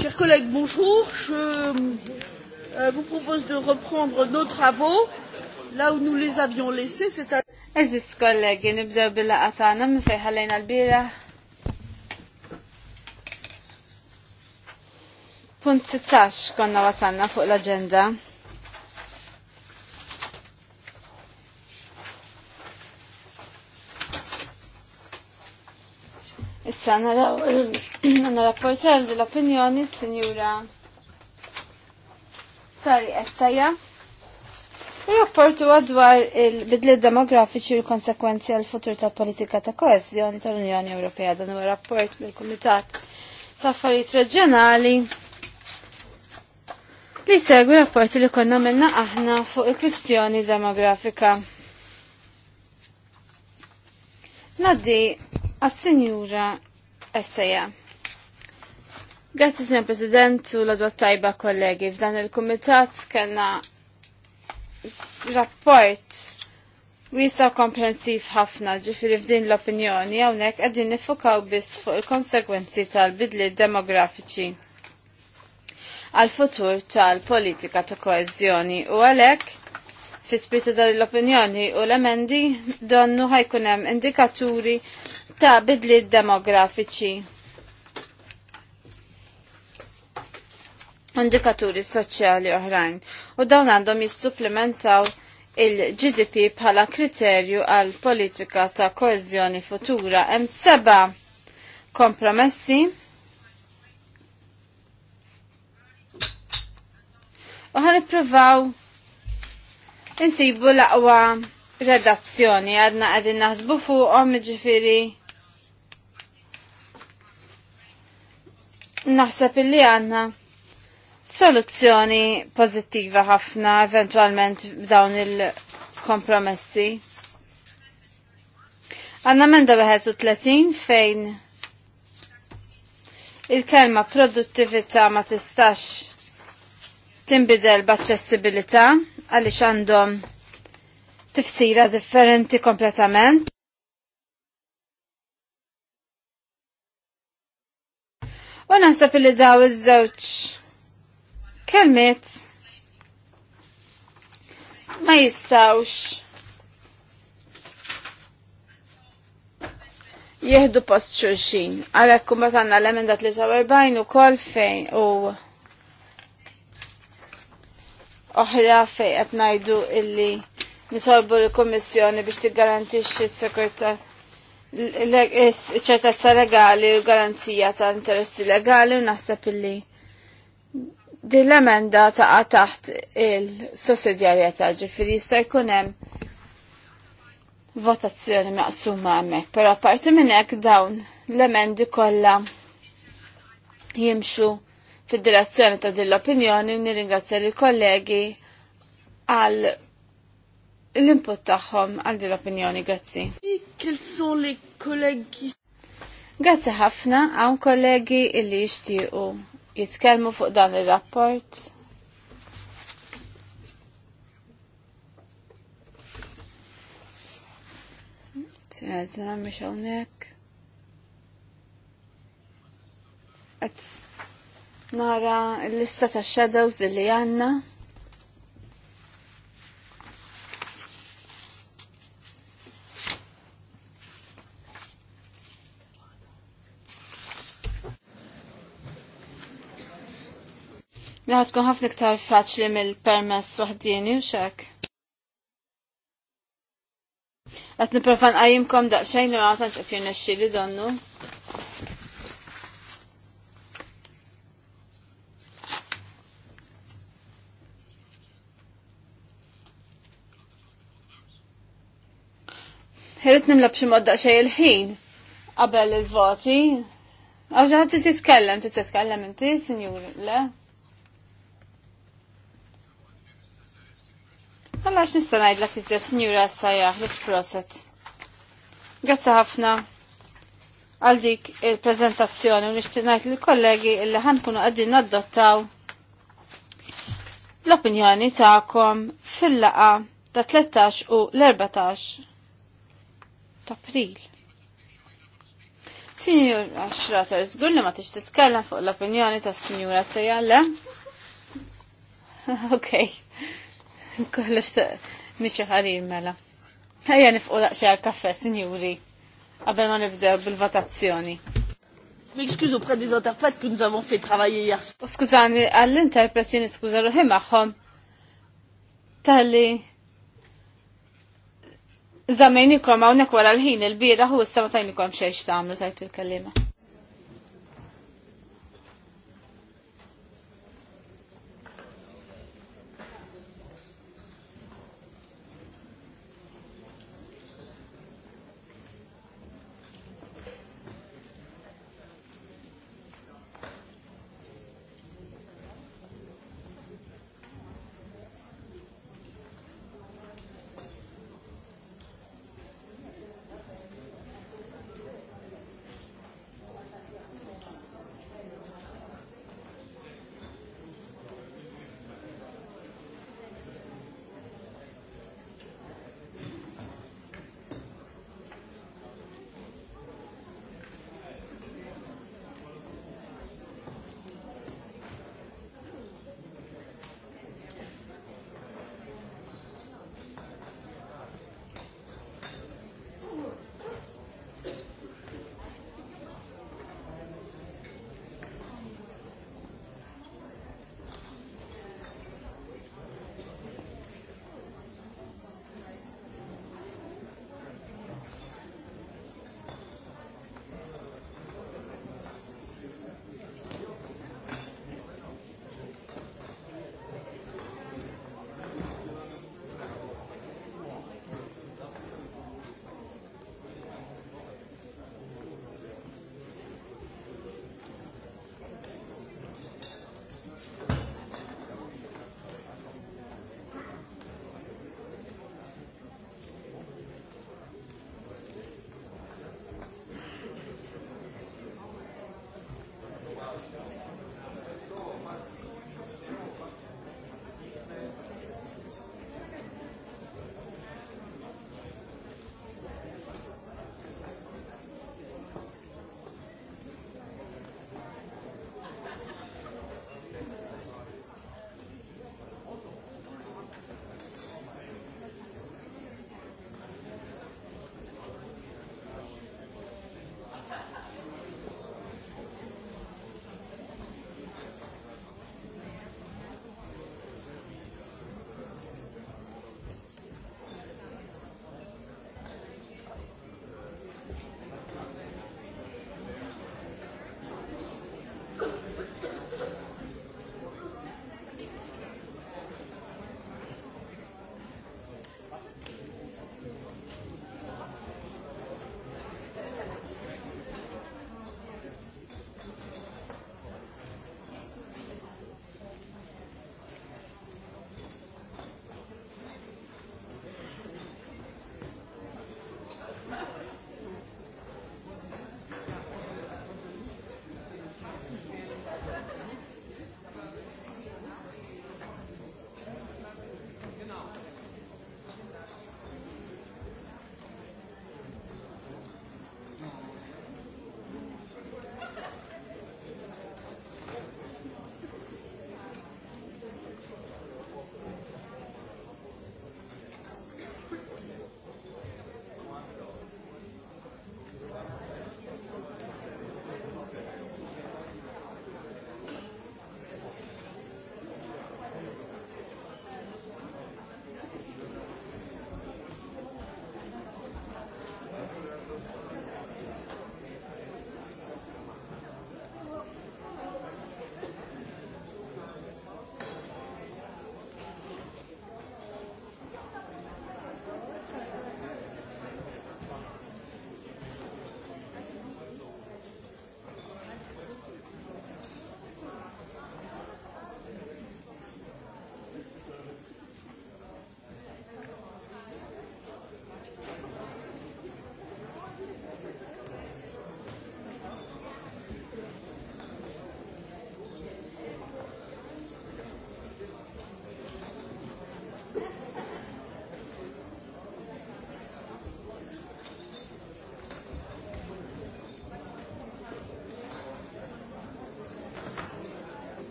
Chers collègues, bonjour. Je euh, vous propose de reprendre nos travaux là où nous les avions laissés, c'est-à-dire. Eżis kollegi, nibdew bil-laqa tagħna minn fejn ħallejna l-bira. Punt 16 konna wasalna fuq l-aġenda. Issa għanna rapporter l opinjoni s-Sinjura Sari Essaja. Il-rapportu għadwar il-bidli demografiċi u l-konsekwenzi għal futur ta' politika ta' koezjoni tal-Unjoni Ewropea dan huwa rapport mill-Kumitat ta' Affarijiet Reġjonali li segwi rapporti li konna minna aħna fuq il-kwistjoni demografika. Naddi għas-Sinjura Esseja. Grazie, signor President, u l-adwa tajba kollegi. F'dan il-Kumitat kellna rapport Wisa komprensiv ħafna ġifiri f'din l-opinjoni għawnek għedin nifukaw bis fuq il-konsekwenzi tal-bidli demografiċi għal-futur tal-politika ta' koezjoni u għalek fi spiritu l opinjoni u l-emendi donnu ħajkunem indikaturi ta' bidli demografiċi. Indikaturi soċjali oħrajn u dawn għandhom jissupplementaw il-GDP bħala kriterju għal politika ta' koezjoni futura. Hemm seba' kompromessi u ħan ipprovaw insibu l-aqwa redazzjoni għadna għadin naħsbu fuqhom ġifiri. Naħseb illi għanna soluzzjoni pozittiva ħafna eventualment b'dawn il-kompromessi. Għanna menda 31 fejn il-kelma produttività ma tistax timbidel b'aċċessibilità għaliex għandhom tifsira differenti kompletament. U naħseb li daw iż-żewġ kelmiet ma jistawx jihdu post xulxin. Għalek kumbat għanna l-emenda bajn u kol fejn u oħra fej qed ngħidu illi nitolbu l-Kummissjoni biex tiggarantixxi s-sekurtà ċertezza legali u garanzija ta' interessi legali u naħseb illi din l-emenda taqa' taħt il-sussidjarjetà ġifieri jista' jkun hemm votazzjoni maqsuma hemmhekk, però apparti minn hekk dawn l-emendi kollha jimxu fid-direzzjoni ta' din l-opinjoni u nirringrazzja l kollegi għal l-input tagħhom għal din l-opinjoni, grazzi. kollegi. Grazzi ħafna għawn kollegi illi jixtiequ jitkellmu fuq dan ir-rapport. Tirazna, mish għonek nara l-lista ta' shadows li għanna. Naħat tkun ħafna iktar faċli mill-permess waħdini u xek. Għat niprofan għajimkom daqxajn u għatan ċatjur nesċili donnu. Ħirit nimla b'xi modda xej il-ħin qabel il-voti. Għax ħadd titkellem, titkellem inti, sinjur, le? x nista' ngħidlek iżjed sinjura sajjaħ li proset. Grazzi ħafna għal dik il-prezentazzjoni u nixtieq ngħid lill-kollegi illi ħankunu qegħdin naddottaw l-opinjoni tagħkom fil-laqa ta' 13 u l-14 ta' april. Sinjura Xrater, zgur li ma t titkellem fuq l-opinjoni ta' Sinjura Sejalla? Ok, kollox nixi ħarir mela. Ejja nifqu daqxie għal-kaffe, Sinjuri, Għabel ma nibdew bil-votazzjoni. M'excuse auprès des interprètes que nous avons fait travailler hier. Skużani, għall-interpreti niskuża ruħi hom. Tali. Zammejnikom għawnek wara l-ħin il-bira u s-sama tajnikom ta' għamlu tajt il-kallima.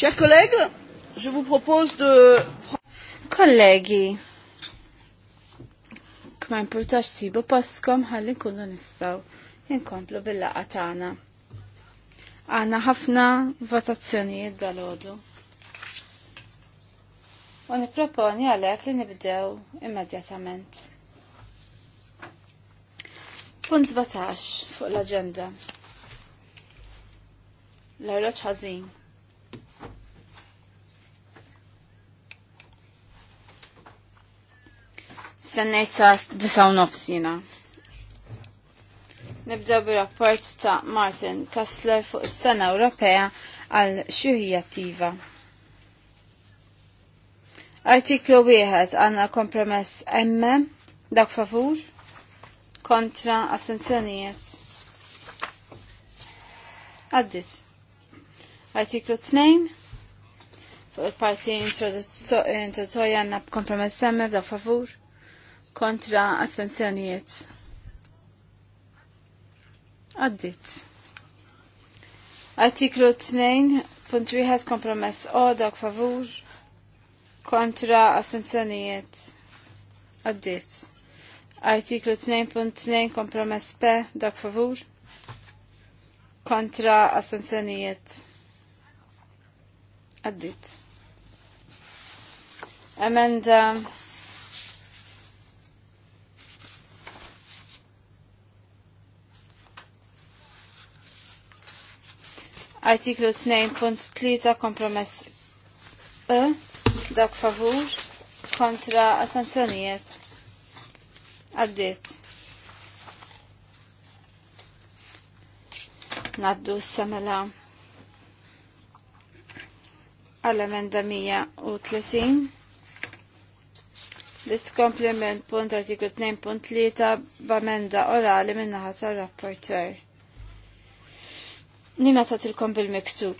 Chers collègues, je vous propose de... Kollegi, kma importax sibu paskom ħalli kunu nistaw jinkomplu bil-laqa tagħna. Għanna ħafna votazzjonijiet dal-ħodu. U niproponi għalek li nibdew immedjatament. Punt 17 fuq l-agenda. L-arloċ ħażin. stennejt sa' disaw nofsina. Nibda bi rapport ta' Martin Kassler fuq is-Sena Ewropea għal xuhijattiva. Artiklu wieħed għandna kompromess M dak favur kontra astenzjonijiet. Għaddit. Artiklu 2 fuq il-parti introduttorja għandna kompromess M dak favur kontra attenzjonijiet. Għaddit. Artiklu 2.1 kompromess o dak favur kontra attenzjonijiet. Għaddit. Artiklu 2.2 kompromess P dak favur kontra astenzjonijiet. Għaddit. Emenda Artiklu 2.3 kompromess E, dak favur, kontra astenzjonijiet. Għaddit. Naddu s-samela għal-emenda 130 li skomplement punt artiklu 2.3 b'amenda orali minnaħat għal rapporter Nina tilkom bil-miktub.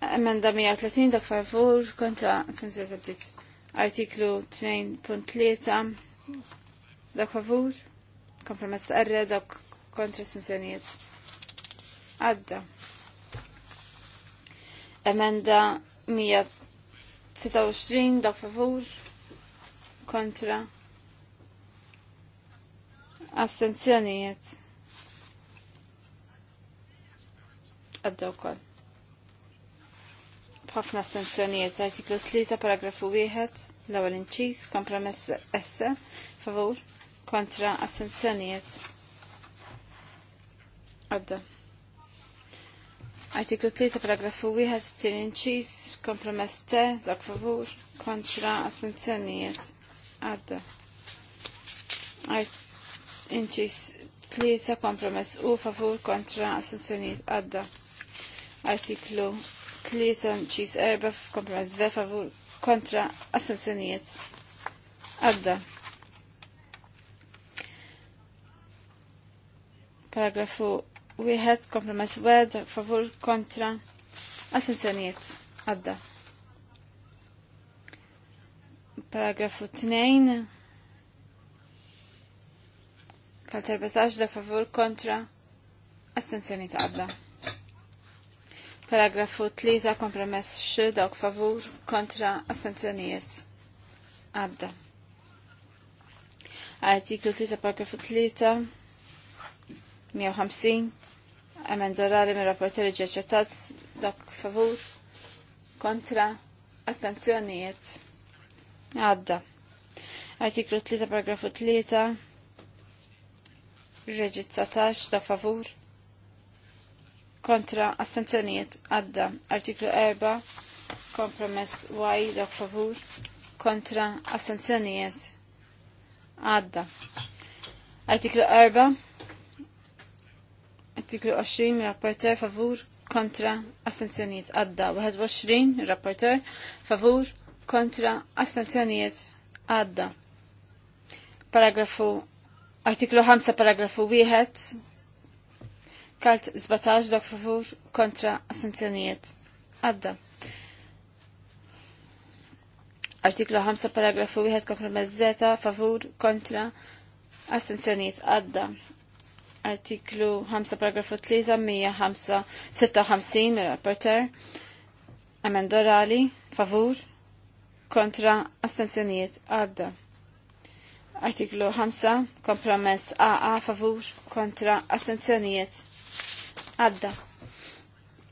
Emenda 130 dak favur kontra sensir tabdit. Artiklu 2.3 dak favur. Kompromess erre dak kontra sensjonijiet. Għadda. Emenda 126 dak favur kontra astenzjonijiet. għadda u koll. B'ħafna astenzjonijiet artiklu 3 paragrafu 1 l għal inċis, kompromess esse, favur kontra astenzjonijiet għadda. Artiklu 3 paragrafu 1 tieni inċis, kompromess te, dak favur kontra astenzjonijiet għadda. Inċiż tlieta kompromess u favur kontra astenzjonijiet għadda artiklu 3 ċis 4 f'kompromess ve favur kontra assenzjonijiet Għadda. Paragrafu wieħed kompromess wed favur kontra assenzjonijiet Għadda. Paragrafu 2 kal 14 da favur kontra astenzjonijiet għadda. Paragrafu 3 kompromess xi, dawk favur kontra astenzjonijiet. Għadda. Artiklu 3 paragrafu 3 150 emendorali mir rapporteri ġeċetat dok favur kontra astenzjonijiet. Għadda. Artiklu 3 paragrafu 3 reġit satax, da favur kontra astenzjoniet għadda. Artiklu 4 kompromess Y dak favur kontra astenzjoniet għadda. Artiklu 4 Artiklu 20 rapporter favur kontra astenzjoniet għadda. 21 rapporter favur kontra astenzjoniet għadda. Paragrafu Artiklu 5 paragrafu 1 Kalt 17 dak favur kontra assenzjonijiet. Għadda. Artiklu 5 paragrafu 1 kompromess mezzeta favur kontra assenzjonijiet. Għadda. Artiklu 5 paragrafu 3 156 rapporter. Amendorali favur kontra assenzjonijiet. Għadda. Artiklu 5 kompromess AA favur kontra astenzjonijiet Għadda.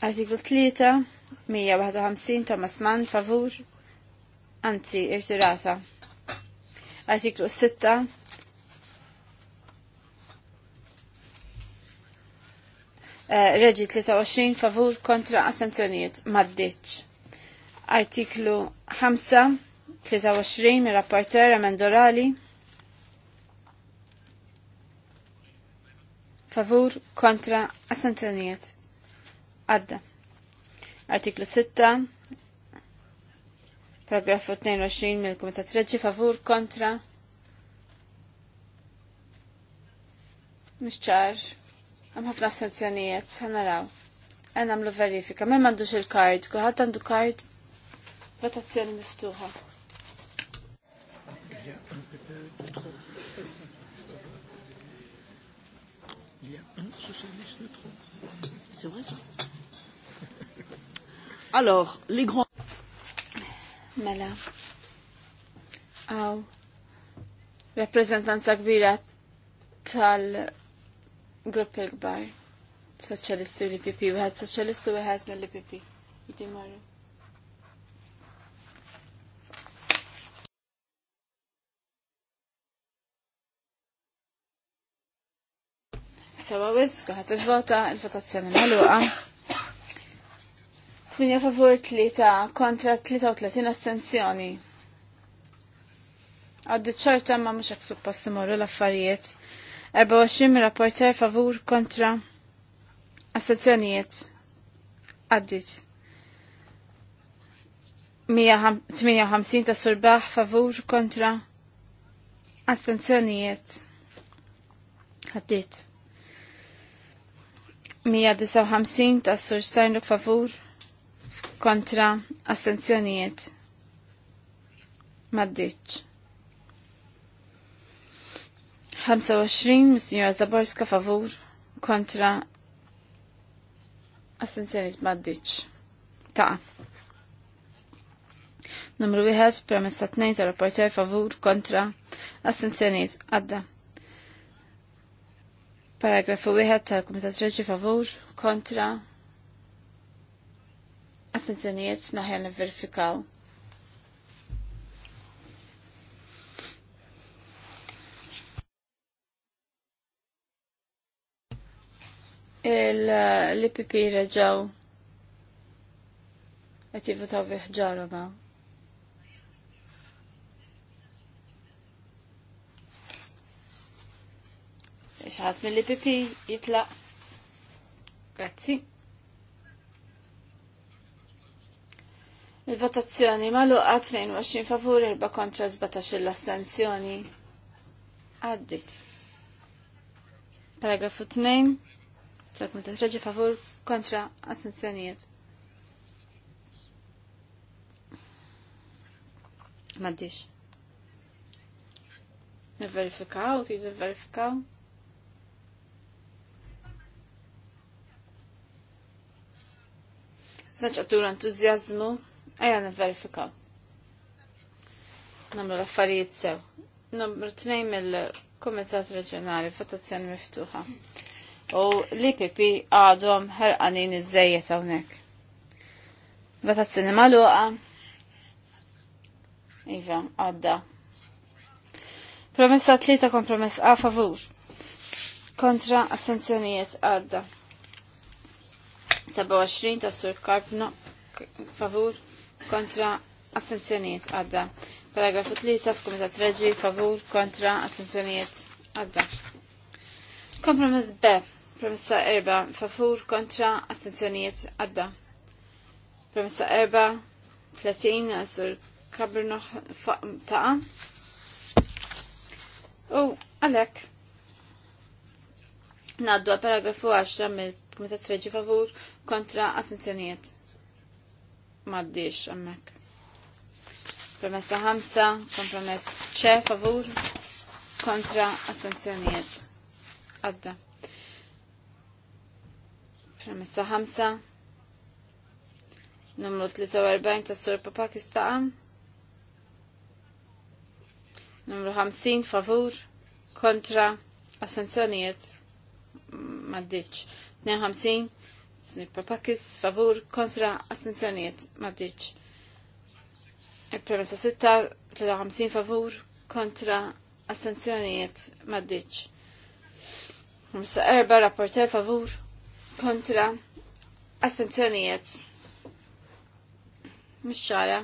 Artiklu 3, 151, Thomas Mann, favur. Anzi, irtirata. Artiklu 6, eh, Reġi 23 favur kontra assenzjoniet maddiċ. Artiklu 5, 23 mir-rapporter emendorali. favur kontra assenzjonijiet għadda. Artiklu 6, paragrafu 22 mill-Kumitat Reġi favur kontra Mixċar, għam ħafna assenzjonijiet, ħanaraw. Għan għamlu verifika, mem għandux il-kard, kuħat għandu kard, votazzjoni miftuħa. Alors, les grands... Mela. Aw. Rappresentanza kbira tal-grupp il-gbar. Soċjalisti u l-PP, u għed soċjalisti u għed mill-PP. Jidi marru. sewa wisq, għat il-vota, il-votazzjoni maluqa. 8 favur 3 kontra 33 astenzjoni. Għaddi ċorta ma mux għak suppost imorru l-affarijiet. 24 rapporter favur kontra astenzjonijiet. Għaddit. 58 ta' surbaħ favur kontra astensjonijiet Għaddit. 159 ta' Sur Steinruk favur kontra astenzjonijiet maddiċ. 25 Signora Zaborska favur kontra astenzjonijiet maddiċ. Ta' Numru 1 premessa 2 ta' rapporter favur kontra astenzjonijiet għadda. Paragrafu wieħed tal-Kumitat Reġi favur kontra attenzjonijiet naħjar nivverifikaw. Il-LPP uh, reġaw għet jivotaw biħġaru ma' xaħat mill-li pipi jitla. Grazzi. Il-votazzjoni ma maluqa 22 favur, 4 kontra 17 l-astenzjoni. Għaddit. Paragrafu 2. 13 favur kontra astenzjonijiet. Maddix. Nivverifikaw, tiġi verifikaw. Zaċ għattur entuzjazmu, għajja verifika. Namlu l-affarijiet sew. Numru tnejn mill-Kumitat Reġjonali, votazzjoni miftuħa. U l-IPP għadhom ħerqanin iż-żejjed hawnhekk. Votazzjoni magħluqa. Iva, għadda. Promessa tlieta kompromess a favur. Kontra astenzjonijiet għadda. 27 ta' sur Karpno favur kontra astenzjoniet għadda. Paragrafu 3 f'Kumitat Reġi favur kontra astenzjoniet għadda. Kompromess B. Promessa erba favur kontra astenzjoniet għadda. Promessa erba 30 sur Kabrno ta'. U għalek. Naddu għal paragrafu 10 mill-Kumitat Reġi favur kontra assenzjonijiet maddix għammek. Promessa ħamsa, kompromess ċe favur kontra assenzjonijiet għadda. Promessa ħamsa, numru 43 ta' sur papa Numru 50 favur kontra assenzjonijiet maddiċ. 52 Sni Papakis, favur, kontra, astenzjoniet, maddiċ. Il-premessa 6, 53 favur, kontra, astenzjoniet, maddiċ. Premessa erba, rapporter, favur, kontra, astenzjoniet. Mux ċara.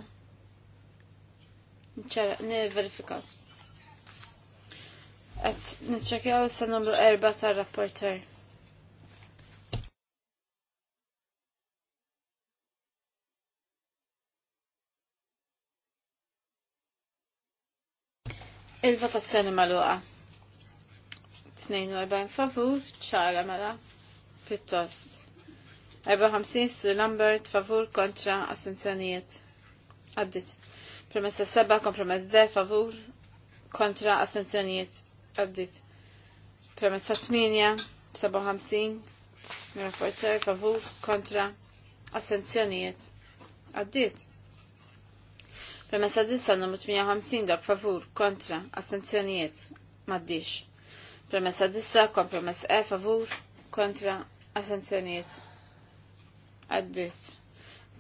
ċara, ne-verifikat. Għet, nċekjaw sa numru 4 tal-rapporter. Il-votazzjoni maluqa. 42 favur, ċara mela, pjuttost. 54 su Lambert, favur kontra astenzjonijiet. Għaddit. Premessa 7, kompromess de, favur kontra astenzjonijiet. Għaddit. Premessa 8, 57, rapporter, favur kontra astenzjonijiet. Għaddit. Premessa dissa n numru 58 dak favur kontra astenzjonijiet maddix. Premessa disa kompromess E favur kontra astenzjonijiet għaddis.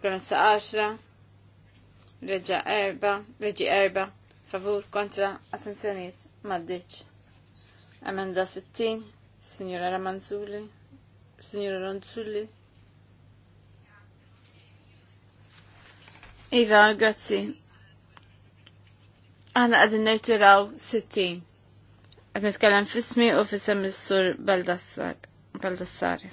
Premessa 10 reġa erba, reġi erba favur kontra astenzjonijiet maddix. Amenda 60 Signora Ramanzulli Signora Ronzulli Iva, grazie. Aħna għadin nirtiraw 60. Għad nitkellem fismi u fissem il-sur Baldassari.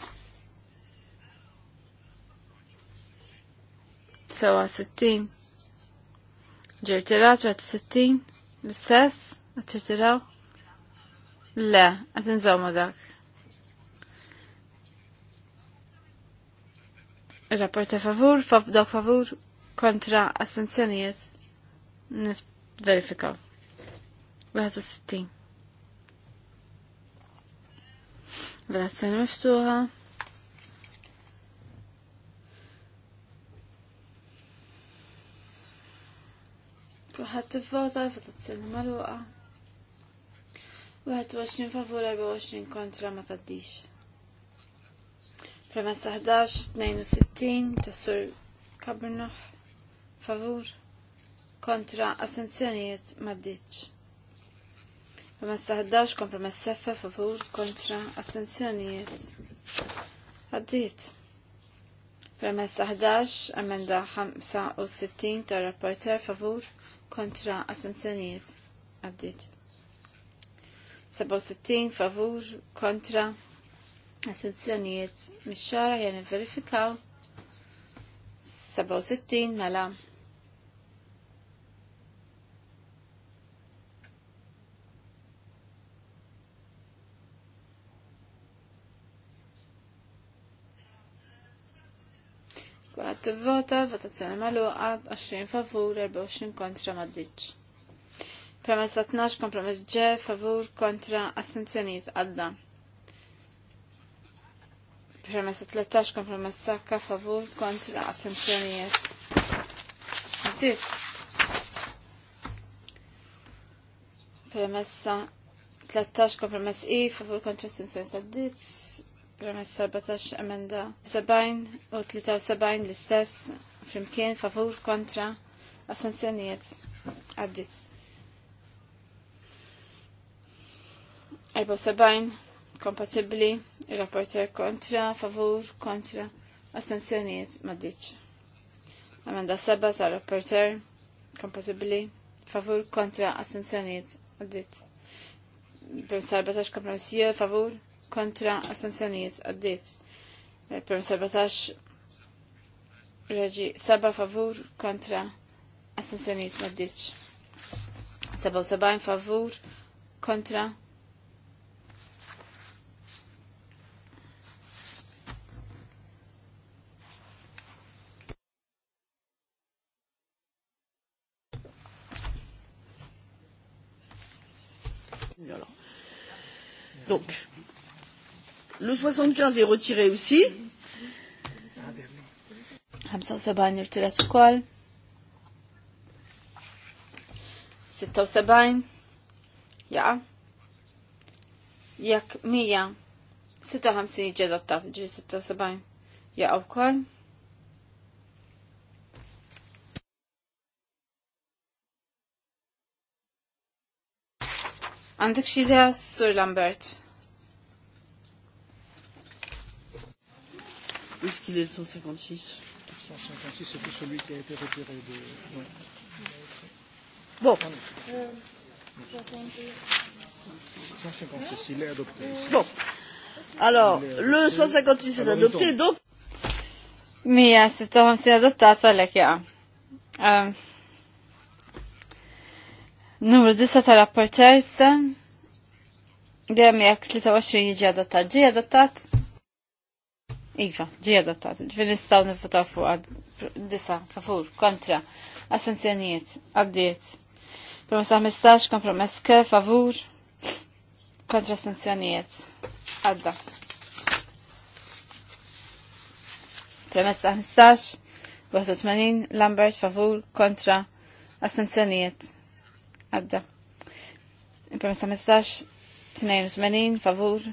Sewa 60. Ġirtiraw 60. L-istess? Għad Le, għadin zomu dak. Rapporta favur, fav dok favur, kontra astenzjonijiet. Nift verifika. 61. Votazzjoni miftuħa. Kuħat t-vota, votazzjoni maluqa. 21 favur, 24 kontra ma taddix. Premessa 11, 62, tassur kabrnuħ, favur kontra assenzjonijiet maddiċ. Promessa ma s-seffa favur kontra assenzjonijiet. Għaddit. Premessa 11 emenda 65 ta' rapporter favur kontra assenzjonijiet. Għaddit. 67 favur kontra assenzjonijiet. Mixxara jen verifikaw 67 mela Għat vota, votazzjoni maluqa, 20 favur, 24 kontra maddiċ. Premessa 12, kompromess ġe, favur, kontra, astenzjoniet, għadda. Premessa 13, kompromess sakka, favur, kontra, astenzjoniet. Għaddiċ. Premessa 13, kompromess i, favur, kontra, astenzjoniet, għaddiċ. Premess 17 emenda 70 u 73 l-istess flimkien favur kontra assenzjonijiet għaddit. 74 kompatibli il-rapporter kontra favur kontra assenzjonijiet maddiċ. Emenda 7 ta' rapporter kompatibli favur kontra assenzjonijiet għaddit. Premess 14 kompromissiju favur kontra astenzjonijiet għaddit. Eh, per 17 reġi 7 favur kontra astenzjonijiet għaddit. 77 favur kontra Donc, Le 75 est retiré aussi. 75 irtirat ukoll. 76 ġi 76 Għandek xidja, Sur Lambert? Où est-ce qu'il est le 156 156, c'est c'était celui qui a été retiré de. Ouais. Bon. Euh, 156, il est adopté. Ici. Bon. Alors, le 156 est adopté, donc. Mija, sitta si adottata għalek ja. a. Euh, numru disa ta' rapporterza dem jek 23 jiġi adottat, ġi adottat. Iva, ġi adottat. Ġifiri nistaw nifutaw fuq disa, favur, kontra. Assenzjonijiet, għaddiet. Promessa mistax, kompromess ke, favur, kontra assenzjonijiet. Għadda. Promessa 15, tmanin, Lambert, favur, kontra, assenzjonijiet. Għadda. Promessa tnejn tmenin, favur,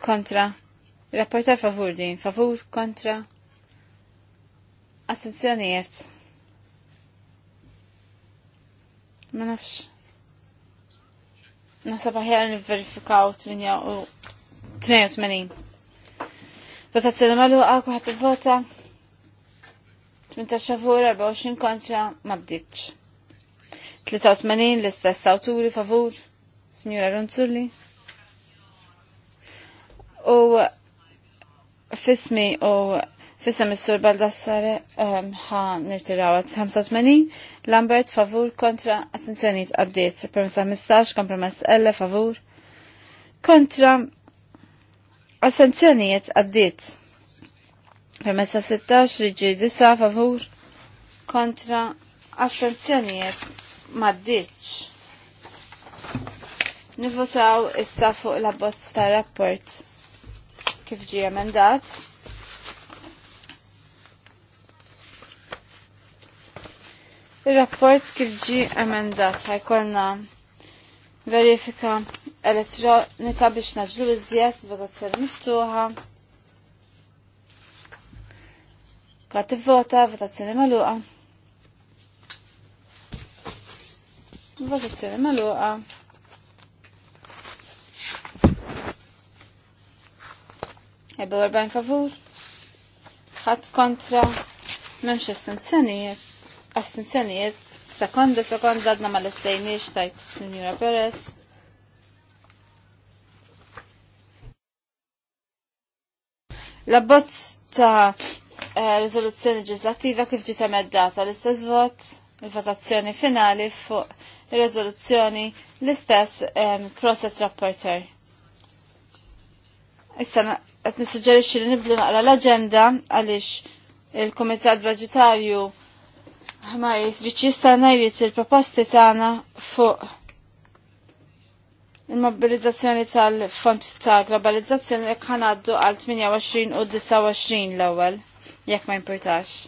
kontra, Rapporta favur din, favur kontra assenzjonijiet. Ma nafx. Nasab aħjar nivverifikaw 82. Votazzjoni magħluqa kuħat vota 18 favur 24 kontra ma bdiċ. 83 l-istess awturi favur, Signora Ronzulli. U fismi u fissem is-sur Baldassare ehm, ħa nirtiraw għat 85, Lambert favur kontra assenzjoniet għaddiet, permessa 15, kompromess L favur kontra assenzjoniet għaddiet. Permessa 16, riġi 9 favur kontra assenzjoniet maddiċ. Nivotaw issa fuq la bozz ta' rapport kif ġie emendat. Il-rapport kif ġie emendat ħajkolna verifika elettronika biex naġlu iżjed votazzjoni miftuħa. Kat vota, votazzjoni maluqa. Votazzjoni maluqa. 44 favur, ħadd kontra, memx astenzjonijiet, astenzjonijiet, sekonda, sekonda, għadna ma l-istejniex tajt Signora Perez. La bozz ta' eh, rizoluzzjoni ġislativa kif ġiet emeddata l-istess vot, il-votazzjoni finali fuq il-rizoluzzjoni l-istess process ehm, rapporter. Issa qed nissuġġerixxi li nibdlu naqra l-aġenda għaliex il-Kumitat Budġetarju ma jisriċ jistana jirriċ il-proposti tagħna fuq il-mobilizzazzjoni tal-Fond ta' Globalizzazzjoni li ħanaddu għal 28 u 29 l-ewwel jekk ma jimpurtax.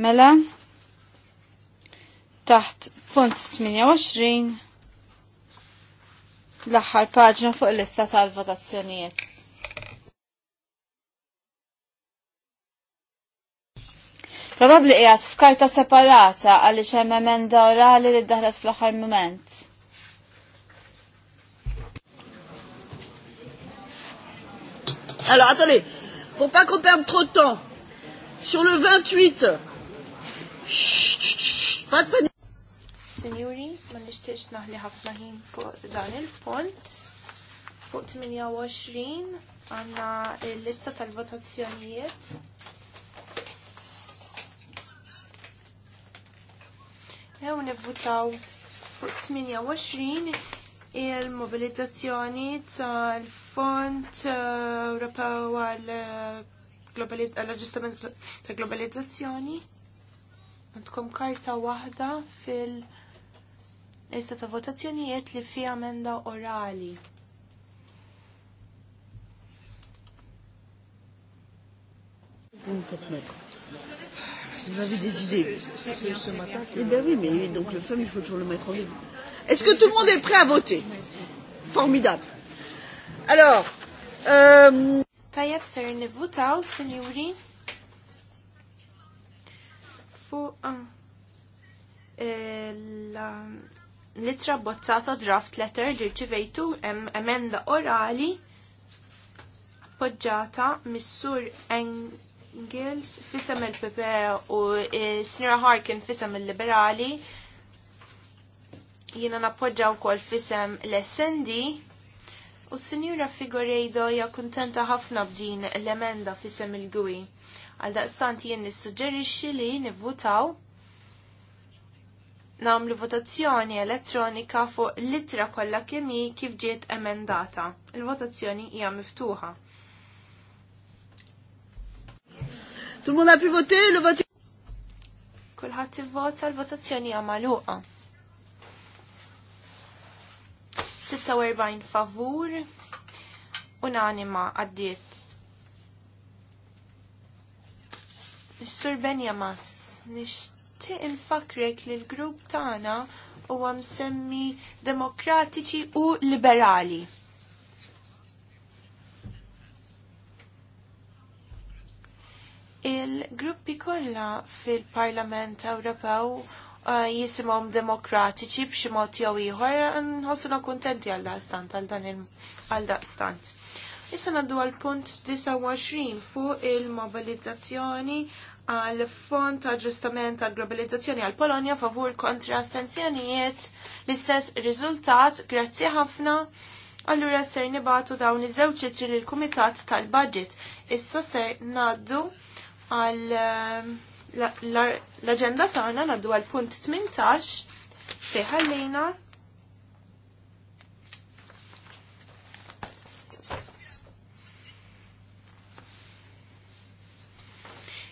Mela, taħt punt 28 l-aħħar paġna fuq l-lista tal-votazzjonijiet. Probabli qiegħed f'karta separata għaliex hemm emenda orali li ddaħlet fl-aħħar moment. Alors attendez, pour pas qu'on perde trop de temps, sur le 28, chut, chut, chut, pas de panique. Sinjuri, ma nixtiex naħli ħafna ħin fuq dan il-punt. Fuq 28 għandna l-lista tal-votazzjonijiet. Ew nivvutaw fuq 28 il-mobilizzazzjoni tal-Fond eh, Ewropew eh, għall-Aġġustament tal-Globalizzazzjoni. Għandkom karta wahda fil- lista ta' votazzjonijiet li fija emenda orali. des idées Eh bien oui, mais donc le femme, il faut toujours le mettre en ligne. Est-ce que tout le monde est prêt à voter Formidable. Alors, euh... Tajab ser nivutaw, senjuri. Fuq ah, eh, la litra bozzata draft letter li rċivejtu emenda orali appoġġata mis-sur Engels fisem il-PP u eh, Snira Harkin fisem il-Liberali jiena nappoġġaw kol fisem l-SND u s-Sinjura Figurejdo hija ħafna b'din l-emenda fisem il-Gwi. Għal daqstant jien nissuġġerixxi li nivvutaw namlu votazzjoni elettronika fuq litra kollha kemm hi kif ġiet emendata. Il-votazzjoni hija miftuħa. Tumul għapi voti, l-voti. Kulħadd ivvota l-votazzjoni hija magħluqa. 46 favur, unanima għaddiet. Sur Benjamin, nix Ti infakrek li l-grupp tagħna huwa semmi demokratiċi u liberali. Il-gruppi kollha fil-Parlament Ewropew uh, jisimhom demokratiċi b'xi mod iħor, ieħor nħossuna kuntenti għal daqstant għal dan għal daqstant. Issa naddu għal punt 29 fuq il-mobilizzazzjoni għal fond ta' ġustament għal globalizzazzjoni għal Polonja favur kontra sanzjonijiet l-istess riżultat grazzi ħafna allura ser nibatu dawn iż-żewġ ċitri lil kumitat tal-budget. Issa ser naddu għal ehm, l-aġenda tagħna naddu għal punt 18 fiħallina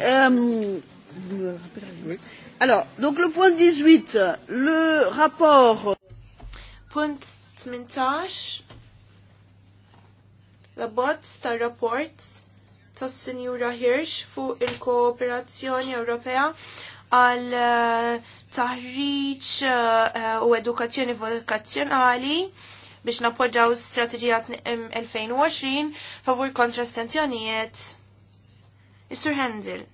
Euh, alors, donc le point 18, le rapport. Punt 18, la bot ta' rapport ta' Sinjura Hirsch fuq il-kooperazzjoni Ewropea al uh, taħriġ uh, u edukazzjoni vokazzjonali biex napoġġaw strateġija 2020 favur kontra stenzjonijiet Mr. Hendel. Handel.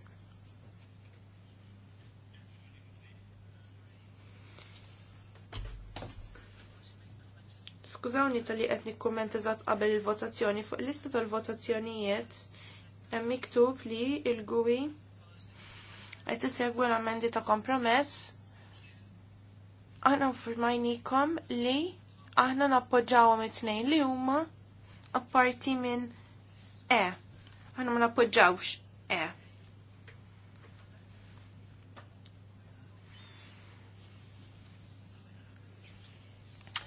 Skużawni tal-li qed nikkumment eżatt qabel il-votazzjoni fuq lista tal-votazzjonijiet hemm miktub li il-gwi qed segwa l-amendi ta' kompromess. Aħna firmajnikom li aħna nappoġġawhom it-tnejn li huma apparti minn E. Aħna ma nappoġġawx E.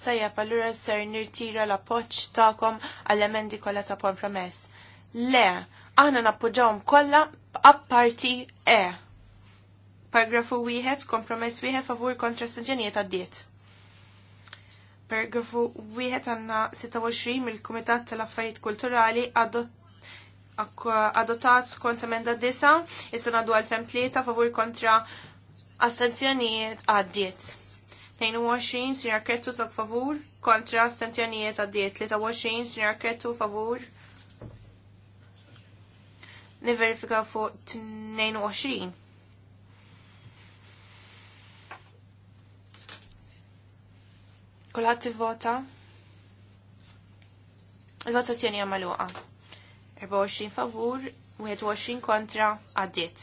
Tajja, allura ser nirtira l poċ ta'kom għall-emendi kollha ta' kompromess. Le, aħna nappoġawm kollha apparti E. Paragrafu wieħed, kompromess wieħed favur kontra sanġenijiet diet. Paragrafu wieħed għandna 26 mill-Kumitat tal-Affarijiet Kulturali adott adottat skont emenda disa, issa nadu għal-fem tlieta favur kontra astenzjonijiet għaddiet. 22 sinjar Kretu tlok favur kontra astenzjonijiet għaddiet. 23 sinjar Kretu, favur niverifika fuq 22. Kulħat t-vota? Il-votazzjoni għamaluqa. 24 favur, 21 kontra għaddit.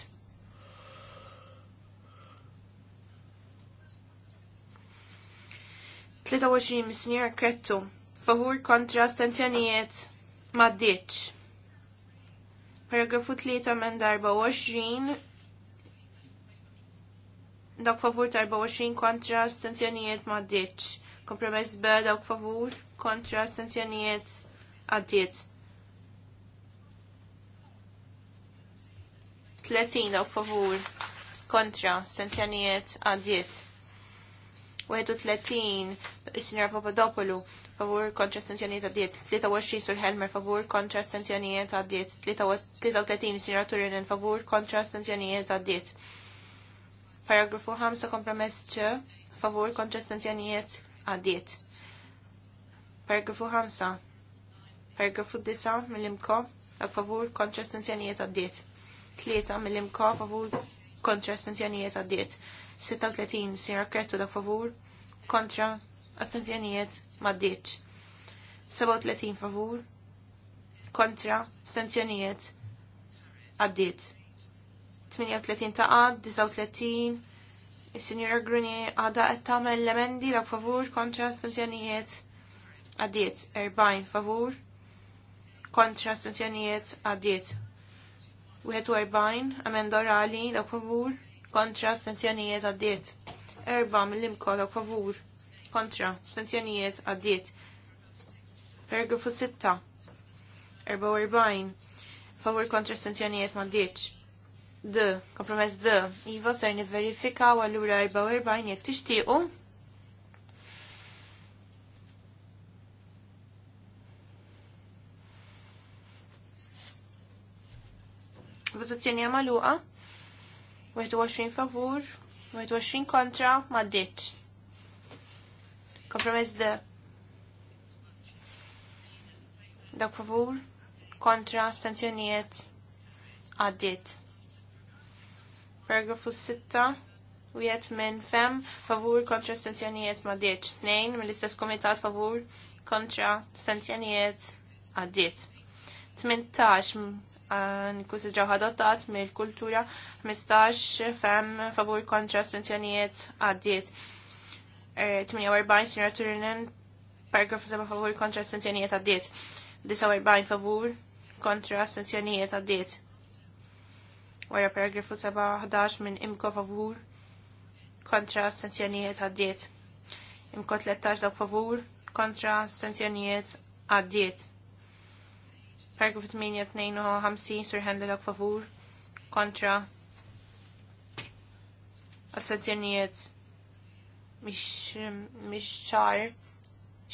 Tlita għoxin misnir kettu, favur kontra ma maddiċ. Paragrafu tlita men darba 20, dak favur darba 20 kontra stenzjonijiet maddiċ. Kompromess B dak favur kontra stenzjonijiet għaddiet 30 u favur kontra għadiet. għaddiet. 30, is-Sinjora Papadopoulou favur kontra stenzjonijiet għaddiet. 23 Sur Helmer favur kontra stenzjonijiet għaddiet. 33 is-Sinjora Turinen favur kontra stanzjaniet għadiet. Paragrafu 5 kompromess ċe favur kontra stanzjaniet għadiet. Paragrafu 5 Paragrafu 9 mill-imko favur kontra stenzjonijiet għadiet tlieta mill-imka favur kontra astenzjonijiet għaddiet. 36 sinra kretu dak favur kontra astenzjonijiet maddiċ. 37 favur kontra astenzjonijiet għaddiet. 38 ta' għad, 39 il-Sinjora Gruni għada qed tagħmel l-emendi dak favur kontra astenzjonijiet għaddiet. 40 favur kontra astenzjonijiet għaddiet. 41 amenda orali dawk favur kontra astenzjonijiet għaddiet. Erba' mill-imko dawk favur kontra astenzjonijiet għaddiet. Paragrafu 6 44 favur kontra astenzjonijiet m'għaddietx. D. Kompromess D. Iva ser niverifika u għallura 44 jek tixtiequ. il-votazzjoni għamaluqa. 21 favur, 21 kontra, ma ditt. Kompromess de. Dak favur, kontra, stanzjonijiet, għaddit. Paragrafu 6. wiet minn fem favur kontra stanzjoniet, ma' ditt. Nejn mill-istess komitat favur kontra stanzjonijiet għaddit 18 nikusidraw adottat mill-kultura 15 fem favur kontra astenzjonijiet għaddiet. 48 e, sinjora Turinen paragrafu 7 favur kontra astenzjonijiet għaddiet. 49 favur kontra astenzjonijiet għaddiet. Wara paragrafu 7-11 minn imko favur kontra astenzjonijiet għaddiet. Imko 13 daw favur kontra astenzjonijiet għaddiet. Paragraf 852 sur ħandelok favur kontra assazzjonijiet mhix ċar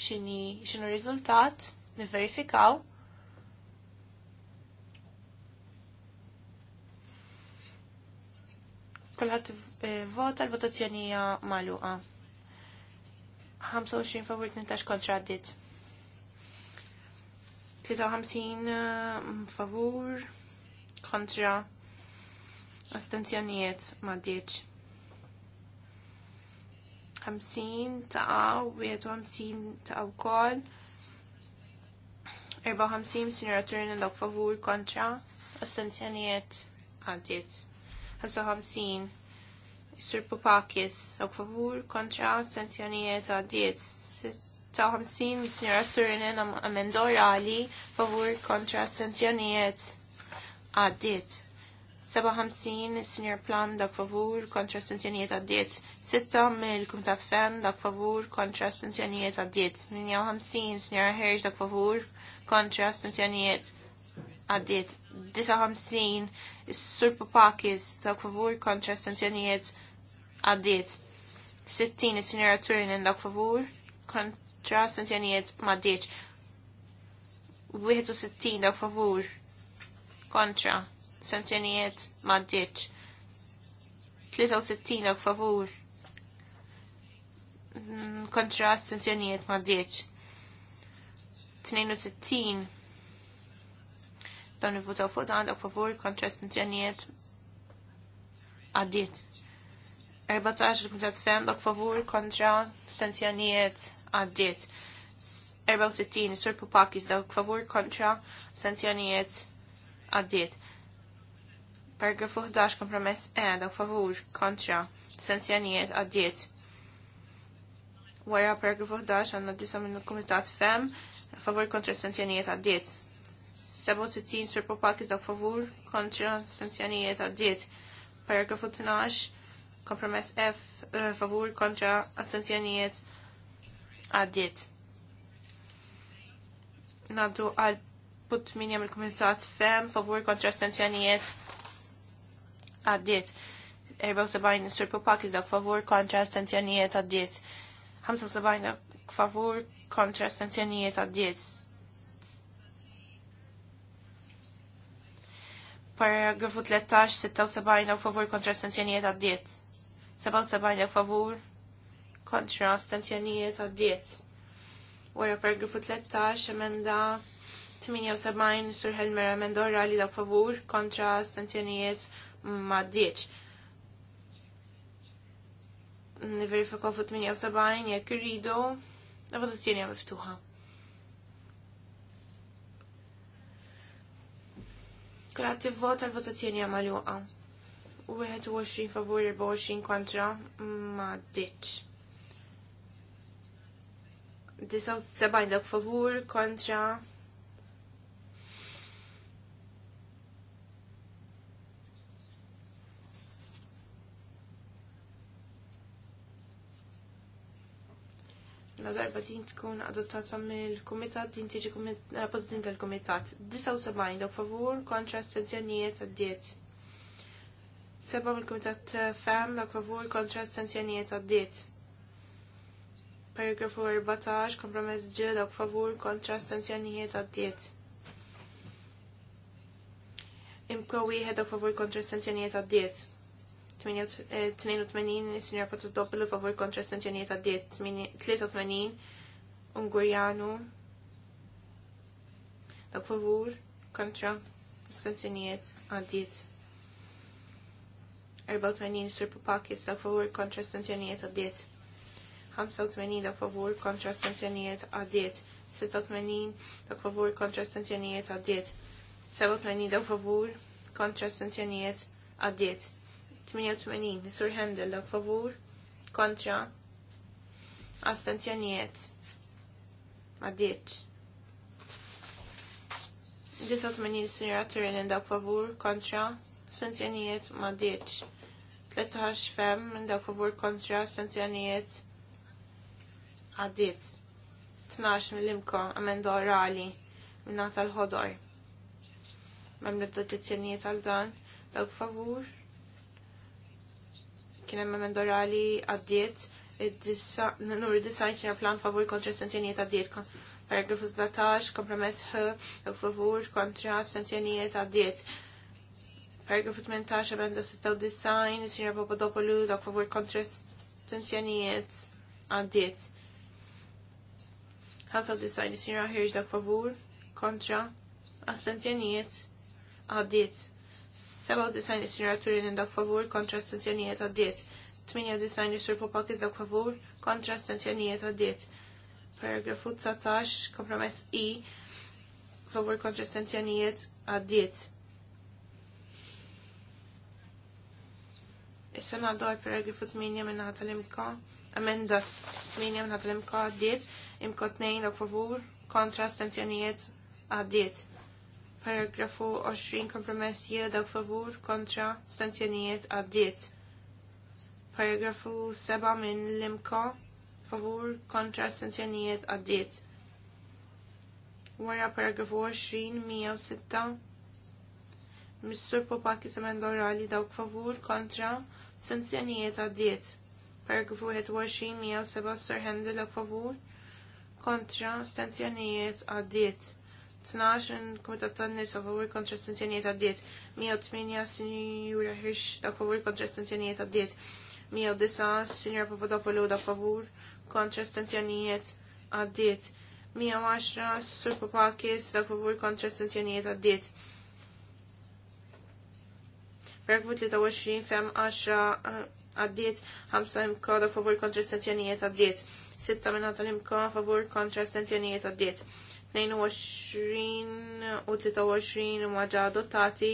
xini xinu riżultat niverifikaw. Kulħadd eh, vota l-votazzjoni hija magħluqa. 25 favur 18 kontra għaddiet. 53 eh, favur kontra astenzjonijiet ma ddiċ. 50 ta' u 51 ta' u kol. 54 sinjora turin dawk favur kontra astenzjonijiet għaddiet. 55 Sir Popakis dawk favur kontra astenzjonijiet għaddiet. 56 mis-Sinjora Turinen amenda orali favur kontra astenzjonijiet għaddit. 57 is-Sinjor Plan dak favur kontra astenzjonijiet għaddit. 6 mill-Kumitat Fem dak favur kontra astenzjonijiet għaddiet. 58 Sinjora Herġ dak favur kontra astenzjonijiet għaddit. 59 is-Sur Papakis dak favur kontra astenzjonijiet għaddit. 60 is-Sinjora Turinen dak favur kontra sanzjonijiet Contra, 61 dawk favur kontra sanzjonijiet maddiċ. 63 dawk favur mm, kontra sanzjonijiet maddiċ. 62 dawn il-votaw fuq dan dawk favur kontra sanzjonijiet għaddiet. 14 il-Kumitat Fem dak favur kontra stanzjonijiet għaddiet 64 sur Pupakis dawk favur kontra sanzjonijiet għaddiet. Paragrafu 11 kompromess E dawk favur kontra sanzjonijiet għaddiet. Wara paragrafu 11 għanna disa minn komitat fem favur kontra sanzjonijiet għaddiet. 67 sur Pupakis dawk favur kontra sanzjonijiet għaddiet. Paragrafu 12 kompromess F eh, favur kontra sanzjonijiet għaddiet għaddiet. Naddu għal put minjem il-komunitat fem favur kontra stenzjonijiet għaddiet. 74 sur popak izdak favur kontra stenzjonijiet għaddiet. 75 favur kontra stenzjonijiet għaddiet. Paragrafu 13, 76 favur kontra stenzjonijiet għaddiet. 77 favur kontra astenzjonijiet għaddiet. Wara paragrafu 13 emenda 78 sur Helmer emenda orali dak favur kontra stanzjonijiet ma ddiċ. Niverifikaw fu 78 jek rridu, la votazzjoni hija miftuħa. Kulħadd tivvota l-votazzjoni hija magħluqa. 21 favur 24 kontra ma ddiċ. 79 dak favur kontra la darba din tkun adottata mill-kumitat din tiġi eh, pożitin tal-kumitat. 79 dak favur kontra astenzjonijiet għaddiet. Seba mill-kumitat eh, fem dak favur kontra astenzjonijiet għaddiet paragrafu 14, kompromess ġeda dawk favur kontra stanzjonijiet għaddiet. Imko wieħed dawk favur kontra stanzjonijiet għaddiet. 82 sinjor patu doppelu favur kontra sanzjoniet għaddiet 83 Ungurjanu dawk favur kontra sanzjoniet għaddiet 84 Sir Papakis dawk favur kontra sanzjoniet għaddiet 85 favur kontra astenzjonijiet għaddiet. 86 favur kontra astenzjonijiet għaddiet. 87 favur kontra astenzjonijiet għaddiet. 88 nisur Hendel dak favur kontra astenzjonijiet għaddiet. 89 Sinjora Turin dak favur kontra astenzjonijiet ma' 13 fem dak favur kontra astenzjonijiet għaddit 12 mill-imko amenda orali minna tal-ħodor. Mem l oġġezzjonijiet tal dan, dawk favur. Kien hemm amenda orali n nur id-disajn xina plan favur kontra sanzjonijiet għaddiet. Paragrafu 17, kompromess H, dawk favur kontra sanzjonijiet għaddiet. Paragrafu 18, amenda 96, xina Papadopoulou, dawk favur kontra sanzjonijiet għaddiet 95 sinra ħirġ dak favur, kontra, astenzjonijiet, għaddiet. 97 sinra turin dak favur, kontra astenzjonijiet, għaddiet. 98 sur popakis dak favur, kontra astenzjonijiet, għaddiet. Paragrafu 19, kompromess I, favur kontra astenzjonijiet, għaddiet. Issa naddu għal paragrafu 8 minna ħatalimka, amenda 8 minna ħatalimka, għaddiet imkotnejn u favur kontra stanzjonijiet għaddiet. Paragrafu 20 kompromess jie dawk favur kontra stanzjonijiet għaddiet. Paragrafu 7 minn l-imko favur kontra stanzjonijiet għaddiet. Wara paragrafu 20 106 Mr Popaki semen dawk favur kontra stanzjonijiet għaddiet. Paragrafu 21 107 Sir Hendel favur kontra stenzjonijiet għaddiet. 12 komitat tan-nies a favur kontra stenzjonijiet għaddiet. 108 Sinjura Hirsch da favur kontra stenzjonijiet għaddiet. 109 Sinjura Papadopoulou da favur kontra stenzjonijiet għaddiet. 110 Sur Papakis da favur kontra stenzjonijiet għaddiet. Rekvu 23 fem 10 eh, għaddiet, 5 imkoda favur kontra stanzjonijiet għaddiet. 6 minnata l-imka favur kontra astenzjonijiet għaddiet. 22 u 23 maġa ġa adottati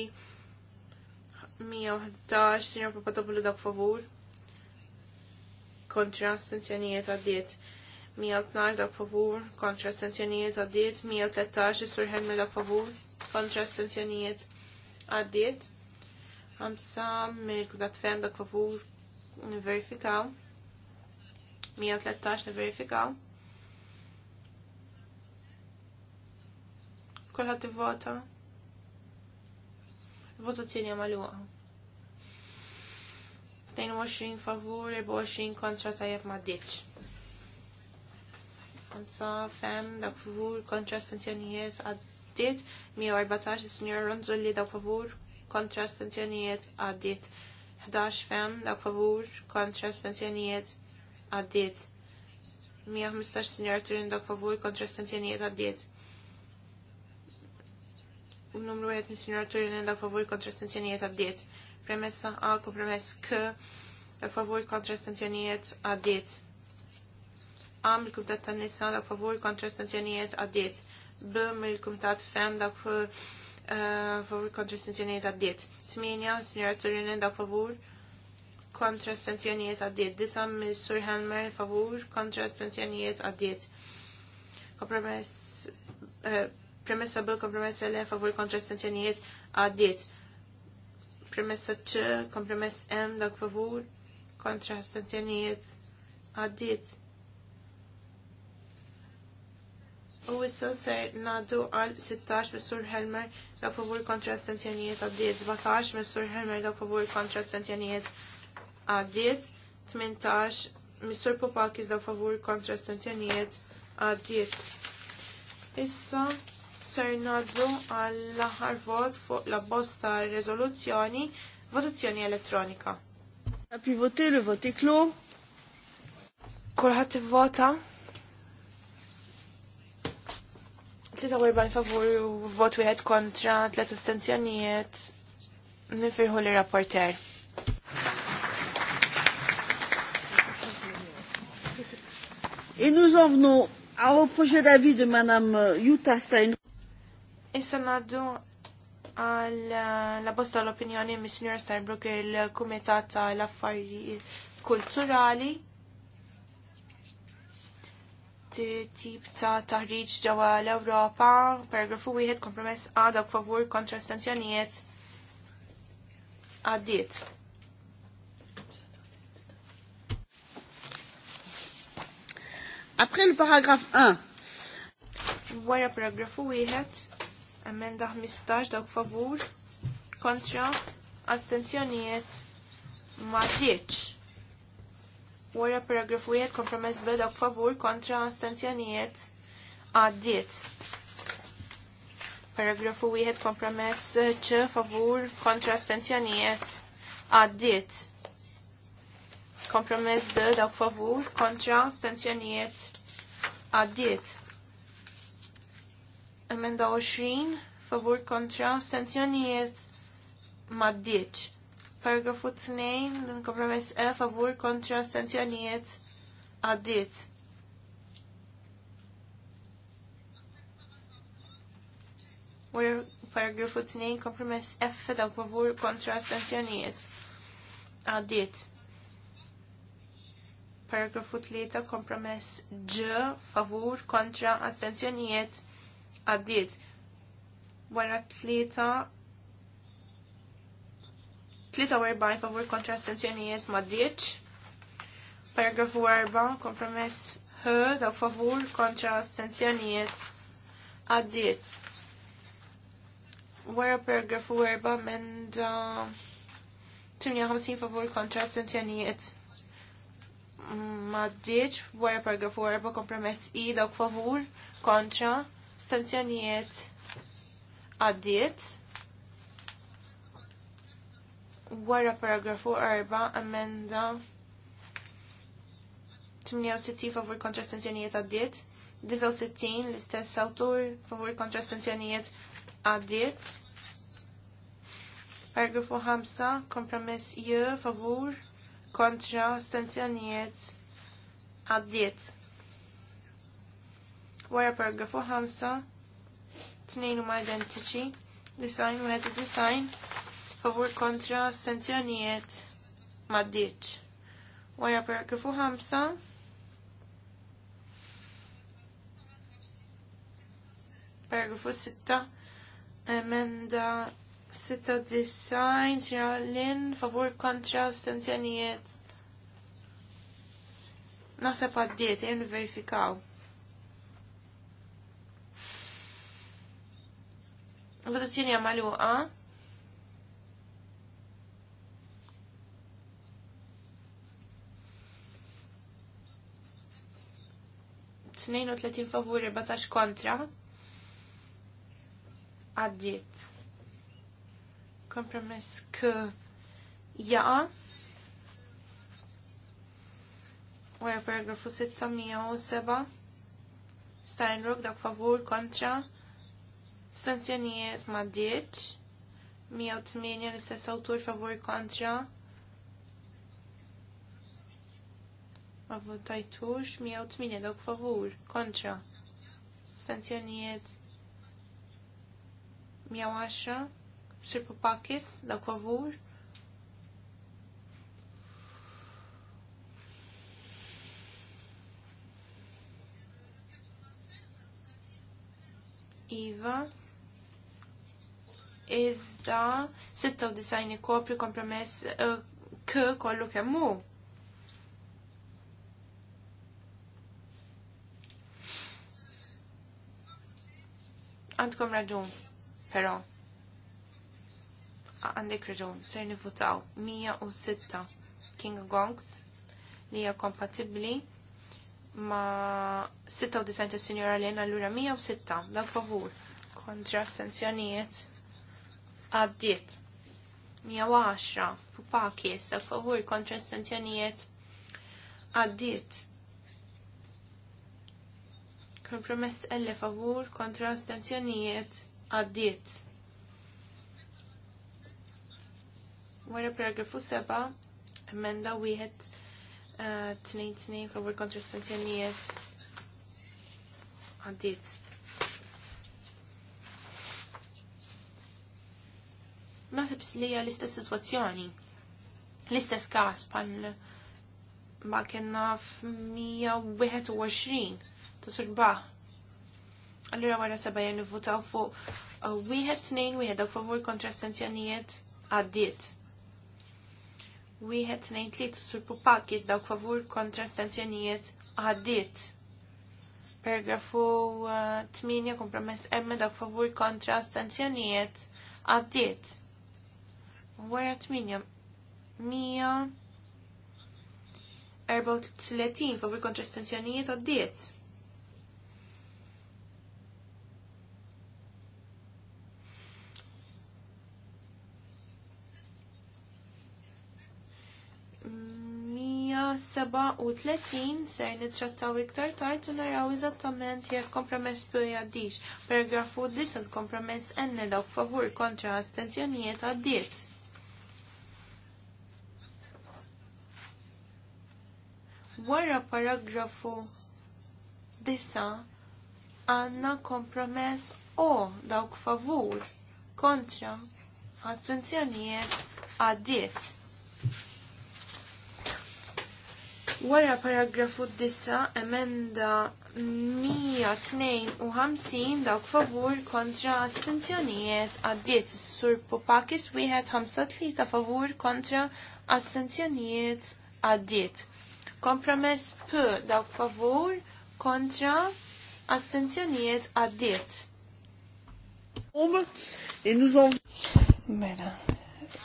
111 sinjor Papadopoulos dak favur kontra astenzjonijiet għaddiet. 112 dak favur kontra astenzjonijiet għaddiet. 113 sur Helmi dak favur kontra astenzjonijiet għaddiet. Għamsa mill-kudat fem dak favur verifikaw. 113 niverifikaw. Kolħat t-vota. vota t Votazzjoni għamaluqa. 22 favur, 24 kontra tajab ma ditx. Għamsa, fem dak favur kontra astenzjonijiet għaddit, 114 signor Ronzolli dak favur kontra astenzjonijiet għaddit. 11 fem dak favur kontra astenzjonijiet għaddiet. 115 sinjar Turin dak favur kontra astenzjonijiet għaddiet. Numru 1 minn sinjor Turin dak favur kontra astenzjonijiet għaddiet. Premessa A ku premess K dak favur kontra astenzjonijiet għaddiet. A mil-kumtat tan-nisa dak favur kontra astenzjonijiet għaddiet. B mil-kumtat fem dak eh, favur kontra astenzjonijiet għaddiet. 8 sinjar Turin dak favur kontra stanzjonijiet għaddiet. Disam mis Sur Helmer favur kontra stanzjonijiet għaddiet. Eh, premessa bil kompromessa L favur kontra stanzjonijiet għaddiet. Premessa C kompromess M dak favur kontra stanzjonijiet għaddiet. U issa ser nadu għal 16 Mr. Helmer dak favur kontra stanzjonijiet għaddiet, 17 Mr. Helmer dak favur kontra stanzjonijiet għaddiet għaddiet 18 Mr. Popakis daw favur kontra astenzjonijiet għaddiet. Issa ser naddu għall-aħħar vot fuq la bosta rezoluzzjoni votazzjoni elettronika. Għapi voti li voti klu? Kolħat vota? 43 favur vot wieħed kontra 3 astenzjonijiet nifirħu l-rapporter. Et nous en venons au projet d'avis de Madame euh, Jutta Stein. Issa naddu għal euh, la bosta l-opinjoni mis Signor Steinbrook il-Kumitat tal affari Kulturali tip ta' taħriġ ġewwa l-Ewropa, paragrafu wieħed kompromess għadha favur kontra sanzjonijiet għaddiet. Après le paragraphe 1. Wara paragrafu wieħed, emenda 15 dawk favur, kontra, astenzjonijiet ma tlietx. Wara paragrafu wieħed kompromess B dawk favur kontra astenzjonijiet għaddiet. Paragrafu wieħed kompromess C favur kontra astenzjonijiet għaddiet Kompromess B dawk favur kontra astenzjonijiet għaddiet. Emenda 20 favur kontra astenzjonijiet maddiet. Paragrafu 2, din kompromess E, favur kontra għaddiet. Wara Paragrafu 2, kompromess F, daw favur kontra stanzjonijiet għaddiet paragrafu 3 kompromess ġ favur kontra astenzjonijiet għaddiet. Wara 3 43 favur kontra astenzjonijiet ma Paragrafu 4 kompromess h daw favur kontra astenzjonijiet għaddiet. Wara paragrafu 4 menda 58 favur kontra astenzjonijiet maddiċ wara paragrafu 4 kompromess i dawk favur kontra stanzjonijiet għaddiet wara paragrafu 4 amenda 68 favur kontra stanzjonijiet għaddiet 69 l-istess autur favur kontra stanzjonijiet għaddiet Paragrafu 5, kompromess i favur, kontra astenzjonijiet għaddiet. Wara paragrafu 5, tnejn huma identiċi, design u għed design, favur kontra astenzjonijiet maddiċ. Wara paragrafu 5, paragrafu 6, emenda Sitta design, sira lin, favur kontra stenzjonijiet. Naħseb għaddiet, jen verifikaw. Votazzjoni għamaluqa. Tnejn u tletin favur, 14 kontra. Għaddiet. Kompromess k jaqa. Wara paragrafu 607. Steinrock dak favur kontra. Stanzjonijiet ma ditx. 108 l-istess autur favur kontra. Ma votajtux 108 dak favur kontra. Stanzjonijiet 110 Sir Popakis, da favur. Iva. Iżda 96 kopri kompromess uh, k kollu kemmu. Għandkom raġun, pero għandek reġun, ser nivutaw 106 King Gongs li hija kompatibbli ma 96 ta' Sinjora Lena allura 106 dal favur kontra sanzjonijiet għaddiet 110 pupakis dal favur kontra sanzjonijiet għaddiet kompromess elle favur kontra sanzjonijiet għaddiet Wara paragrafu 7, emenda wieħed eh, tnejn tnejn favur kontra għaddiet. Ma li hija l-istess sitwazzjoni. L-istess każ bħal ma kienna f-121 ta' surba. Allura wara seba jen votaw fuq eh, wieħed tnejn wieħed favur kontra għaddiet. Wieħed nejn tliet sur pupakis dawk favur kontra stanzjonijiet għaddiet. Paragrafu 8 uh, kompromess M dawk favur kontra stanzjonijiet għaddiet. Wara 8 134 favur kontra stanzjonijiet għaddiet. 137 ser nittrattaw iktar tard u naraw eżattament jekk kompromess tu jgħaddix. Paragrafu 10 kompromess enne dawk favur kontra astenzjonijiet għaddiet. Wara paragrafu disa għanna kompromess o dawk favur kontra astenzjonijiet għaddiet. Wara paragrafu dissa emenda 152 dawk favur kontra astenzjonijiet għaddiet sur Popakis wieħed 153 favur kontra astenzjonijiet għaddiet. Kompromess P dawk favur kontra astenzjonijiet għaddiet. Mela,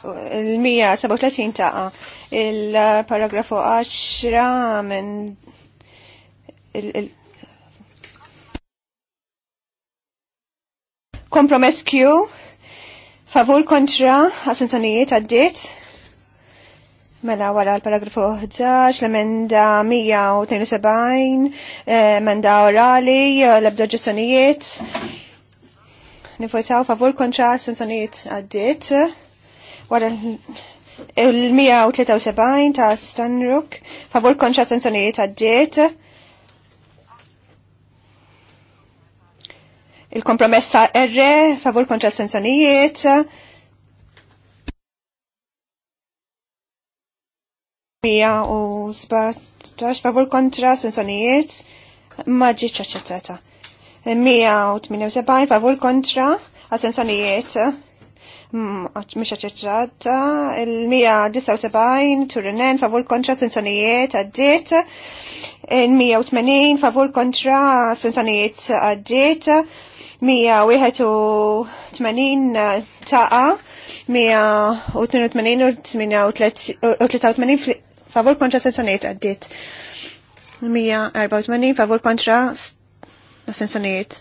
il-137 taqa il-paragrafu 10 minn il kompromess Q favur kontra għasintonijiet għaddit Mela wara l-paragrafu 11, l-emenda 172, eh, emenda orali, l-ebda ġessonijiet. Nifotaw favur kontra assenzjonijiet għaddit wara il-173 ta' Stanruk favur kontra sanzjonijiet għaddiet. Il-kompromessa R favor kontra Mija u sbatax favur kontra sensonijiet, maġi ċaċċettata. 178 favor kontra sensonijiet, Mm, mhux aċċettata il-179 Turinen favur kontra sensonijiet għaddiet il-180 favur kontra sensonijiet għaddiet 181 taqa 182 u 83 favur kontra sensonijiet għaddiet 184 favur kontra sensonijiet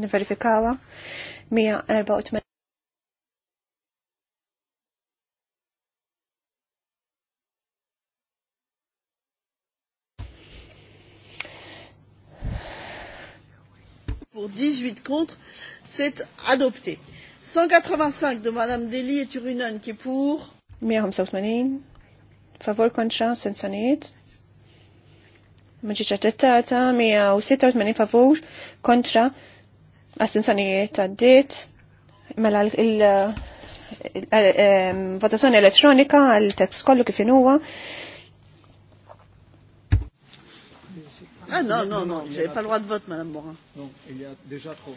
niverifikawa 184 pour 18 contre, c'est adopté. 185 de Madame Deli et Turunen qui est pour. 185. Favor kontra sensanit. Maġiċa tettata, 186 favor kontra għastinsanijiet għaddit, mela il-votazzjoni eh, elettronika għal-tekst kollu kif inuwa. Ah no, no, non, j'ai pas le droit de vote, No, il ja a déjà trop.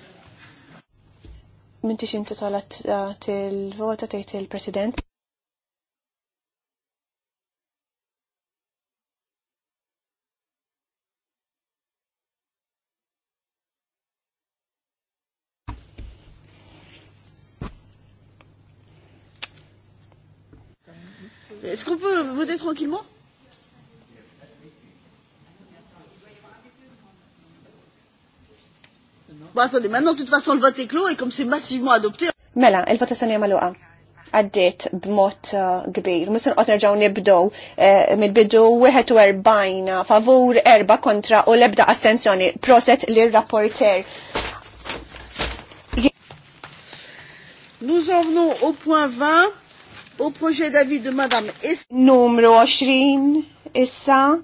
Minti xinti talat eh, til vota tejt il-president. Est-ce qu'on peut voter tranquillement Bon, attendez, maintenant, de toute façon, le vote est clos et comme c'est massivement adopté... Mela, il-votazzjoni maluqa. Għaddit b'mod uh, kbir. Mus nqot nerġgħu nibdew uh, mill-bidu 41 uh, favur, 4 kontra u lebda astensjoni. Proset l rapporter Nous en venons au point 20. U proġe Davidu madam is. Numru 20 issa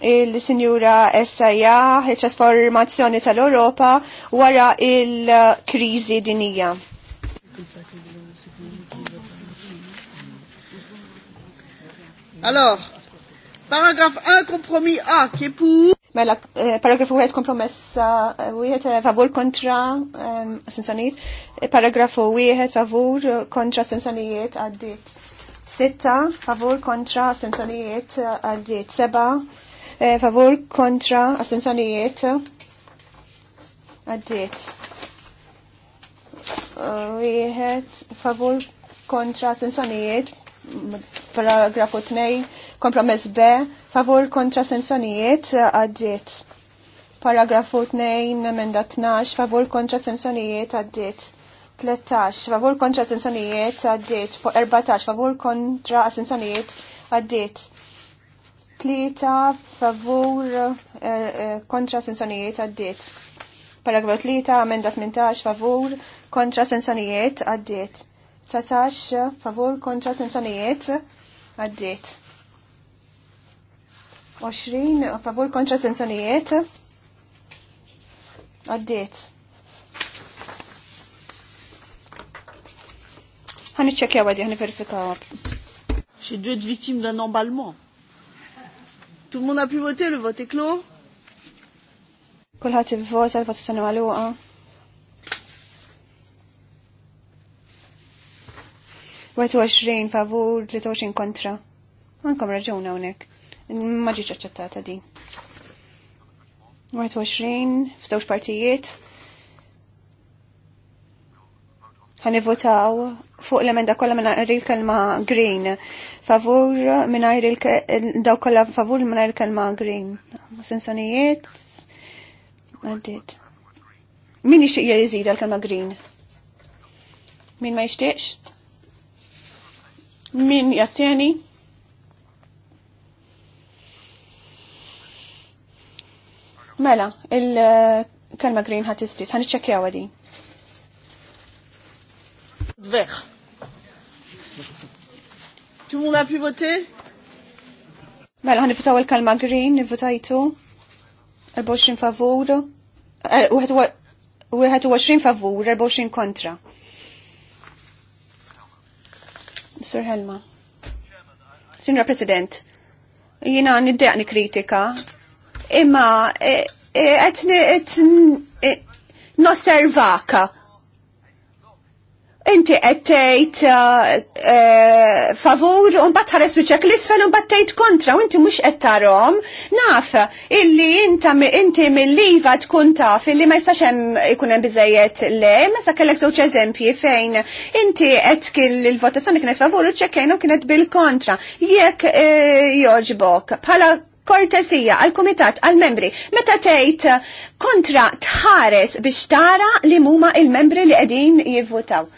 il-Sinjura SIA il-trasformazzjoni tal-Europa wara il-krizi dinija. Alors, paragraf 1, compromis A, qui est pour Mela, eh, paragrafu għed kompromessa, eh, eh, ehm, u wieħed favur kontra sensanijiet, paragrafu għed favur kontra sensanijiet għaddit. Sitta, favur kontra sensanijiet għaddit. Seba, favur kontra sensanijiet għaddit. Wieħed favur kontra sensanijiet paragrafu 2, kompromess B, favor kontra sensjonijiet eh, għaddit. Paragrafu 2, emenda 12, favor kontra sensjonijiet għaddit. 13, favor kontra sensjonijiet għaddit. 14, favor kontra sensjonijiet għaddit. 3, favor eh, eh, kontra sensjonijiet għaddit. Paragrafu 3, emenda 18, favor kontra sensjonijiet għaddiet 19 favor kontra sanzjonijiet għaddit. 20 favor kontra sanzjonijiet għaddit. Għani ċekja għaddi, għan verifikaw. Xie ġed vittim dan emballement. Tout le monde a pu voter, le vote est clos. Kulħat il-vot, il-vot s-sanu għaluqa. 21 favur, 23 kontra. Għankom raġuna unek. Maġi ċaċċattata din. 21, f'dawx partijiet. Ħanivotaw fuq l-emenda kolla minna il-kelma green. Favur minna daw kolla favur minna il-kelma green. Sensonijiet. Għaddit. Min ixtiq jizida għal kelma green? Min ma jixtiqx? Min jasjeni? Mela, il-kelma green ħat istit, ħan iċċekja għadi. Dveħ. Tout le Mela, ħan iftaw il-kalma green, votajtu. 24 favur. 21 favur, 24 kontra. Mr. Helma. Signor President, jina niddeqni kritika, imma e, e, etni etni etni inti qed tgħid uh, uh, favur u bat ħares wiċċek l-isfel u mbagħad tgħid kontra u inti mhux qed naf illi inta inti mill-liva tkun taf illi ma jistaxem hemm ikun hemm biżejjed sa kellek żewġ eżempji fejn inti qed kill il-votazzjoni kienet favur u ċekkejnu kienet bil-kontra. Jekk uh, joġbok bħala kortesija għal kumitat għal membri meta tgħid kontra tħares biex tara li huma il-membri li qegħdin jivvutaw.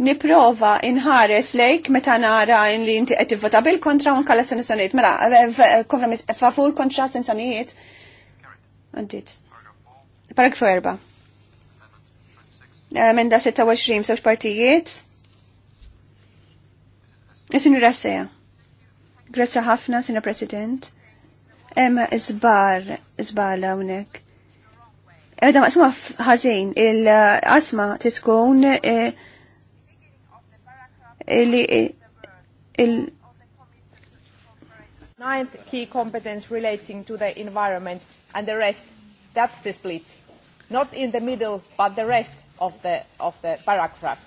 niprofa inħares lejk meta nara in li inti qed tivvota bil-kontra anke l sanzjonijiet. Mela, kompromiss favur kontra sanzjonijiet. Għandit. Paragrafu erba. Menda 26 sewx partijiet. Isinu e, rasseja. Grazzi ħafna, Sina President. Emma izbar, iżbala hawnhekk. Edha maqsma ħażin, il-qasma titkun e, li il Ninth key competence relating to the environment and the rest, that's the split. Not in the middle, but the rest of the, of the paragraph.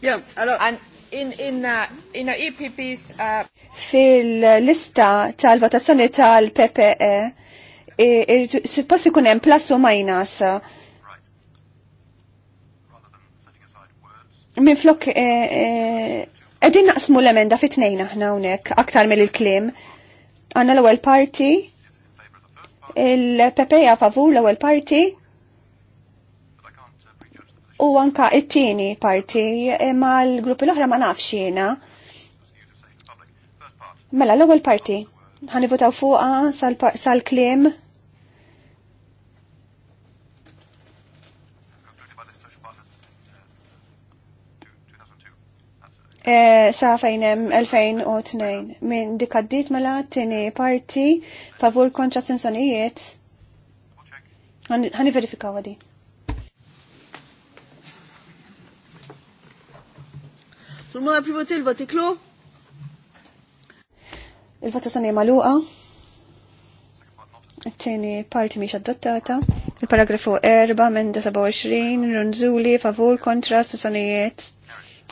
Yeah, alors... And in, in, uh, in EPP's... E uh... Fil-lista tal-votazzjoni tal-PPE, e, suppost ikun hemm plus u minus minn flok eh, eh, edin naqsmu l-emenda fit tnejn aħna hawnhekk aktar mill-klim. Għanna l-ewwel parti il-PPA favur l-ewwel parti u anka it-tieni parti imma eh, l-gruppi l-oħra ma nafx jiena. Mela l-ewwel parti ħanivutaw fuqha sal-klim sal Eh, sa fejnem 2002. Min dikaddit mela tini parti favur kontra sensonijiet. Għani verifikaw għadi. sul privati il votiklu il il sani maluqa. It-tieni parti mhix adottata. Il-paragrafu 4 minn 27 runżuli favur kontra sensonijiet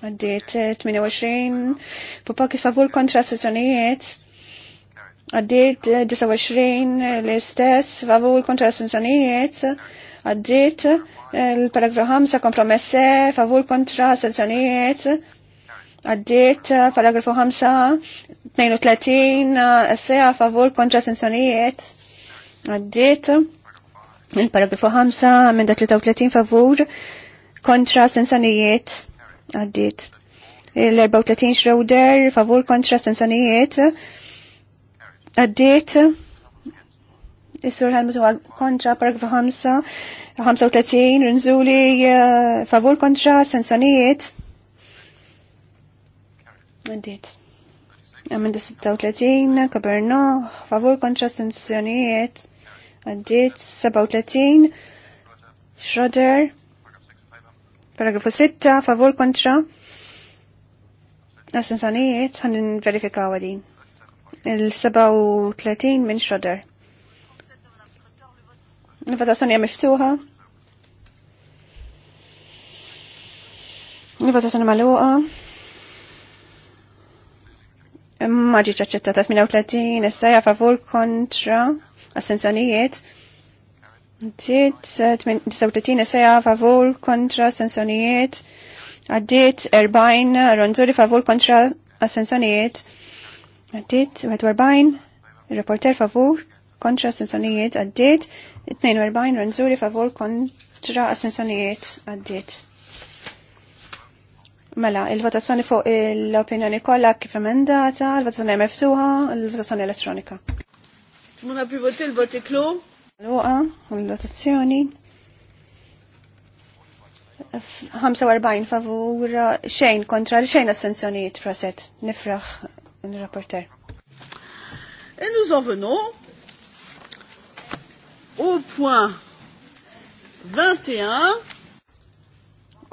għaddiet 28, eh, Popakis favur kontra sessjonijiet, għaddiet 29 eh, eh, l-istess, favur kontra sessjonijiet, għaddiet l-paragraf 5 kompromesse, favur kontra sessjonijiet, għaddiet paragrafu 5, 32 essea favur kontra sessjonijiet, għaddiet il-paragrafu 5 minn 33 favur kontra sensanijiet għaddit. L-34 Schroeder, favur kontra stenzjonijiet, għaddit. Is-sur Helmut kontra paragrafu 5, 35 rinżuli favur kontra stenzjonijiet. Għaddit. Għamenda 36, Kaberno, favur kontra stenzjonijiet, għaddit. 37, Schroeder, Paragrafu 6, favur kontra. Assenzjonijiet, għan verifikaw għadin. Il-37 minn Schroeder. Il-votazzjoni hija miftuħa. Il-votazzjoni magħluqa. Ma ġietx aċċettata 38 issa favor kontra astenzjonijiet Għaddiet 39 seja favur kontra sensonijiet. għaddit 40 ronzuri favur kontra assenzjonijiet. Għaddiet 41 reporter favur kontra sensonijiet, għaddit 42 ronzuri favur kontra assenzjonijiet. għaddit. Mela, il-votazzjoni fuq l-opinjoni kollha kif emendata, il-votazzjoni meftuħa, il-votazzjoni elettronika. Muna privoti l-voti klu? Luqa, l lotazzjoni 45 favur, xejn kontra, xejn assenzjonijiet praset. Nifraħ il-rapporter. Et nous u pwa 21.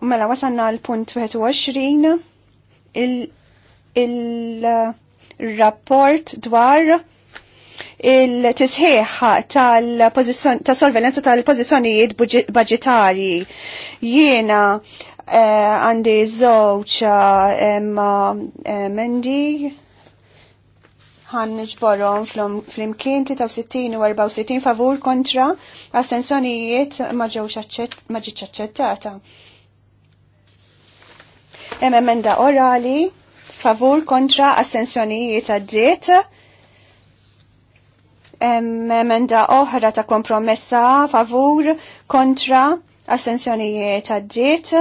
Mela wasanna l-punt 21 il-rapport il, il rapport dwar il-tisħiħ tal-sorvelenza tal-pozizjonijiet budgetari. Jiena eh, għandi zoċ eh, eh, mendi għan nġborom fl-imkien 63 u 64 favur kontra assenzjonijiet ma ġiċ aċċettata. Hemm emenda orali favur kontra assenzjonijiet għaddiet emenda oħra ta' kompromessa favur kontra assenzjonijiet għaddiet.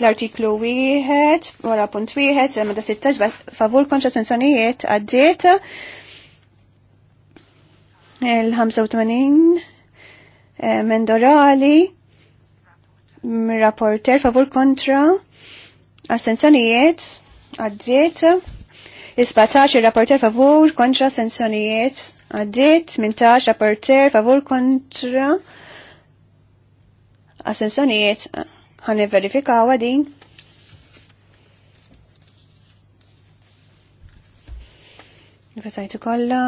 L-artiklu 1, wara punt 1, emenda 16, favur kontra assenzjonijiet għaddit l 85 mendorali rapporter favur kontra assenzjonijiet għaddit Ispatax il-rapporter favur kontra sensjonijiet għaddit, mintax rapporter favur kontra assenzjonijiet Għan verifika għadin. Votajtu kolla,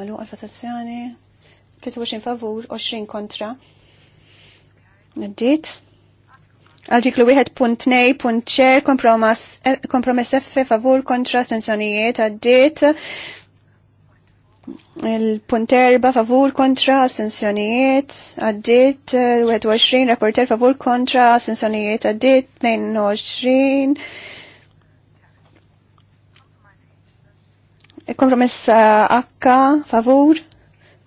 malu għal-votazzjoni, 23 favur, 20 kontra. Għaddit. Artiklu 1.2.c eh, kompromess F favur kontra astensjonijiet għaddit il-punt erba favur kontra assenzjonijiet għaddit 21 rapporter favur kontra assenzjonijiet għaddit 22 Kompromessa eh, H favur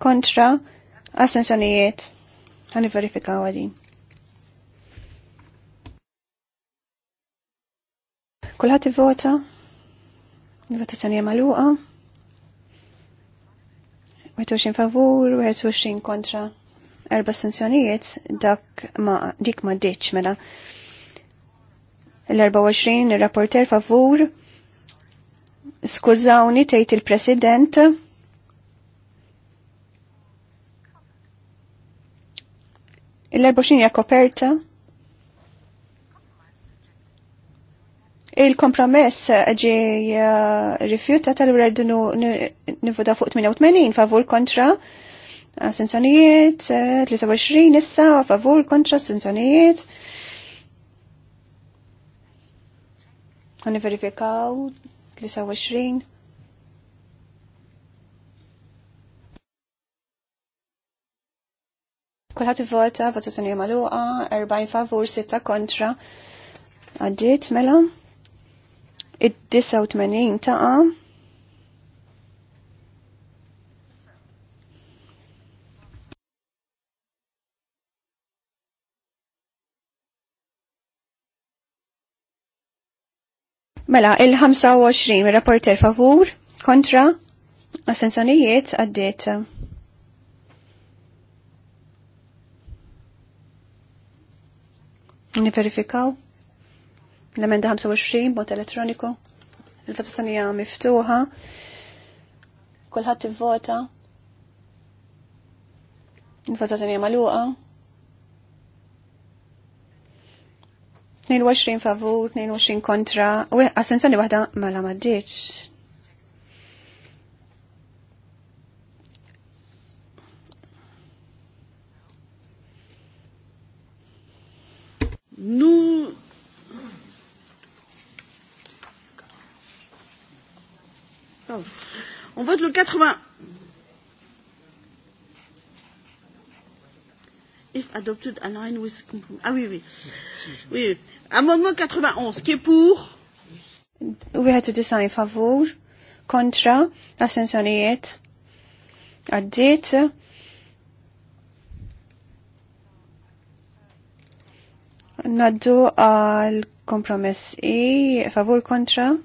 kontra assenzjonijiet Għani verifikaw għadin Kulħadd vota Il-votazzjoni hija magħluqa. 21 favur, 21 kontra erba sanzjonijiet dak ma dik ma ditx mela. L-24 il-rapporter favur skużawni tgħid il-President il-24 hija koperta Il-kompromess ġi uh, rifjuta tal-reddinu nivuda fuq 88 favur kontra assenzjonijiet, 23 uh, issa favur kontra assenzjonijiet. Għani verifikaw 23. Kulħat vota, vota votazzjoni maluqa, 40 favur, 6 kontra. Għaddit, mela? id-89 taqa. Mela, il-25 rapporter favur, kontra, assenzjonijiet għaddiet. Niverifikaw. L-emenda 25, bot elettroniku. Il-votazzjoni miftuħa, miftuħa. Kulħadd vota Il-votazzjoni maluqa, 22 favur, 22 kontra, u assenzjoni waħda mela maddiċ. Nous pardon. On vote le 80. If adopted aligned with compromise. Ah oui, oui. Oui. Amendement 91. Qui est pour? We had to design favor, ascension et, adit, naddu al kompromess i favor, kontra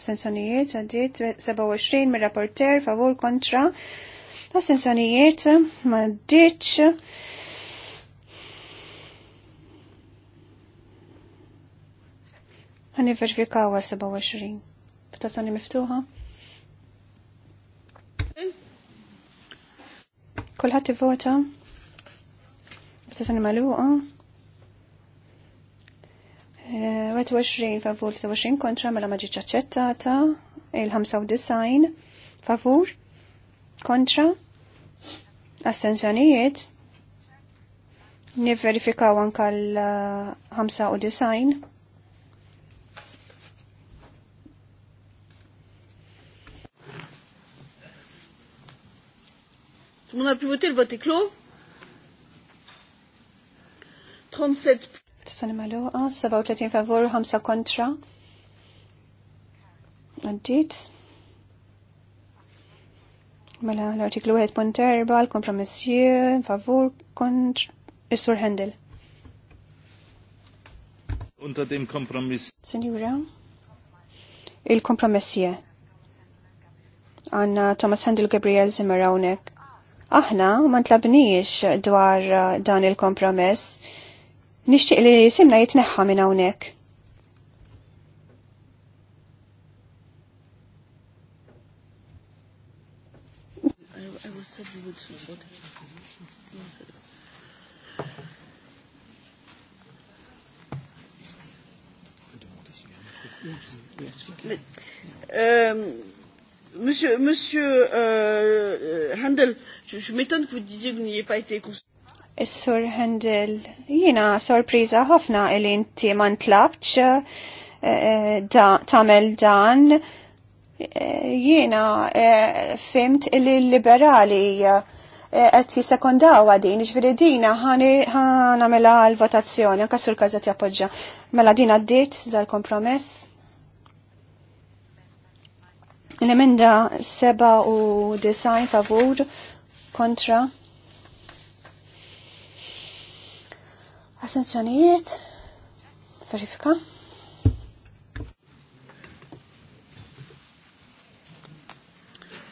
sensonijiet, għaddiet 27 mir rapporter favur kontra. ta' sensonijiet, ma ditx. Għani verifikaw 27. Votazzjoni miftuħa. Kulħadd ivota. Votazzjoni maluqa. 21 eh, favur 23 kontra mela ma ġietx aċċettata il-95 favur kontra astenzjonijiet nivverifikaw anka l-95 Mon a pu le vote est clos. 37 Tistani maluqa, 37 favur, 5 kontra. Għaddit. Mela l-artiklu 1.4, l-kompromissji, favur, kontra. Is-Sur Hendel. Unta dim kompromiss. Senjura, il-kompromissje. Għanna Thomas Hendel Gabriel Zimmer hawnhekk. Aħna ma ntlabniex dwar uh, dan il kompromiss nixtieq li jisimna jitneħħa minn hawnhekk. Euh, monsieur, monsieur euh, euh, Handel, je, je m'étonne que vous disiez que vous n'ayez pas été construit. Is-sur Hendel, jina sorpriża ħafna il inti ma ntlabx eh, eh, da, tamel dan. Eh, Jiena fimt il-liberali qed jisekondaw għadin, ġifieri dina ħanamela l-votazzjoni, anke sur każet jappoġġa. Mela din għaddiet dal-kompromess. L-emenda seba' u favur kontra Assenzjonijiet. Verifika.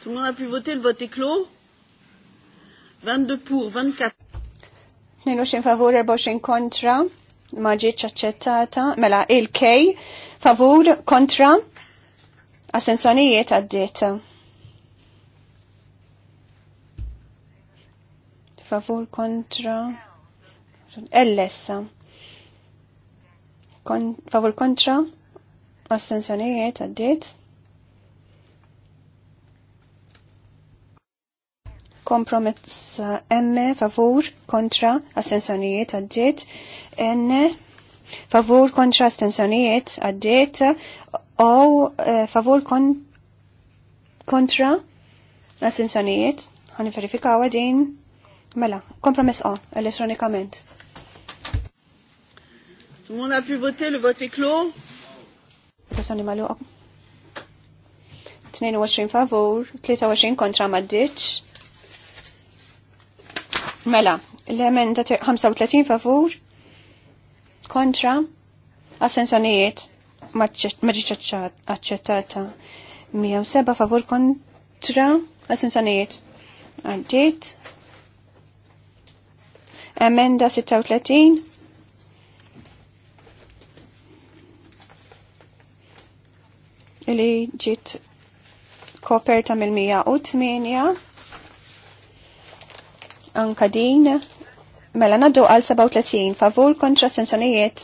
Tout le monde a pu voter, le vote est clos. 22 pour, 24. 22 favur, 24 kontra. Ma ġietx aċċettata. Mela, il-K. Favur, kontra. Assenzjonijiet għaddiet. Favur, kontra. Ellessa. Kon, favur kontra, astensjonijiet għaddit. Kompromess M, favur kontra, astensjonijiet għaddit. N, favur kontra astensjonijiet għaddit. O, eh, favur kon, kontra, astensjonijiet ħani verifikaw għadin. Mela, kompromess O, elettronikament. Tout le monde a pu voter, le vote est clos. Votazzjoni magħluqa. 22 favur, 23 kontra ma ddiċ. Mela, l-emenda 35 favor? kontra, assenzjonijiet ma ġiċ accettata. 107 favor kontra, assenzjonijiet għaddit. Emenda 36 li ġiet koperta mill-108 anka din mela naddu għal 37 favur kontra sensonijiet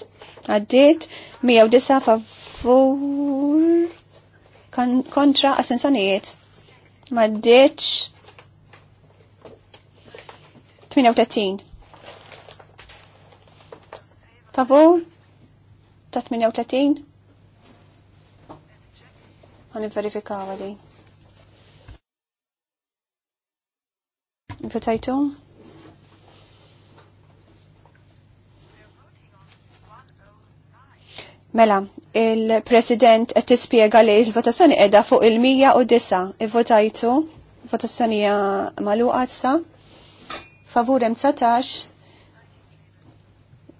għaddiet 109 favur kontra assenzjonijiet ma 38 favur ta' 38 għan verifikaw għadi. Potato? Mela, il-President qed tispjega li l-votazzjoni qiegħda fuq il-109 ivvotajtu votazzjonija magħluqa issa favur hemm 19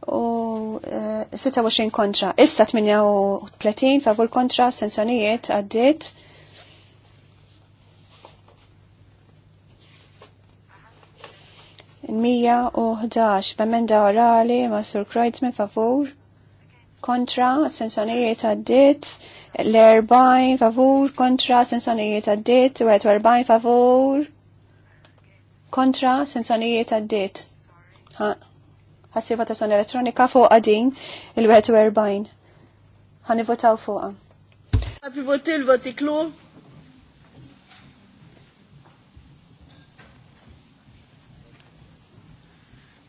u 26 eh, kontra. Issa 38 favur kontra sensanijiet għaddit. Mija u ħdax b'emenda orali ma' Sur Kreuzman favur kontra sensjonijiet għaddit. L-40 favur kontra sensjonijiet għaddit. 41 favur kontra sensjonijiet għaddit. Ha' ħassir votazzjoni elettronika fuq għadin il-41. Ħanivotaw fuqha. Għabri voti l-voti klu?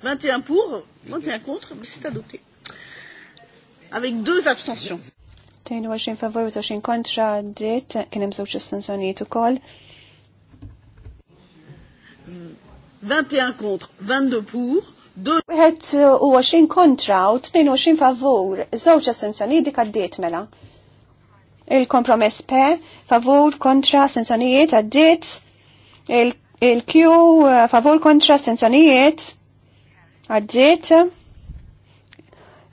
Vingt et un pour, vingt et un contre, mais c'est adopté. Avec deux abstentions. 22 favor, għaxin kontra, dit, kienem zoċ żewġ jitu kol. 21 contre, 22 pour, Wieħed u għaxin kontra u 22 favur, żewġ assenzjonijiet di għaddiet mela. Il-kompromess P, favur kontra assenzjonijiet għaddiet, il-Q favur kontra assenzjonijiet għaddiet,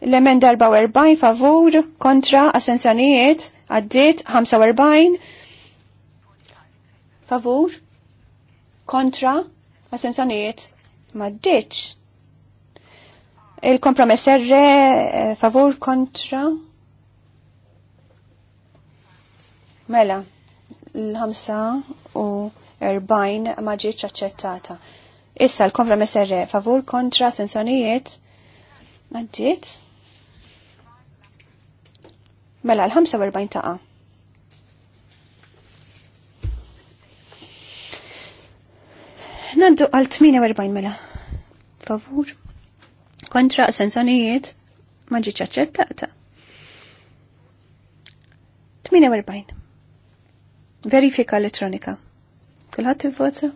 l-emenda 44 favur kontra assenzjonijiet għaddiet 45 favur kontra assenzjonijiet ma Il-kompromess erre, eh, favur kontra. Mela, l-ħamsa u erbajn ma ġietx aċċettata. Issa l-kompromess erre, favor kontra sensonijiet. Għaddit? Mela, l-45 ħamsa taqa. Nandu għal 48 mela. Favur kontra assenzjonijiet ma ġiċ aċċettata. 48. Verifika elektronika. il-vota.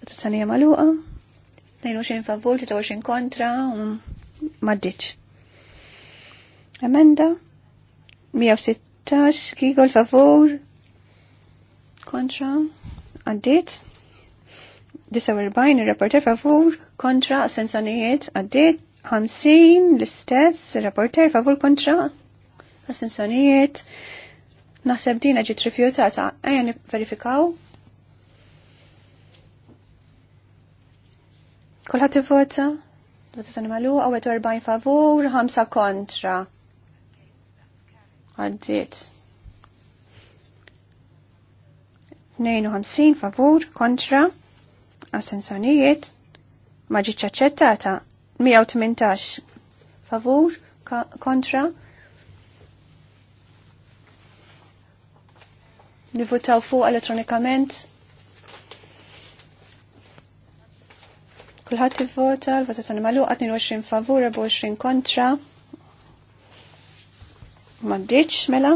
Vota sanija maluqa. 22 favur, 23 kontra, um, u maddiċ. Emenda, 116, kigol favur, kontra, Għaddiċ. 49 il-rapporter favur kontra assenzjonijiet għaddit 50 l-istess il-rapporter favur kontra assenzjonijiet naħseb dina ġiet rifjutata ejja verifikaw Kulħadd ivvota? Votazzjoni għawet 40 favur, 5 kontra. Għaddit. 52 favur kontra assenzjonijiet ma ġietx aċċettata 118 favur kontra nivutaw fuq elettronikament Kulħadd ivvota, l tani malu 22 favur, 24 kontra. Maddiċ mela,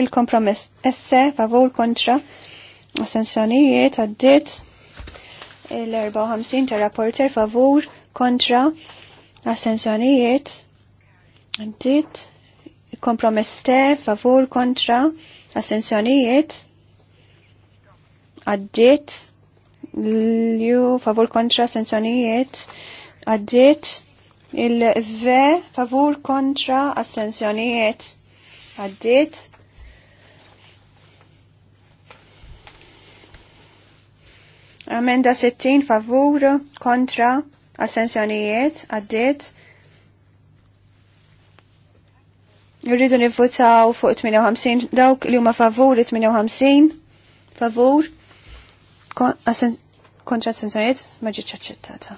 il-kompromess esse favur kontra assenzjonijiet għaddiet l-54 ta' rapporter favur kontra assenzjonijiet għaddit kompromess favur kontra assenzjonijiet għaddit l-ju favur kontra assenzjonijiet għaddit il-ve favur kontra assenzjonijiet għaddit Amenda 60 favur kontra assenzjonijiet għaddiet. Irridu nivvotaw fuq 58 dawk li huma favur 58 favur kontra assenzjonijiet ma ġietx aċċettata.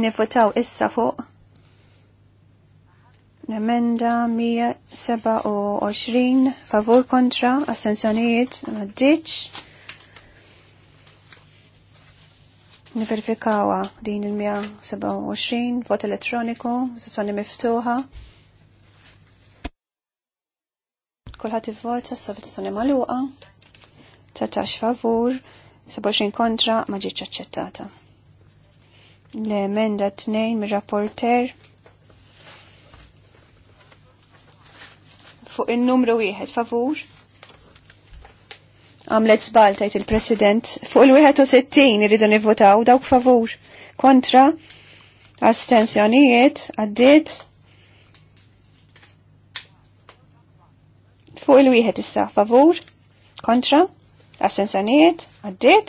Nivvotaw issa fuq l-emenda 127 favur kontra assenzjonijiet, ma Niverifikawa din il-127, vot elettroniku, sezzjoni miftuħa. Kulħat il-vot, sassa votazzjoni maluqa. 13 favur, 27 kontra, ma ġietx aċċettata. L-emenda 2 mir-rapporter. Fuq il-numru 1, favur Għamlet zbal tajt il-President. Fuq il-61 irridu nivvotaw dawk favur. Kontra. Astensjonijiet. Għaddit. Fuq il-wieħed issa favur. Kontra. Astensjonijiet. Għaddit.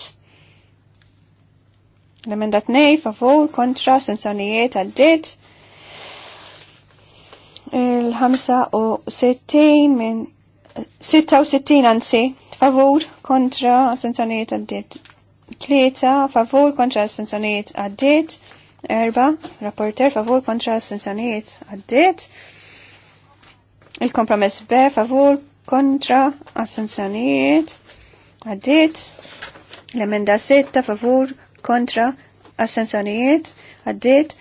L-emenda nej favur. Kontra. Astensjonijiet. Għaddit il-65 minn 66 anzi, favur kontra assenzjoniet għaddit. 3 favur kontra assenzjoniet għaddit. 4 rapporter favur kontra assenzjoniet għaddit. Il-kompromess B favur kontra assenzjoniet għaddit. L-emenda 6 favur kontra assenzjoniet għaddit.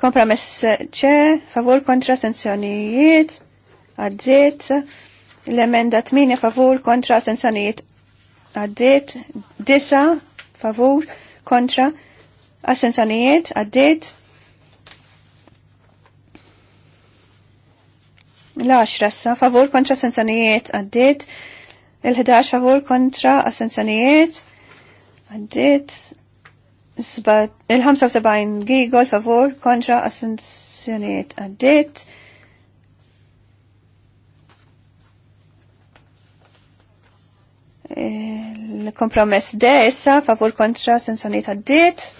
Kompromess C favur kontra assenzjoniet għaddit. L-emenda 8 favur kontra sensanijiet għaddit. 9 favur kontra assenzjonijiet għaddit. L-10 sa favur kontra assenzjonijiet għaddit. l 11 favur kontra assenzjonijiet għaddit. Il-75 gigol favur kontra assenzjonijiet għaddit. Il-kompromess de essa, favur kontra sensjoni ta' dit.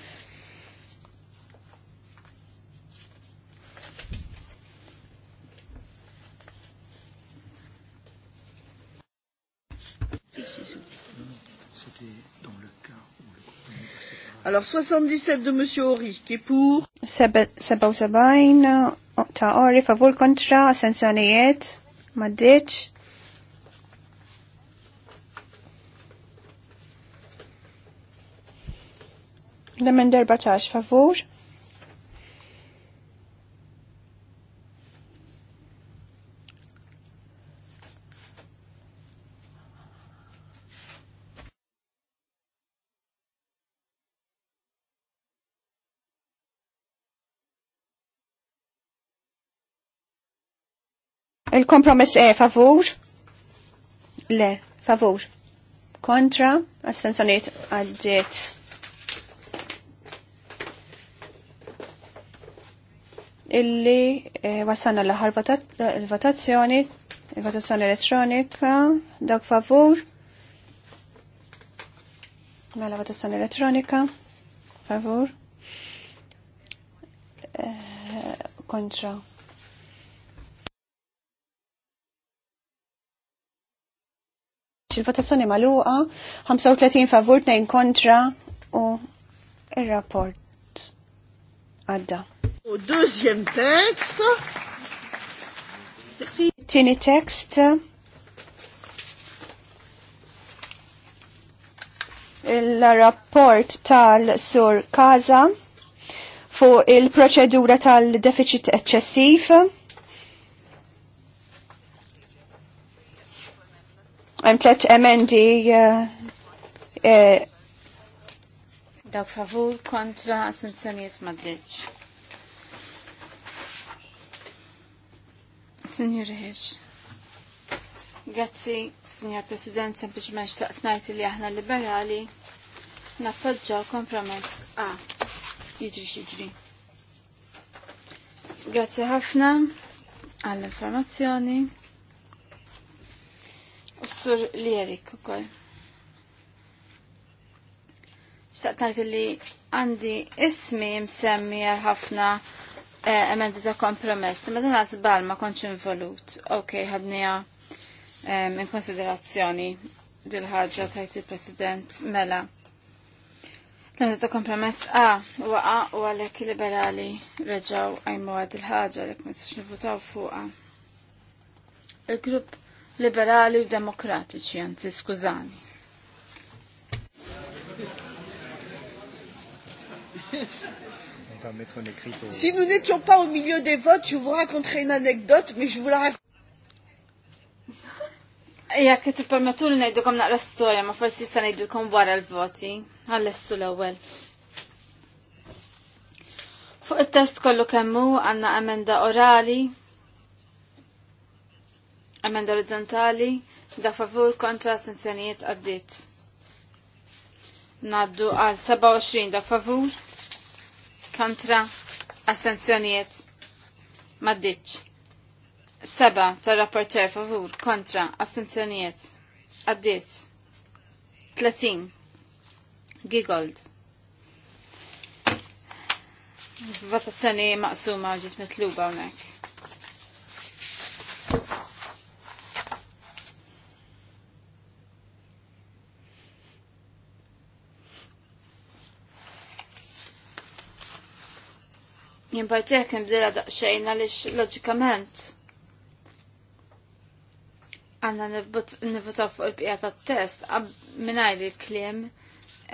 Alors 77 de Monsieur Ori qui est pour. Seba 77 ta' Ori favor contra assenzjonijiet, madich Lemon emenda favor. favur. Il-kompromess e favur? Le, favur. Kontra, assenzjoniet għaddit. illi eh, wasanna l-aħħar votazzjoni, votazzjoni elettronika, dak favur. Mela votazzjoni elettronika, favur. Eh, kontra. Il-votazzjoni maluqa, 35 favur, 2 kontra u il-rapport għadda. U dużjem tekst. Tini tekst. il-rapport tal-sur Kaza fu il-proċedura tal-deficit eċċessiv. Hemm tliet emendi eh, eh Dawk favur kontra assenzjoniet d-deċ. Signor Hirsch. Grazzi, Signor President, sempliciment xtaqt ngħid li aħna liberali nappoġġaw kompromess A. Jiġri xiġri. Grazzi ħafna għall-informazzjoni. U sur li jerik ukoll staqtajt li għandi ismi msemmi għal ħafna eh, emendi ta' kompromess, ma dan għazbal ma konċu involut. Ok, għadnija eh, minn konsiderazzjoni dil-ħagġa tajt il-President Mela. l ta' kompromess A, waqa u għalek liberali reġaw għajmu għad il-ħagġa li kmistax nivutaw fuqa. Il-grupp liberali u demokratiċi, għanzi skużani. Si nous n'étions pas au milieu des votes, je vous raconterai une anecdote, mais je vous la raconte. Jekk qed tippermettu li najdukom naqra storja, ma forsi sa najdukom wara l-voti. għall-estu l-ewwel. Fuq it-test kollu kemm hu għandna emenda orali, emenda orizzontali, da favur kontra sanzjonijiet għaddit. Naddu għal 27 da favur kontra astenzjonijiet maddiċ. Seba tar rapporter favur kontra astenzjonijiet għaddit. 30 gigold. Votazzjoni maqsuma ġiet mitluba hawnhekk. Jien partija kien bdela daqsxejn għaliex loġikament għanna nivvotaw fuq il-bqija tat-test mingħajr il-kliem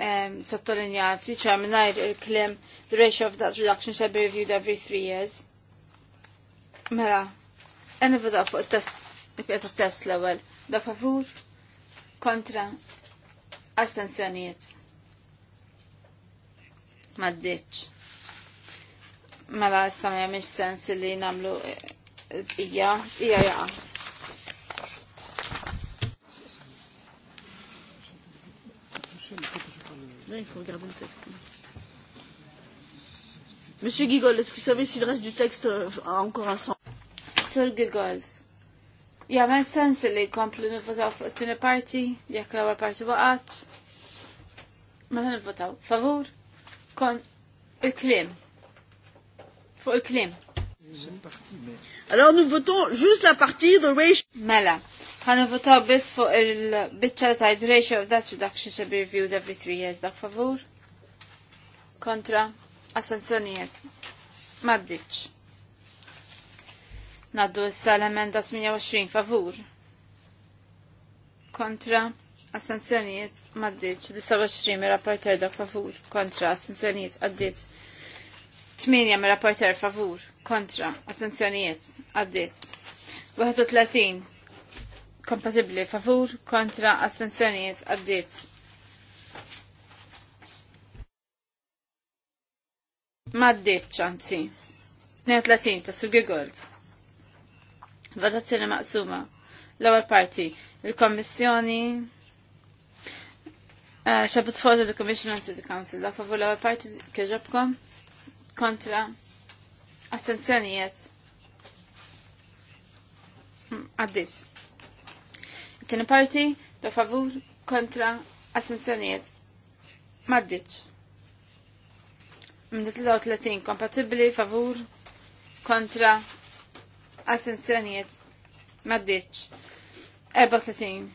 ehm, sottolinjati, ċa li il-kliem the ratio of that reduction shall be reviewed every three years. Mela, għanna nivvotaw fuq il-test, il-bqija tat-test l-ewwel, da favur kontra astensjonijiet. Maddiċ. Mela issa ma jagħmilx sens li namlu ija, ija ja. Monsieur Gigold, est-ce que vous savez si le reste du texte a euh, encore un sens Sur Gigol, jagħmel sens li jkomplu nivvotaw fuq it parti, jekk l parti waqgħet. Mela nivvotaw favur kon il-klim fuq il-klim. Alors nous votons juste la partie de ratio. Mela, ħan votaw bis fuq il-bicċa tajt ratio of that reduction should be reviewed every three years. Dak favur? Kontra? Astenzjonijiet? Maddiċ. Naddu s l-emenda 28 favur. Kontra? Astenzjonijiet? Maddiċ. 29 il-rapporter dak favur. Kontra? Astenzjonijiet? Addiċ. 8 mir rapporter favur, kontra, attenzjonijiet, għaddit. 31 kompatibli favur, kontra, attenzjonijiet għaddit. Maddit ċanzi. 32 ta' Sugi Gold. Votazzjoni maqsuma. L-ewwel parti, il-Kommissjoni eh, xabut forza the Commission to the Council. la favur l-ewwel parti kieġobkom? kontra astenzjonijiet hmm, għaddit. Tini parti ta' favur kontra astenzjonijiet maddiċ. Mdit t 30 kompatibli favur kontra astenzjonijiet maddiċ. 34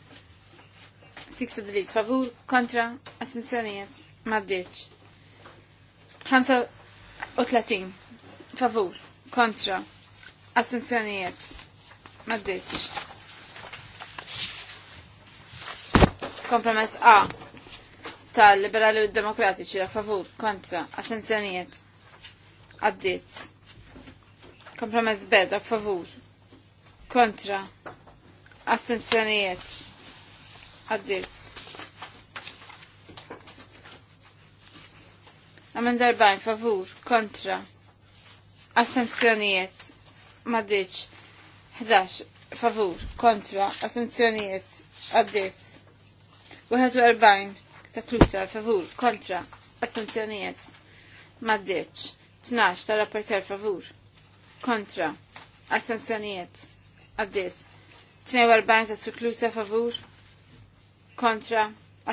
6 delete favur kontra astenzjonijiet maddit. 30. Favur. Kontra. Astenzjonijiet. Maddiċ. Kompromess A. Tal-liberali u demokratiċi. Favur. Kontra. Assenzjonijiet. Għaddit. Kompromess B. Dak favur. Kontra. Assenzjonijiet. Għaddit. Amenda 40 favur kontra astenzjonijiet maddiċ 11 favur kontra astenzjonijiet għaddiet. 41 kluta, favur kontra astenzjonijiet maddiċ 12 tal-rapporter favur kontra astenzjonijiet għaddiet. 42 ta' sukluta favur kontra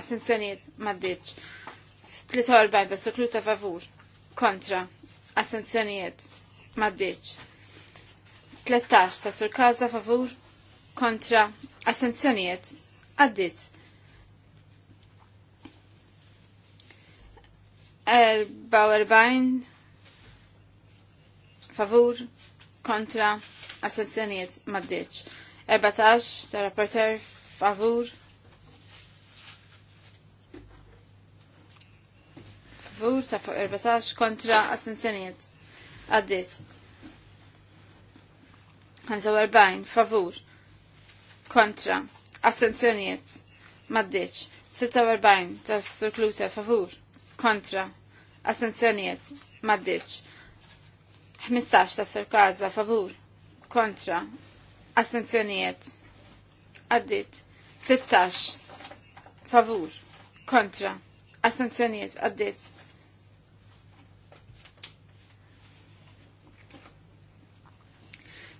astenzjonijiet maddiċ 43 soklu ta' favur kontra assenzjonijiet maddiċ. 13 ta' sur kaza favur kontra assenzjonijiet għaddit. 44 favur kontra assenzjonijiet maddiċ. 14 ta' rapporter favur favur ta' fuq 14 kontra astenzjonijiet Għaddis. 45 favur kontra astenzjonijiet maddiċ. 46 ta' surkluta favur kontra astenzjonijiet maddiċ. 15 ta' surkaza favur kontra astenzjonijiet għaddit. 16 favur kontra astenzjonijiet għaddit.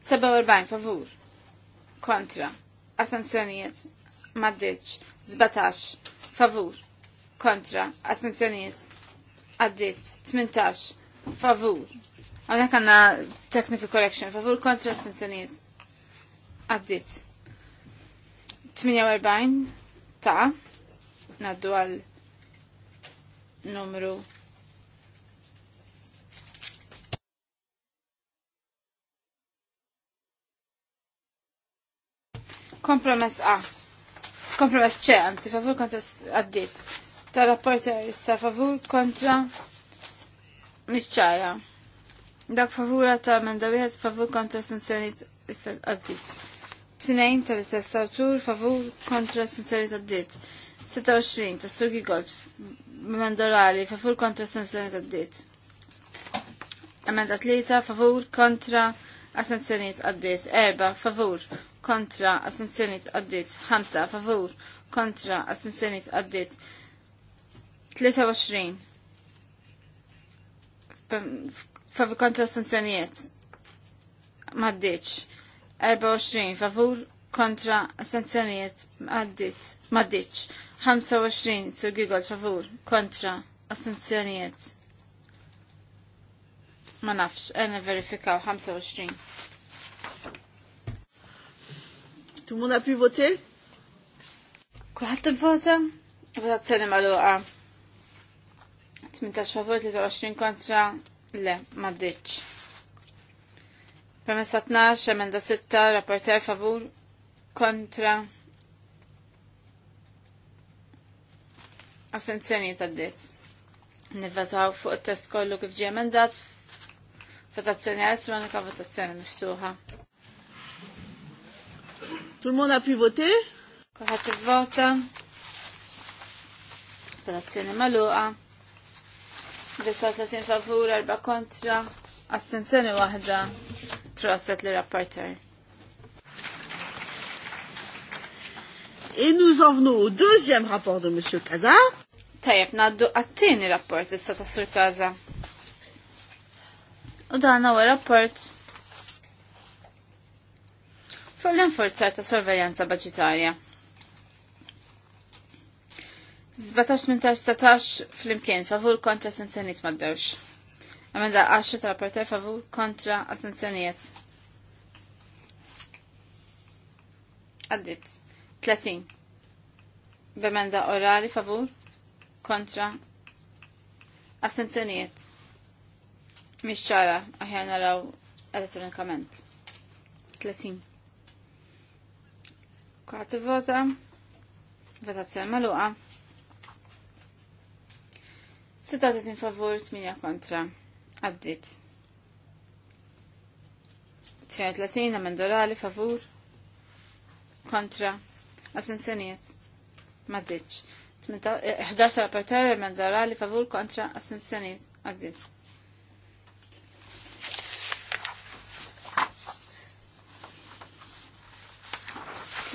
47 favur kontra astenzjonijiet maddiċ 17 favur kontra astenzjonijiet għaddit 18 favur għonek kanna technical correction favur kontra astenzjonijiet għaddit 48 ta' naddu għal numru Kompromess A. Kompromess C, anzi, favur kontra għaddit. Ta' rapporti issa favur kontra nisċara. Dak favura ta' menda wieħed favur kontra sanzjoni issa Tinejn ta' tal-istess autur favur kontra sanzjoni għaddit. 26 ta' Sugi Gold mandorali favur kontra sanzjoni għaddit. Emenda tlieta favur kontra assenzjoniet addit. Erba favur kontra astenzjoniet għaddit 5 favur kontra astenzjoniet għaddit 23 favur kontra astenzjoniet maddiċ 24 favur kontra astenzjoniet għaddit maddiċ 25 sur gigol favur kontra astenzjoniet ma nafx, għena verifikaw 25. Tout le monde a pu voter Kulħat t-vota? maluqa. 18 favor, 23 kontra, le, maddiċ. Premessa 12, emenda 6, rapporter favur, kontra. Assenzjoni ta' d Nivvataw fuq test kollu kif ġie emendat, votazzjoni elettronika, votazzjoni miftuħa. Tout le monde a pu voter? Kuħat il-vota. Votazzjoni maluqa. 39 favore, alba contra. Astenzione wahda. Proset le rapporteur. Et nous en venons au deuxième rapport de M. Kaza. Tajab, naddu għattini rapport issa ta' Sur Kaza. U dan huwa rapport fuq l-inforzar ta' sorveljanza budgetarja. 17-18-17 fl-imkien favur kontra sanzjoniet maddewx. Amenda 10 tal rapporter favur kontra sanzjoniet. Għaddit. 30. Bemenda orali favur kontra sanzjoniet. Mix ċara, aħjar raw elettronikament. 30. Kati vota. Votazzjoni maluqa. 36 favur, 8 kontra. Għaddit. 33 amendorali favur kontra assenzjoniet maddit. 11 eh, rapportari amendorali favur kontra assenzjoniet għaddit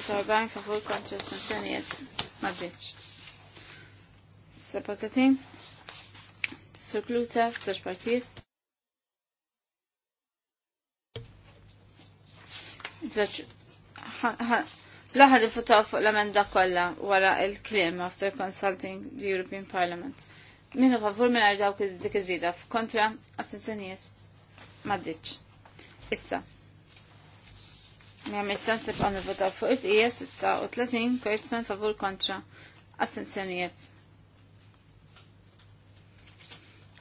46 favur kontra sanzjonijiet maddiċ. Sepakatin, t-surkluta f'tax partijiet. Laħad il-futa fuq l-amenda kolla wara il-klim after consulting the European Parliament. Minu favur minn għardaw dik iż-żida f'kontra assenzjonijiet maddiċ. Issa, Ma jamiex sens nibqaw nivvotaw fuq il-bqija 36 Kurtzman favur kontra astenzjonijiet.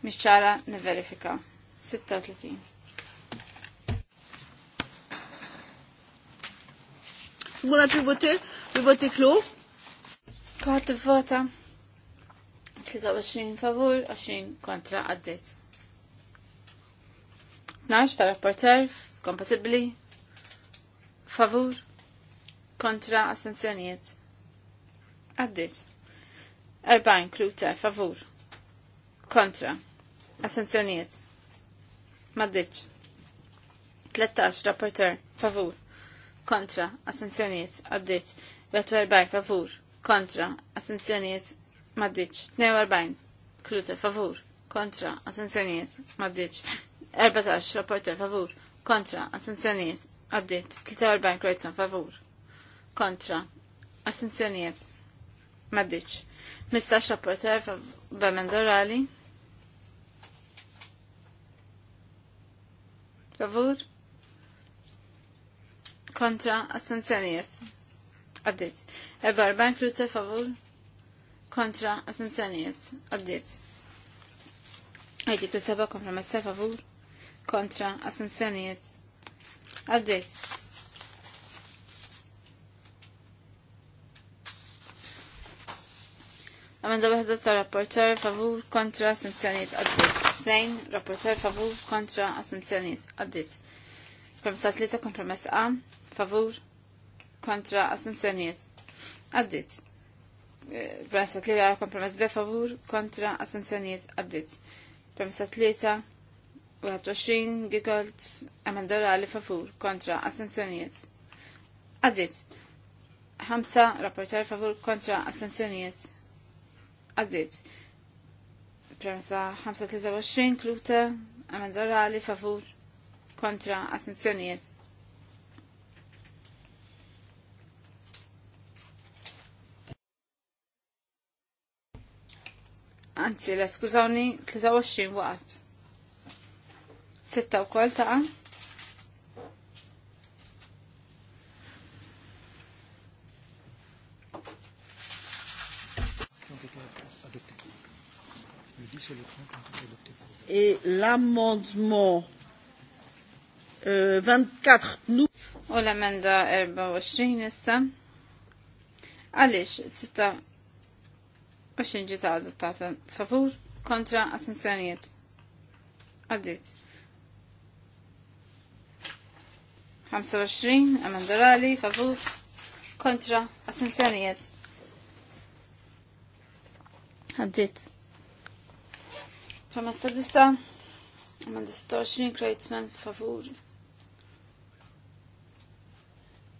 Mhix ċara nivverifika. 36. Mula privoti, privoti klu? Kħat vota. 23 favur, 20 kontra għaddit. 12 ta' rapporter, kompatibli, favur kontra astenzjonijiet għaddit. 40 kluta favur kontra astenzjonijiet maddiċ. 13 rapporter favur kontra astenzjonijiet għaddit. 40 favur kontra astenzjonijiet maddiċ. 42 klute, favur kontra astenzjonijiet maddiċ. 14 rapporter favur kontra astenzjonijiet Għaddit, 43 Kreuzan favur. Kontra. Assenzjonijiet. Maddiċ. 15 rapporter b'emendorali. Favur. Kontra. Assenzjonijiet. Għaddit. bank rute, favur. Kontra. Assenzjonijiet. Għaddit. Għajdik li seba kompromessa favur. Kontra. Assenzjonijiet. Għaddit. Amenda waħda ta' rapporter favur kontra sanzjoniet għaddit. Snejn, rapporter favur kontra sanzjoniet għaddit. Promessa tlita kompromess A, favur kontra sanzjoniet għaddit. Promessa eh, tlita kompromess B, favur kontra sanzjoniet għaddit. Promessa tlita 21 gigolt emenda orali favur kontra astenzjonijiet. Għaddit. 5 rapportar favur kontra astenzjonijiet. Għaddit. Premessa 5-23 kluta emenda orali favur kontra astenzjonijiet. Anzi, l-eskużawni 23 waqt. Sitta u kol ta' Et l'amendement euh, 24 nous. U l-amenda 24 issa. Għalix, 26 ġita għadu ta' favur kontra assenzjonijiet. Għaddit. 25 amendorali favur kontra astenzjonijiet. Għaddit. Prama stadissa, amenda 26 Kreitzman favur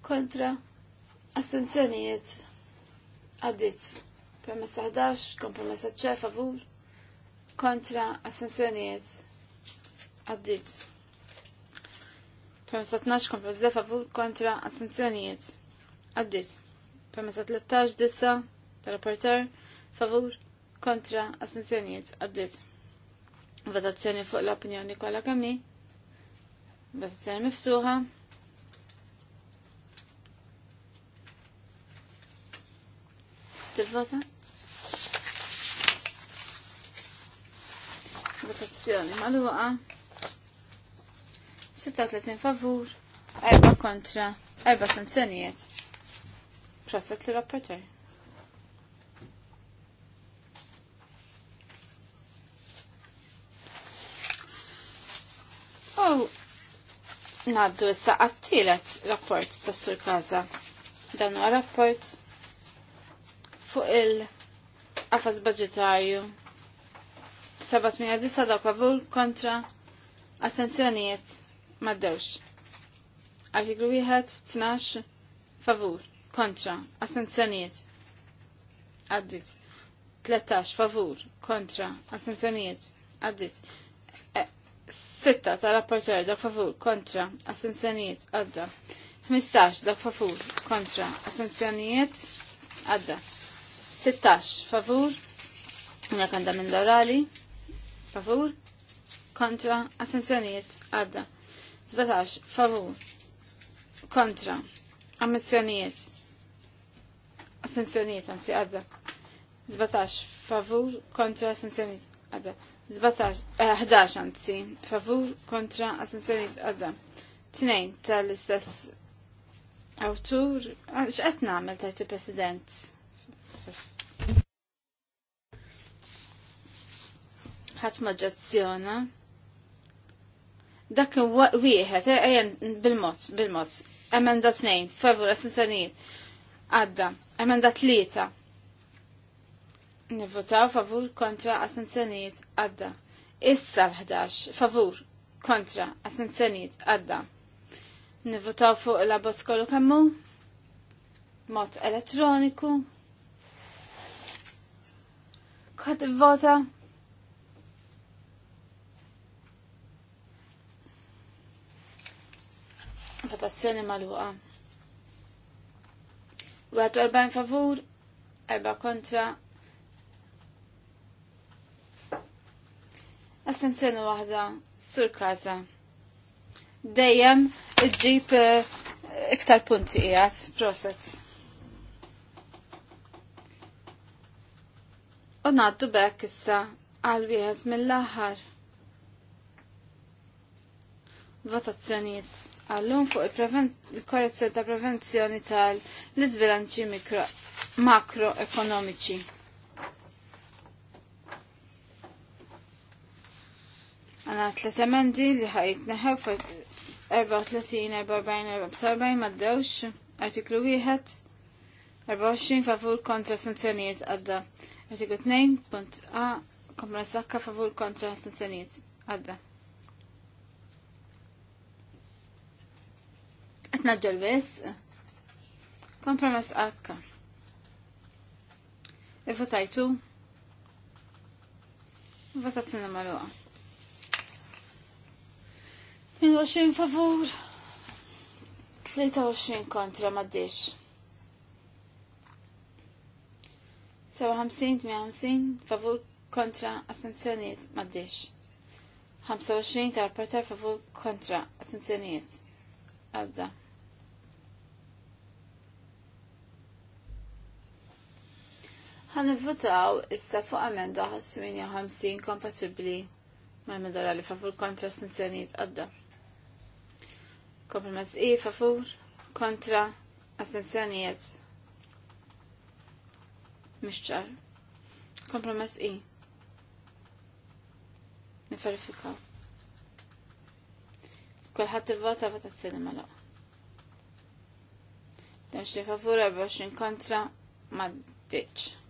kontra assenzjonijiet. Għaddit. Prama 11 kompromessa ċe favur kontra astenzjonijiet. Għaddit. Permessa 12 kompromess de favur kontra assenzjonijiet. Għaddit. sa 13 dissa tal-rapporter favur kontra assenzjonijiet Għaddit. Votazzjoni fuq l-opinjoni kolla kammi. Votazzjoni mifsuħa. Tivvota? Votazzjoni maluqa. 36 favur, 4 kontra, 4 sanzjonijiet. Proset li rapporter. Oh, naddu issa għattilet rapport ta' sur kaza. Dan huwa rapport fuq il-qafas budgetarju 789 dawk favur kontra astenzjonijiet maddewx. Artiklu 1, 12, favur, kontra, astenzjoniet, għaddit. 13, favur, kontra, astenzjoniet, għaddit. 6 e, ta' rapporter dak favur, kontra, astenzjoniet, għadda. 15, dak favur, kontra, astenzjoniet, għadda. 16, favur, unja kanda minn dorali, favur, kontra, astenzjoniet, għadda. 17 favur kontra ammissjonijiet assenzjonijiet anzi għadda Zbatax, favur kontra assenzjonijiet għadda Zbatax, eh, ħdax, anzi favur kontra assenzjonijiet għadda Tnejn tal-istess autur, ah, x'qed nagħmel tajt il-President ħadd ġazzjona. Dak wieħed, ejjen eh, bil-mod, bil-mod. Emenda tnejn, favur astensjonijiet. Għadda, emenda tlieta. Nivvotaw favur kontra astensjonijiet. Għadda. Issa l-11, favur kontra astensjonijiet. Għadda. Nivvotaw fuq l-abbozz kollu kemmu. Mod elettroniku. Kod vota Votazzjoni maluqa. 41 favur, 4 kontra. Astenzjoni waħda, sur kaza. Dejjem iġġib eh, iktar punti qiegħed. Proset. U naddu bekk issa għal wieħed mill-aħħar. Votazzjonijiet għallum fuq il-korrezzjoni ta' prevenzjoni tal-izbilanċi makroekonomiċi. Għana tlet emendi li ħajt neħew 34, 44, 47 maddewx, artiklu 1, 24 favur kontra sanzjoniet għadda, artiklu 2, punt A, favur kontra sanzjoniet għadda. Għetna ġelbis. Kompromess akka. Ivotajtu. Votazzjoni maluqa. 22 favur. 23 kontra maddix. 57-58 favur kontra astenzjoniet maddix. 25 tal-parter favur kontra astenzjoniet. Għadda. votaw issa fuq amenda 58 kompatibbli ma' medora li favur kontra sanzjonijiet għadda. Kompromess I favur kontra sanzjonijiet. Mixċar. Kompromess I. Niferifikaw. Kulħadd t vota t-sinema laqgħa. Demx li favur 24 kontra ma' ditx.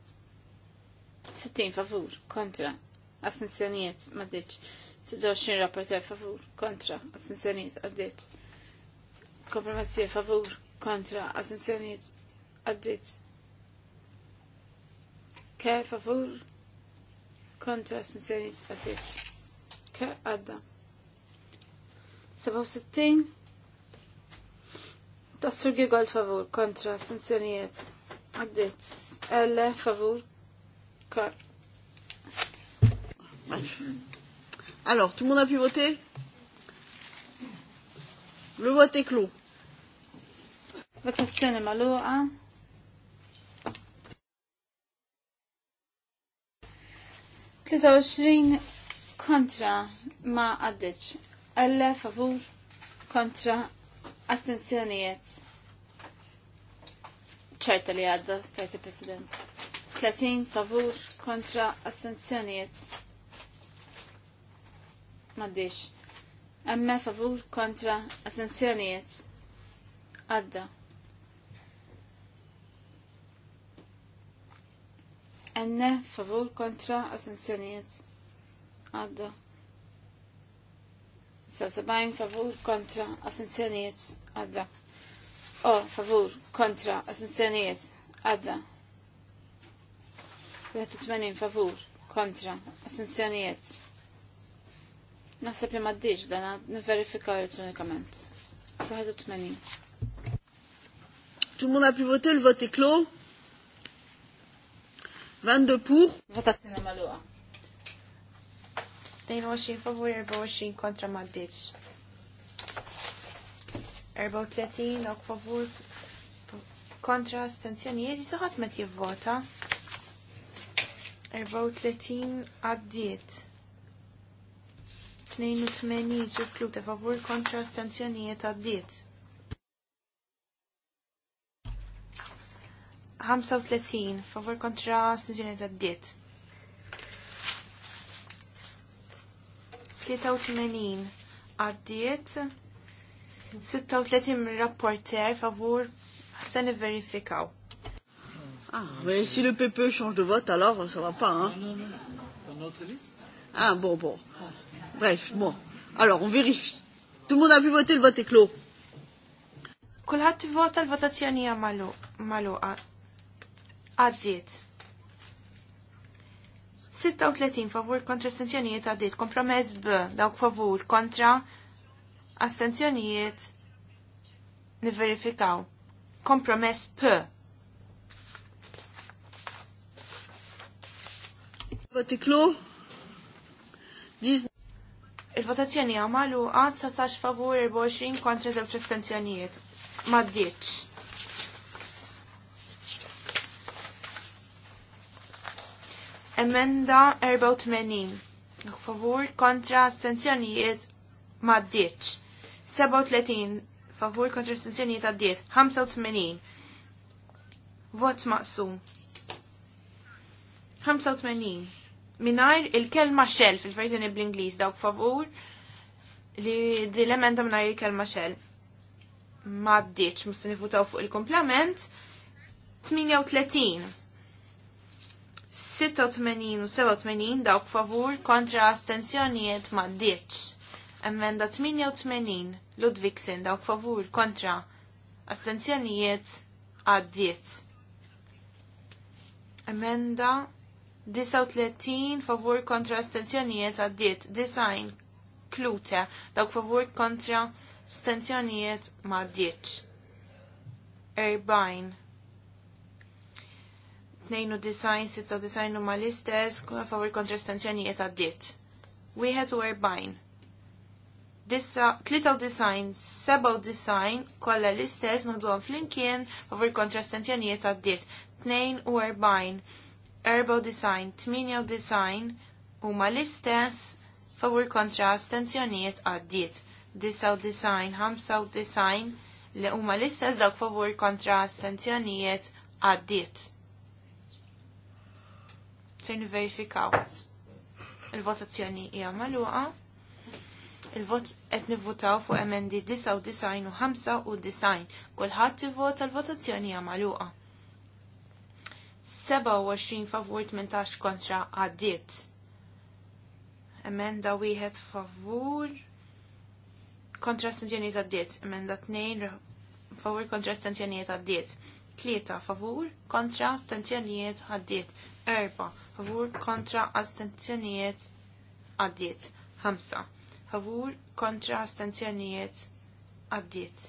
60 favur kontra ma maddiċ 26 rapporteur, favur kontra astenzjonijiet għaddit kompromessi favur kontra astenzjonijiet għaddit ke favur kontra astenzjonijiet għaddit ke għadda sittin? Tassur Gigol favur kontra astenzjonijiet għaddit elle, favur D'accord. Alors, tout le monde a pu voter Le vote est clos. Votazione maluqa. Tlita kontra ma għaddiċ. Alle favur kontra astenzjonijiet. ċerta li għadda, tajti president. 30 favur kontra astenzjoniet. Maddix. Emme favur kontra astenzjoniet. Adda. Enne favur kontra adda. So 79 favur kontra astenzjoniet. adda. O, favur kontra astenzjonijiet. adda. 81 favur kontra assenzjonijiet. Naħseb li maddiġ dan n-verifika elektronikament. 81. Tout le monde a pu voter, le vote est clos. 22 pour. Votazzjoni maluqa. 22 favur, 24 kontra maddiġ. 34 ok favur kontra astenzjonijiet, jisoħat met jivvota. 34 għaddiet. 82 ġupluta favur kontra stanzjonijiet għaddiet. 35 favur kontra stanzjonijiet għaddiet. 83 għaddiet. 36 rapporter favur ħsan verifikaw. Ah, mais si le PPE change de vote, alors ça va pas, hein Non, non, non. Dans notre liste Ah, bon, bon. Bref, bon. Alors, on vérifie. Tout le monde a pu voter, le vote est clos. Kulħat vota l-votazzjoni hija maluqa. Għaddiet. 36 favur kontra astenzjonijiet għaddiet. Kompromess B dawk favur kontra astenzjonijiet niverifikaw. Kompromess P Votiklu. Il-votazzjoni għamalu għad 19 favur 24 kontra 0 estensjonijiet. Maddiċ. Emenda 84. Favur kontra astenzjonijiet maddiċ. 37 favur kontra astenzjonijiet għaddiet. 85. Vot maqsum. 85 minar il-kelma xell fil-verżjoni bl-Ingliż dawk favur li d emenda minar il-kelma xell. Ma musta nifutaw fuq il-komplement. 38. 86 u 87 dawk favur kontra astenzjonijiet ma ddiċ. Emenda 88 Ludwigsen dawk favur kontra astenzjonijiet għaddiet. Emenda 39 favur kontra stenzjonijiet għaddiet, design klute dawk favur kontra stenzjonijiet ma għaddiet. 40 92, 96 huma l-istess, favur kontra stenzjonijiet għaddiet. 41 93, design, kolla l-istess nudu flinkien, favur kontra stenzjonijiet għaddiet. erbajn. Herbal design, Tminial design huma l-istess favur kontra astenzjonijiet għaddiet. Disaw design, Hamsaw design li huma l-istess dawk favur kontra astenzjonijiet għaddiet. Fejn verifikaw. Il-votazzjoni hija magħluqa. Il-vot qed nivvutaw fuq emendi 99 u 5 u design. Kulħadd ivvota l-votazzjoni hija magħluqa. 27 favur 18 kontra għaddiet. Emenda wieħed favur kontra stanzjoniet għaddiet. Emenda 2 favur kontra stanzjoniet għaddiet. 3 favur kontra stanzjoniet għaddiet. 4 favur kontra stanzjoniet għaddiet. 5 favur kontra stanzjoniet għaddiet.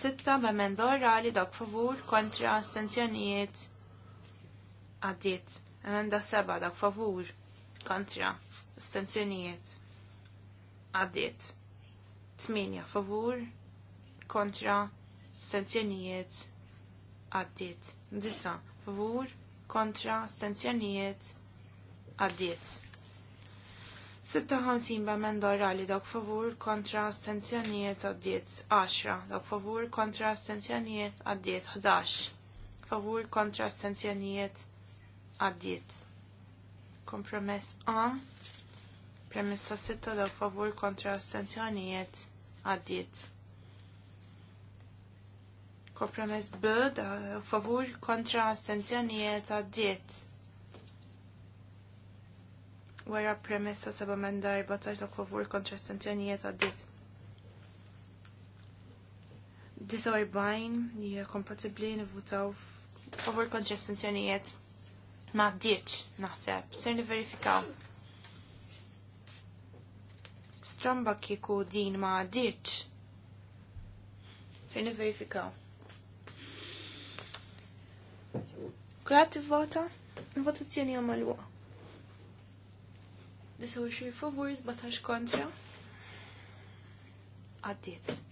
6 b'emenda orali dak favur kontra stanzjoniet astenzjonijiet għaddiet. Emenda seba dak favur kontra astenzjonijiet għaddiet. Tminja favur kontra astenzjonijiet għaddiet. Disa favur kontra astenzjonijiet għaddiet. 56 b'emenda orali dak favur kontra astenzjonijiet għaddiet. 10 dak favur kontra astenzjonijiet għaddiet. 11 favur kontra astenzjonijiet għaddiet. Kompromess A, premessa sitta da favur kontra astenzjonijiet għaddiet. Kompromess B, Da favur kontra astenzjonijiet għaddiet wara premessa seba mendar batax da ta' favur kontra astenzjonijiet għaddiet. Disorbajn, jie kompatibli nivutaw favur kontra sanzjonijiet ma ddiċ naħseb, ser verifikaw. Stromba kiku din ma ddiċ. Ser niverifikaw. Kulħat t-vota, votazzjoni għamal waq. Disaw xie favur, batax kontra. Għaddiet.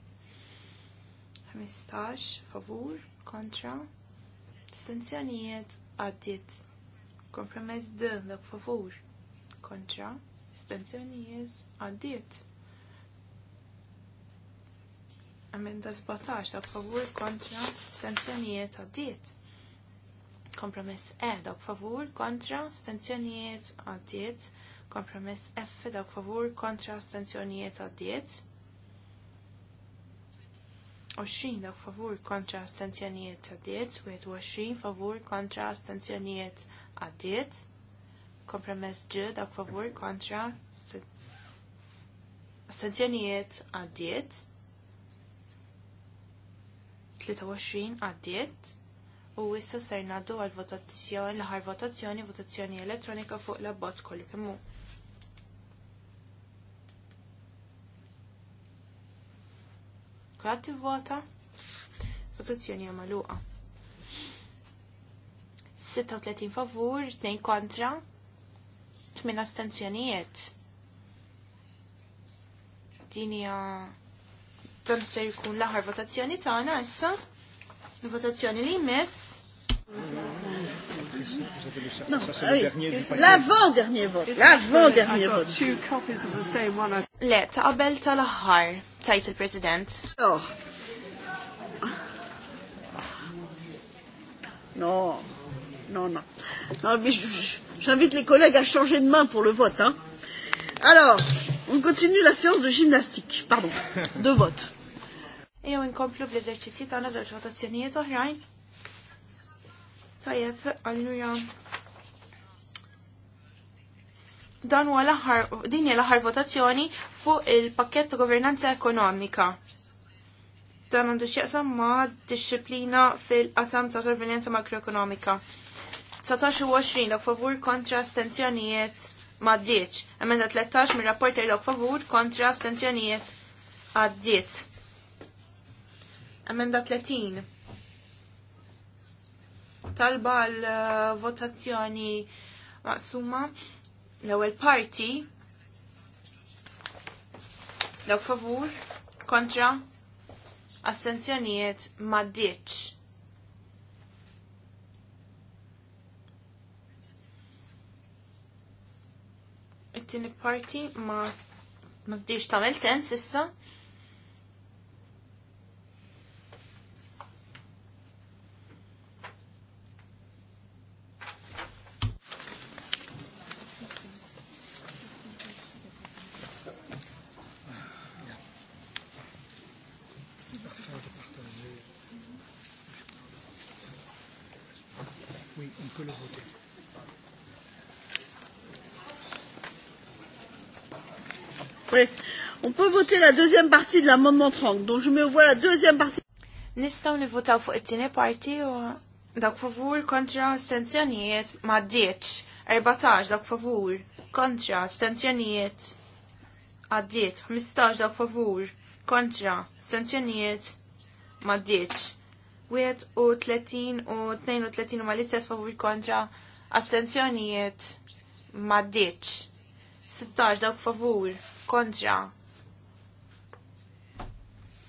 15 favur, kontra. Distanzjonijiet għaddiet Kompromess D dak favur kontra stenzjonijiet għaddiet. Amenda 17 dak favur kontra stenzjonijiet għaddiet. Kompromess E dak favur kontra stenzjonijiet għaddiet. Kompromess F dak favur kontra stenzjonijiet għaddiet. 20 dak favur kontra stenzjonijiet għaddiet, oxin favur kontra stenzjonijiet għaddiet għaddiet, kompromess ġed dak favur kontra astenzjonijiet għaddiet, 23 għaddiet, u issa ser naddu għal votazzjoni, l-ħar votazzjoni, votazzjoni elettronika fuq la bot kollu kemmu. Kratti vota votazzjoni għamaluqa. 36 favur, 2 kontra, 8 astenzjonijiet. Dinja dan se jkun laħar votazzjoni tagħna issa. Il-votazzjoni li jmiss. No, l-avant-dernier vot, l-avant-dernier vot. Le, ta' qabel tal-aħħar, tajt il-President. Oh. No non, non. non j'invite les collègues à changer de main pour le vote. Hein. Alors, on continue la séance de gymnastique, pardon, de vote. Ejja inkomplu bl-eżerċizzji tagħna Et votazzjonijiet oħrajn. Tayeb, allura dan huwa l-aħħar din hija l-aħħar votazzjoni fuq il-pakkett governanza ekonomika. Dan għandu x'jaqsam ma' disċiplina fil-qasam ta' sorveljanza makroekonomika. 19 u 20 favur kontra stenzjonijiet maddiċ. Emenda 13 mir rapporter dak favur kontra stenzjonijiet għaddiet. Emenda 30. Talba l-votazzjoni eh, maqsuma l-ewwel parti dak favur kontra astenzjonijiet maddiċ it tini parti ma ma tdix tagħmel sens issa. We, on peut le voter. après. On peut voter la deuxième partie de l'amendement 30. Donc je me vois la deuxième partie. Nistaw nivvotaw fuq it-tieni parti u dak favur kontra astenzjonijiet ma' 10, 14 dak favur kontra astenzjonijiet għaddiet, 15 dak favur kontra astenzjonijiet ma' 10, 31 u 32 ma' l-istess favur kontra astenzjonijiet ma' 10. 16 dawk favur kontra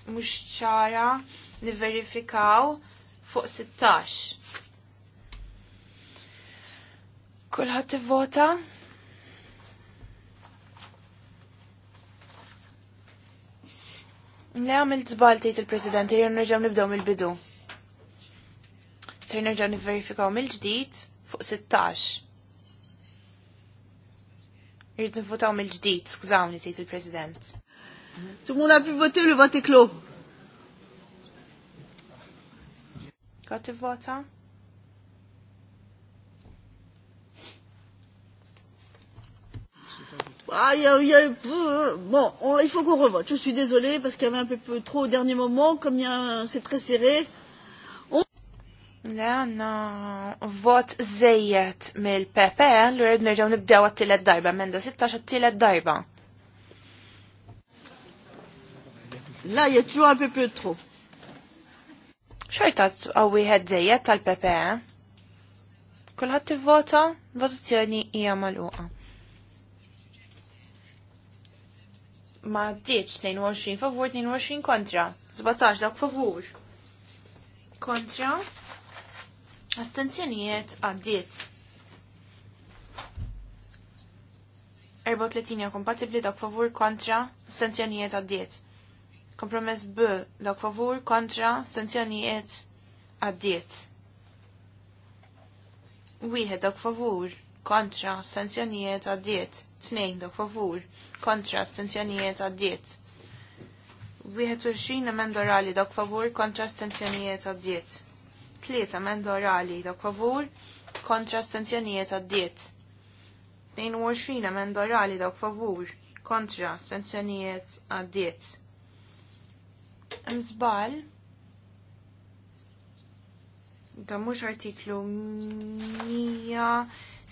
mhux ċara niverifikaw fuq 16. Kulħadd ivvota? Le għamil zbal tejt il-President, jirjon nerġaw nibdew mill-bidu. Tajn nerġaw niverifikaw mill-ġdid fuq 16. Irrit nifutaw mill-ġdid, skużawni tgħid il-President. Tumuna pivvotu li voti klu. Kot vota? aïe, aïe, a, bon, on, il faut qu'on revote. Je suis désolée parce qu'il y avait un peu trop au dernier moment, comme c'est très serré. Le għanna vot zejjet mill-PP, l-għed nerġaw nibdew għat-tielet darba, menda 16 għat-tielet darba. La jitru għal-PP tru. ċajtat għawihet zejjet tal-PP? Eh? Kullħat t-vota, votazzjoni hija maluqa. Ma ddiċ 22 favur, 22 kontra. 17 dak favur. Kontra. Astenzjonijiet għaddiet. 34 kompatibli dak favur kontra astenzjonijiet għaddiet. Kompromess B dak favur kontra astenzjonijiet għaddiet. Wieħed dak favur kontra astenzjonijiet għaddiet. Tnejn dak favur kontra astenzjonijiet għaddiet. 21 emendorali dak favur kontra astenzjonijiet għaddiet tlieta emenda orali da favur kontra stenzjonijiet għaddiet. 22 emenda orali da favur kontra stenzjonijiet għaddiet. Mżbal da mhux artiklu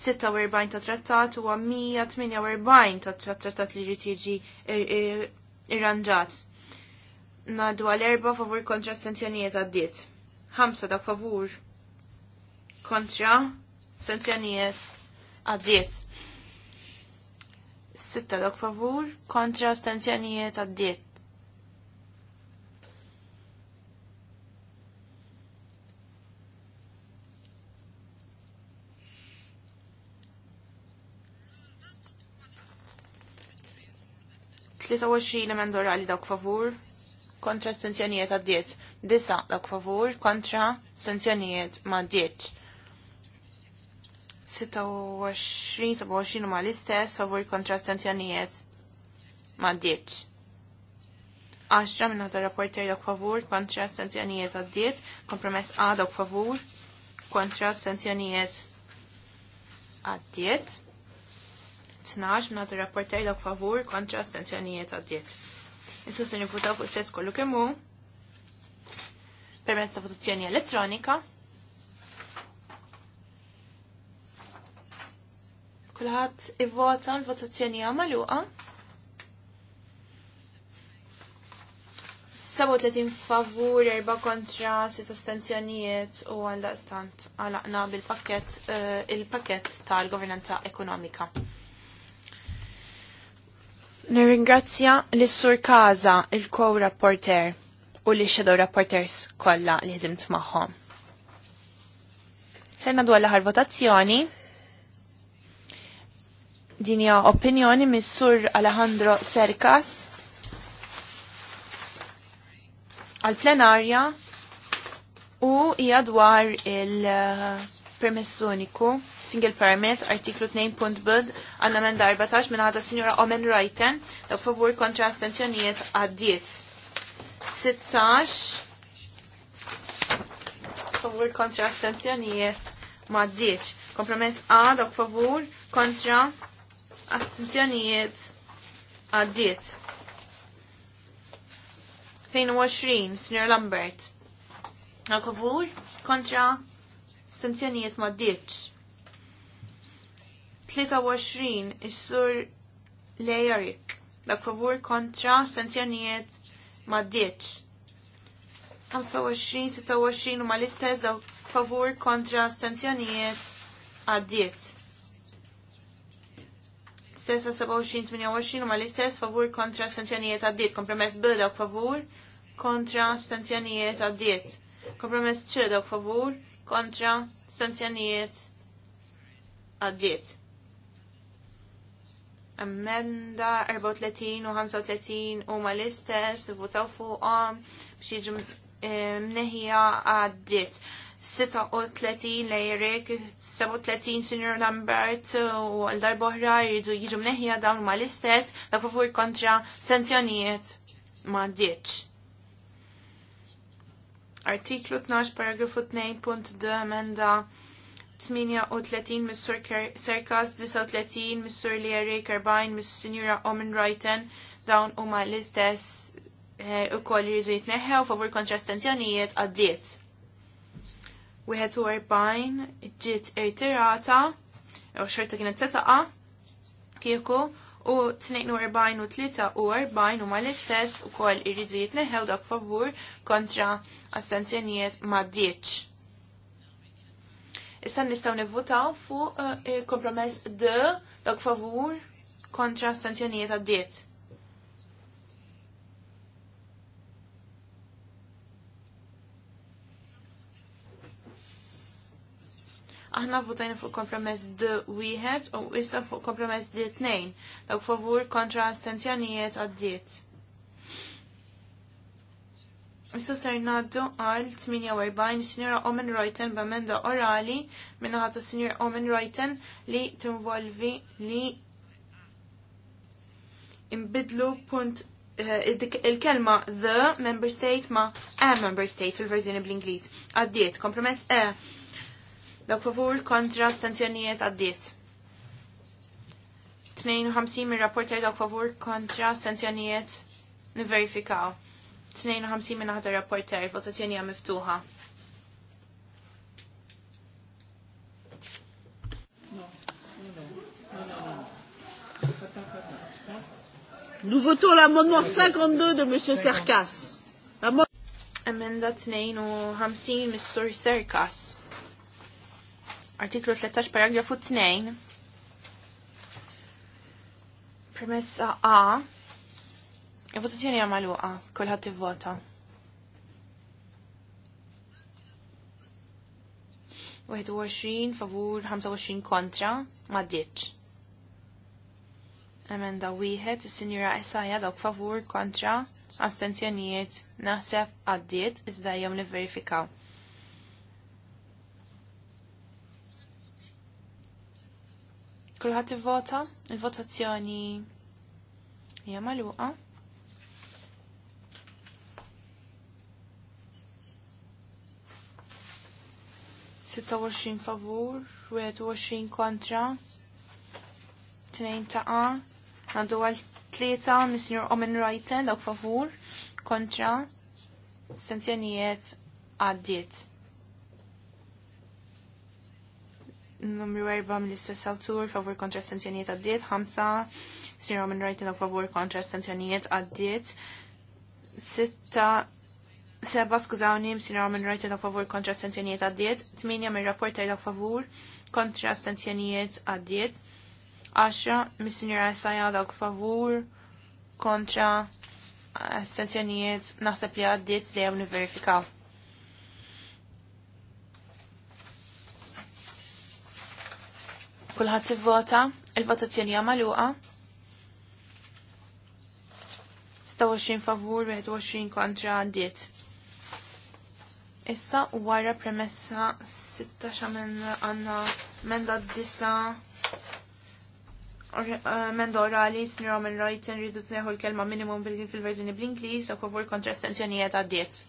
146 ta' trattat huwa 148 ta' trattat li jrid jiġi irranġat. Naddu għal erba favur kontra stenzjonijiet għaddiet. 5 da favur kontra sanzjonijiet għaddiet. Sitta dak favur kontra sanzjonijiet għaddiet. Tlieta 23 li dawk favur kontra sanzjonijiet għaddiet. Disa dak favur kontra sanzjonijiet ma ditx. 26-27 ma l-istess favur kontra sanzjonijiet ma ditx. 10 minna ta' rapporter dak favur kontra sanzjonijiet għaddiet, kompromess A dak favur kontra sanzjonijiet għaddiet. 12 minna ta' rapporter dak favur kontra sanzjonijiet għaddiet. Issa se nifutaw fuq test kollu kemmu permezz ta' votazzjoni elettronika. Kulħadd ivvota l-votazzjoni hija magħluqa. 37 favur, 4 kontra, 6 astenzjonijiet u għal-daqstant għalaqna bil-pakket uh, il-pakket tal-governanza ekonomika. Nirringrazzja l-Sur Kaza, il-co-rapporter u li shadow rapporters kollha li ħdimt magħhom. Serna dwar l-aħħar votazzjoni. Din hija opinjoni mis-sur Alejandro Serkas għal plenarja u hija dwar il-permess uniku single permit, artiklu 2.bud, għanna men 14 minn ħada sinjora Omen Rajten, dawk favur kontra astenzjonijiet għaddiet. 16 favur kontra attenzjonijiet ma ddiċ. Kompromess A dok favur kontra attenzjonijiet astenzjonijiet għaddiet. 22, Sr. Lambert. dok favur kontra attenzjonijiet ma ddiċ. 23, Sr. sur Lejarik. Dak favur kontra attenzjonijiet ma ddiċ. 25, 26 u ma l-istess daw favur kontra astenzjonijiet għaddiet. Stessa 27, 28 u ma l-istess favur kontra astenzjonijiet għaddiet. Kompromess B daw favur kontra astenzjonijiet għaddiet. Kompromess C daw favur kontra astenzjonijiet għaddiet emmenda 34 u 35 u ma l-istess li votaw fuqom biex jiġu eh, mneħija għaddit. 36 lejrek, 37 Senior Lambert eh, u l-darboħra jridu jiġu mneħija dawn ma l-istess la favur kontra sanzjonijiet ma ditx. Artiklu 12 paragrafu 2.2 emenda 38 Mr. Serkas, 39 Mr. Lieri, 40 Mr. Senora Omen Reiten, dawn huma l-istess eh, u koll jridu jitneħħew favur kontra stenzjonijiet għaddiet. Wieħed u erbajn ġiet irtirata, u xorta kienet setaqa, kieku, u 42 u 3 u 40 huma l-istess u koll jridu jitneħħew dak favur kontra astenzjonijiet ma' dieċ. Issa nistgħu nivvutaw fuq eh, kompromess D dok favur kontra stanzjonijiet għaddiet. Aħna votajna fuq kompromess D1 u issa fuq kompromess D2 Dak favur kontra astenzjonijiet għaddiet. Issa ser naddu għal 48 Sinjora Omen Reuten b'emenda orali minna ħata Sinjora Omen Reuten li tinvolvi li imbidlu punt eh, il-kelma the member state ma a member state fil-verżjoni bl-Ingliż. Għaddiet, kompromess e. Dak favur kontra stanzjonijiet għaddiet. 52 mir-rapporter dak favur kontra stanzjonijiet niverifikaw. 52 minn ħadar rapporter, votazzjoni għam miftuħa. Nous votons l'amendement 52 de M. Serkas. Amenda 52 Mr. Serkas. Artiklu 13 paragrafu 2. Premessa A Il-votazzjoni hija magħluqa, kulħadd kolħat Wieħed vota favur 25 kontra ma ddiċ. Emenda wieħed is-sinjura Esaja dawk favur kontra astenzjonijiet naħseb għaddiet iżda jom nivverifikaw. Kulħadd ivvota, il-votazzjoni hija magħluqa. 26 favur, 21 kontra, 2 taqa, għandu għal 3 Mr. Omen rajta, dawk favur, kontra, sanzjonijiet għaddiet. numru 4 mill-istess awtur favur kontra sanzjonijiet għaddiet, 5 omen rajta, dawk favur kontra sanzjonijiet għaddiet, 6 Seba skużawni msinaw minn rajta ta' favur kontra sanzjonijiet għaddiet, 8 minn rapporta ta' favur kontra sanzjonijiet għaddiet, 10 msinaw sajja ta' favur kontra sanzjonijiet naħseb li għaddiet li għaw Kulħat Kulħadd ivvota, il-votazzjoni hija magħluqa. 26 favur, 21 kontra għaddiet. Issa wara premessa 16 minn għanna menda d-disa eh, menda orali s-nira minn rajten rridu t-neħu l-kelma minimum bil-din fil-verżjoni bl-Inglis u favur kontra stenzjonijiet għaddiet.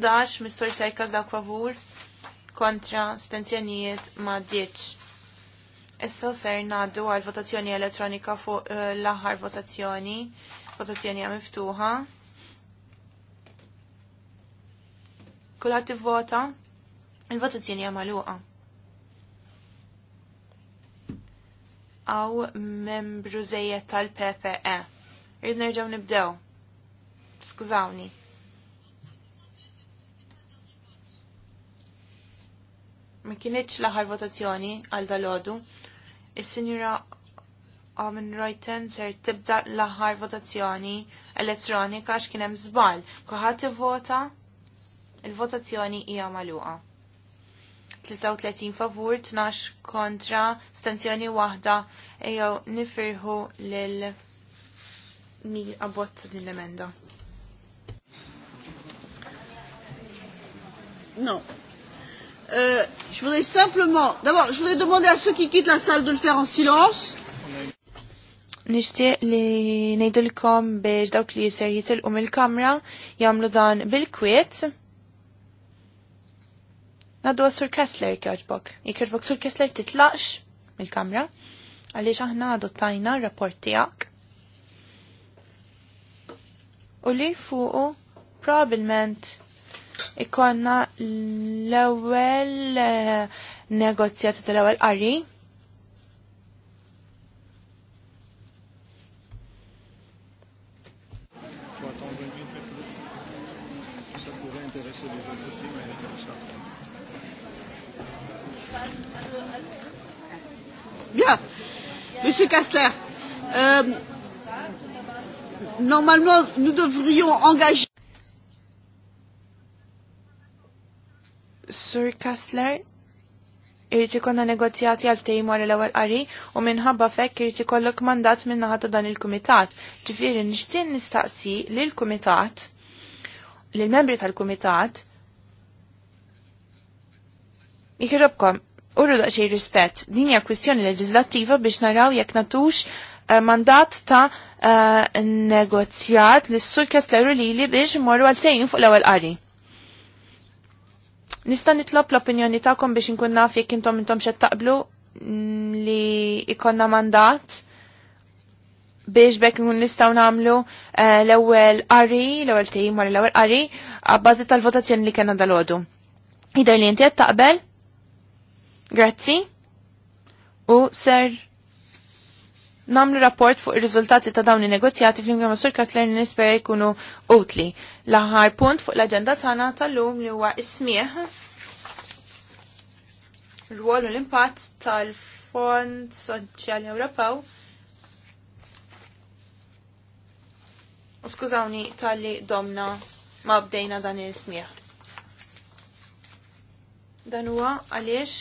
11 mistor serkas da kwavur kontra stenzjonijiet ma ddietx. Issa ser naddu għal votazzjoni elettronika fuq eh, l-aħħar votazzjoni, votazzjoni miftuħa. Kulħadd tivvota? Il-votazzjoni hija magħluqa. Aw membru żejjed tal-PPE. Rid nerġgħu nibdew. Skużawni. ma kienieċ l-aħħar votazzjoni għal dalodu. Is-sinjura Omen Reuten ser tibda l-aħħar votazzjoni elettronika għax kien hemm żball. Kulħadd ivvota Il-votazzjoni hija magħluqa. 33 favur, 12 kontra, stanzjoni waħda ejjew nifirħu lil mi abbozz din l-emenda. No. Euh, je voudrais simplement, d'abord, je voudrais demander à ceux qui quittent la salle de le faire en silence. Nishtiq li nejdilkom biex dawk li jisser jitilqu mill-kamra jagħmlu dan bil-kwiet. Naddu għasur sur Kessler kjoġbok. Ikjoġbok sur Kessler titlaqx mill-kamra għaliex aħna għadu r-rapport tiegħek. U li fuqu probabbilment ikonna l-ewwel eh, negozjati tal-ewwel qari Bien. Monsieur Kastler, euh, normalement, nous devrions engager. Sir Kastler, irrid ikonna negozjati għal tejmu għal l-ewwel qari u minħabba fekk irrid ikollok mandat minn naħa ta' dan il-kumitat. Ġifieri nixtieq nistaqsi lil kumitat lil membri tal-kumitat Mikirobkom urru daċi rispett. Din hija kwistjoni leġislattiva biex naraw jekk natux eh, mandat ta' eh, negozjat li s-sur Kessleru Lili biex morru għal-tejn fuq l-ewwel qari. Nista' nitlob l-opinjoni tagħkom biex inkun naf jekk intom intom xed taqblu mm, li ikonna mandat biex bekk nkun nistgħu nagħmlu eh, l-ewwel qari, l-ewwel tejn wara l-ewwel qari għabbażi tal-votazzjoni li kellna dal-għodu. Jidher li inti qed taqbel Grazzi. U ser namlu rapport fuq ir-riżultati ta' dawn negozjati fl ma' Sur Kassler nispera jkunu utli. L-aħħar punt fuq l-aġenda tagħna tal-lum li huwa ismieħ rwol u l-impatt tal-Fond Soċjali Ewropew. U skużawni tal-li domna ma bdejna dan il-smieħ. Dan huwa għaliex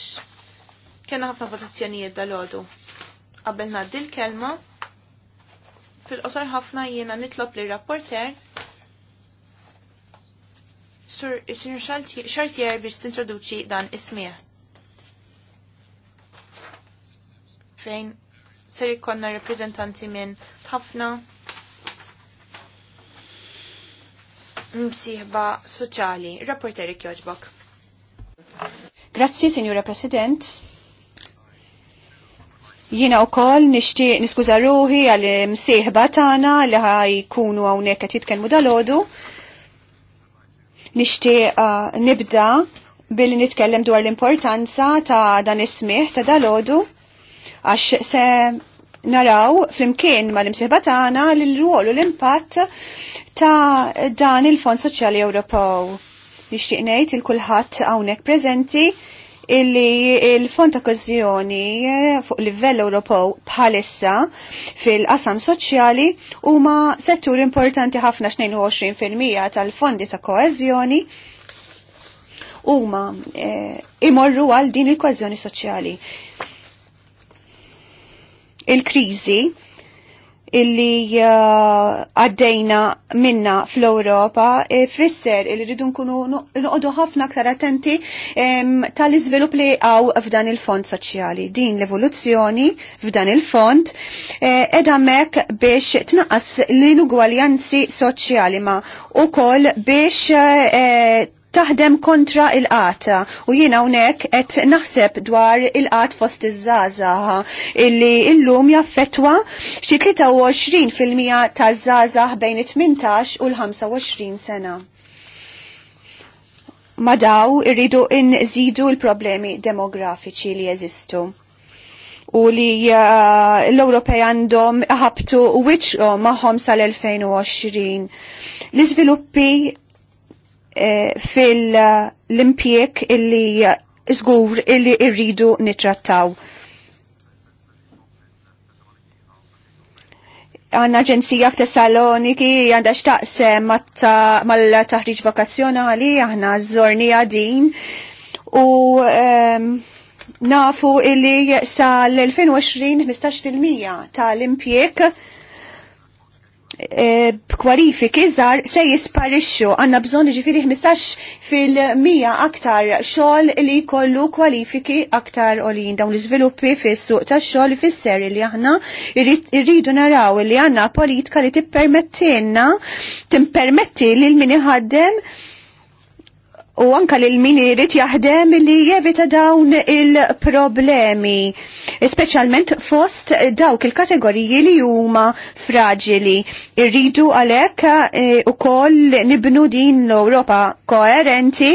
Kena ħafna votazzjonijiet dal-ħodu. Qabel naddi l-kelma, fil qosar ħafna jiena nitlob li rapporter Sur Sir Xartier biex t-introduċi dan ismija. Fejn ser ikonna reprezentanti minn ħafna msiħba soċali. Rapporteri kjoġbok. Grazzi, Signora President. Jina u kol nishtiq niskuza ruħi għal msieħba tana li ħajkunu għawnek għat jitkenmu dal-ħodu. Nishtiq uh, nibda billi nitkellem dwar l-importanza ta' dan ismiħ ta' dal-ħodu għax se naraw flimkien ma l-imsieħba tana l-ruolu l-impatt ta' dan il-Fond Soċjali Ewropew. Nixtieq ngħid il kulħadd hawnhekk preżenti illi il-fond ta' kozzjoni eh, fuq livell Ewropew bħalissa fil-qasam soċjali huma settur importanti ħafna 22% tal-fondi ta' koeżjoni huma eh, imorru għal din il-koeżjoni soċjali. Il-kriżi illi għaddejna minna fl-Europa e, frisser illi rridu nkunu nuqdu ħafna aktar attenti tal-iżvilupp li għaw f'dan il-fond soċjali. Din l-evoluzzjoni f'dan il-fond e, edamek biex tnaqqas l-inugwaljanzi soċjali ma u kol biex e, taħdem kontra il-qata u jina hawnhekk qed naħseb dwar il-qat fost iż żaza illi illum jaffettwa xi 23% taż-żaża bejn it-18 u l-25 sena ma daw irridu inżidu l-problemi demografiċi li jeżistu u li uh, l-Ewropej għandhom ħabtu wiċċhom magħhom sal-2020. L-iżviluppi Eh, fil-impjek illi zgur illi irridu nitrattaw. għanna ġenzija f-Tessaloniki għanda xtaqsem mal-taħriġ vakazzjonali aħna zorni għadin u ehm, nafu illi sa l-2020 15% tal-impjek b'kwalifiki eh, żgħar se jisparixxu. Għandna bżonn ġifieri 15 fil-mija aktar xogħol li jkollu kwalifiki aktar olin dawn l-iżviluppi fis-suq tax-xogħol fis-ser li aħna irridu naraw li għandna politika li tippermettilna timpermetti lil min iħaddem u anka lil min irid jaħdem li jevita dawn il-problemi, speċjalment fost dawk il-kategoriji li huma fraġili. Irridu għalhekk eh, ukoll nibnu din l-Ewropa koerenti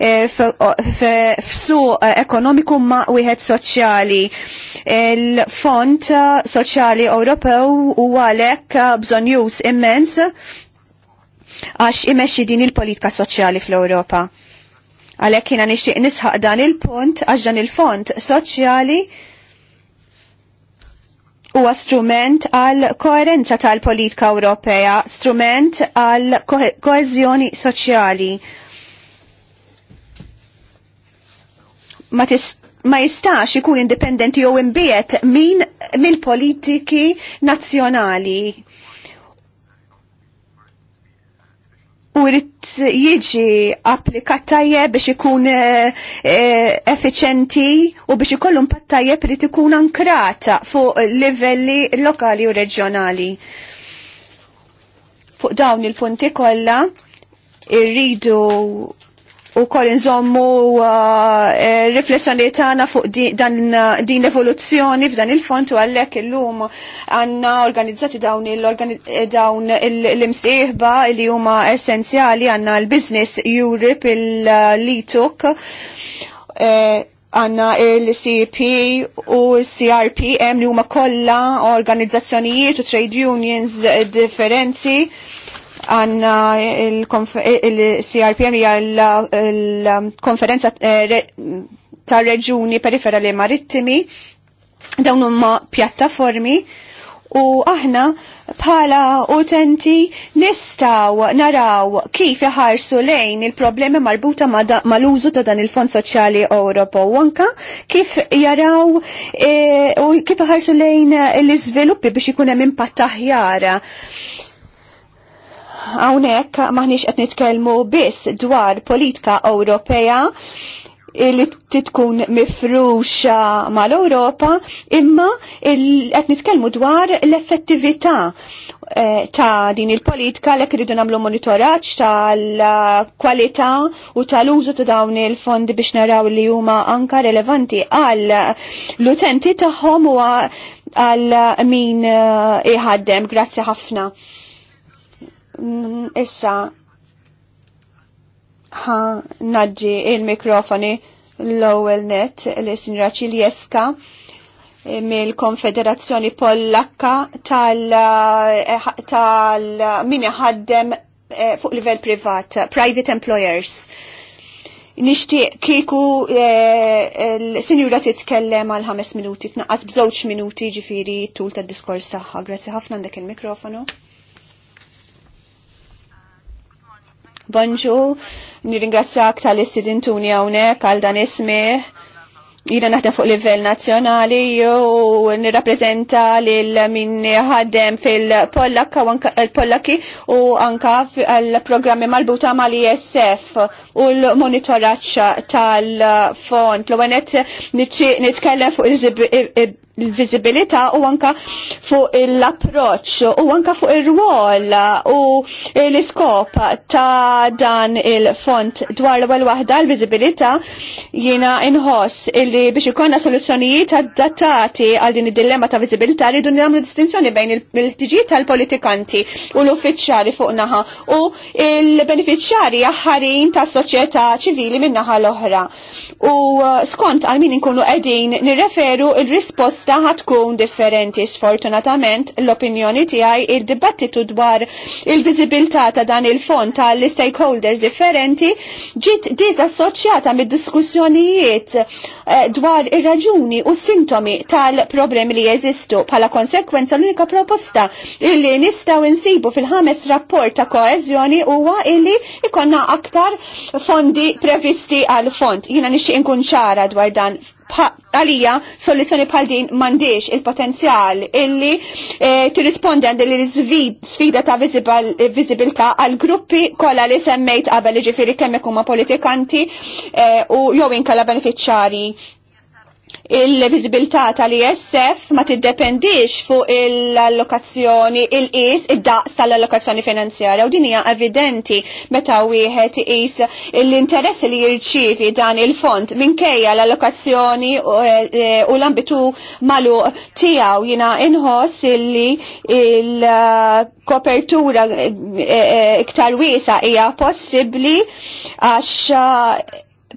eh, f'su ekonomiku ma' wieħed soċjali. Il-Fond Soċjali Ewropew huwa għalhekk bżonn immens għax imexxi din il-politika soċjali fl-Ewropa. Għalhekk jiena nixtieq nisħaq dan il-punt għax dan il-fond soċjali huwa strument għal koerenza tal-politika Ewropea, strument għal koezjoni soċjali. Ma ma jistax ikun indipendenti jew imbiet minn mill-politiki nazzjonali. u rrit jiġi applikat tajjeb biex ikun eh, eh, effiċenti u biex ikollu impatt tajjeb rrit ikun ankrata fuq livelli lokali u reġjonali. Fuq dawn il-punti kollha irridu u kol nżommu uh, e, riflessjoni tagħna fuq di, dan, uh, din l-evoluzzjoni f'dan il-font u għallek illum għandna organizzati dawn e, l-imsieħba li huma essenzjali għandna l-Business Europe, il-LITUK, uh, e għanna il-CP u CRPM li huma kollha organizzazzjonijiet u trade unions differenti għanna il-CRPM hija l-konferenza um, eh, ta' reġuni periferali marittimi, dawn huma pjattaformi u aħna bħala utenti nistaw naraw kif iħarsu lejn il-problemi marbuta mal-użu ta' dan il-Fond Soċjali Ewropa u anka kif jaraw eh, u kif iħarsu lejn l-iżviluppi biex ikun hemm impatt aħjar. Hawnhekk maħniex qed nitkellmu biss dwar politika Ewropea li titkun mifruxa mal-Europa, imma qed nitkellmu dwar l-effettività eh, ta' din il-politika l rridu nagħmlu monitoraġġ tal-kwalità u tal-użu ta' dawn il-fondi biex naraw li huma anka relevanti għal l-utenti tagħhom u għal min eh, iħaddem. Grazzi ħafna issa ħa naġġi il-mikrofoni l-ewwel net l sinra Ċiljeska eh, mill-Konfederazzjoni Pollakka tal, eh, tal min ħaddem eh, fuq livell privat, private employers. Nishtiq kiku l-sinjura titkellem għal ħames minuti, tnaqqas bżewġ minuti ġifiri tul tad diskors tagħha. Grazzi ħafna għandek il-mikrofonu. Bonġu, nirringrazzjak tal-istidintuni hawnhekk għal dan ismi. Jina naħdem fuq livell nazzjonali u nirrappreżenta lil min ħaddem fil-Pollaki u anka għall programmi malbuta mal-ISF u l-monitoraċċa tal-fond. L-għanet nitkellem fuq il-viżibilità u anka fuq l-approċ u anka fuq ir-rwol u l-iskop ta' dan il-font dwar l-ewwel waħda l-viżibilità jiena inħoss illi biex ikonna soluzzjonijiet adattati għal din id-dilemma ta' li rridu nagħmlu distinzjoni bejn il-ħtiġijiet tal-politikanti u l uffiċari fuq naħa u l beneficjari aħħarin ta' soċjetà ċivili min-naħa l-oħra. U uh, skont għal min inkunu qegħdin nirreferu il-rispost proposta tkun differenti sfortunatament l-opinjoni tiegħi il-dibattitu dwar il-viżibilità ta' dan il-fond tal-stakeholders differenti ġiet disassoċjata mid-diskussjonijiet eh, dwar ir-raġuni u sintomi tal-problemi li jeżistu. Bħala konsekwenza l-unika proposta illi nistgħu insibu fil-ħames rapport ta' koeżjoni huwa illi ikonna aktar fondi previsti għal fond. Jiena nixtieq nkun ċara dwar dan għalija soluzzjoni bħal din mandiex il-potenzjal illi eh, tirrispondi għand li sfida ta' viżibilità għal gruppi kollha li semmejt qabel ġifieri kemm huma politikanti eh, u jew kalla beneficjari il-vizibilità tal-ISF ma tiddependix fuq il-allokazzjoni, il is id-daqs tal-allokazzjoni finanzjarja u din hija evidenti meta wieħed iqis l-interess li jirċievi dan il-fond minkejja l-allokazzjoni eh, eh, u l-ambitu malu tiegħu jina inħoss illi il-kopertura eh, iktar wiesa hija possibbli għax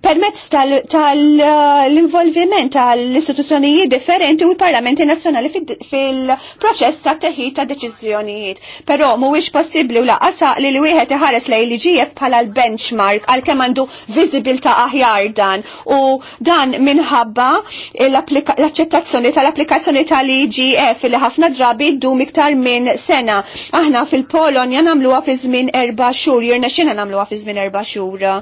permezz tal-involviment tal-istituzzjonijiet differenti u l-parlamenti nazzjonali fil-proċess ta' teħid ta' deċiżjonijiet. Però mhuwiex possibbli u laqasa li li wieħed iħares lejn li igf bħala l-benchmark għal kemm għandu ta' aħjar dan u dan minħabba l-aċċettazzjoni tal-applikazzjoni tal-IGF li ħafna drabi ddum iktar minn sena. Aħna fil-Polonja nagħmluha fi żmien erba' xhur, jirna xina nagħmluha fi żmien erba' xhur.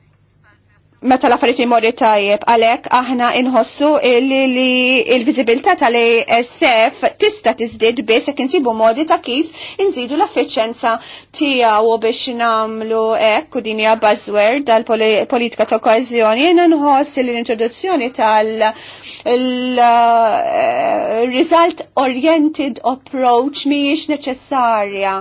meta l-affarijiet imorri tajjeb għalhekk aħna inħossu li li l-viżibilità tal-ASF tista' tizdid biss jekk insibu modi ta' kif inżidu l-effiċenza tiegħu biex nagħmlu hekk u dinja hija dal tal-politika ta' okkażjoni jiena nħoss li l-introduzzjoni tal-result oriented approach mhijiex neċessarja.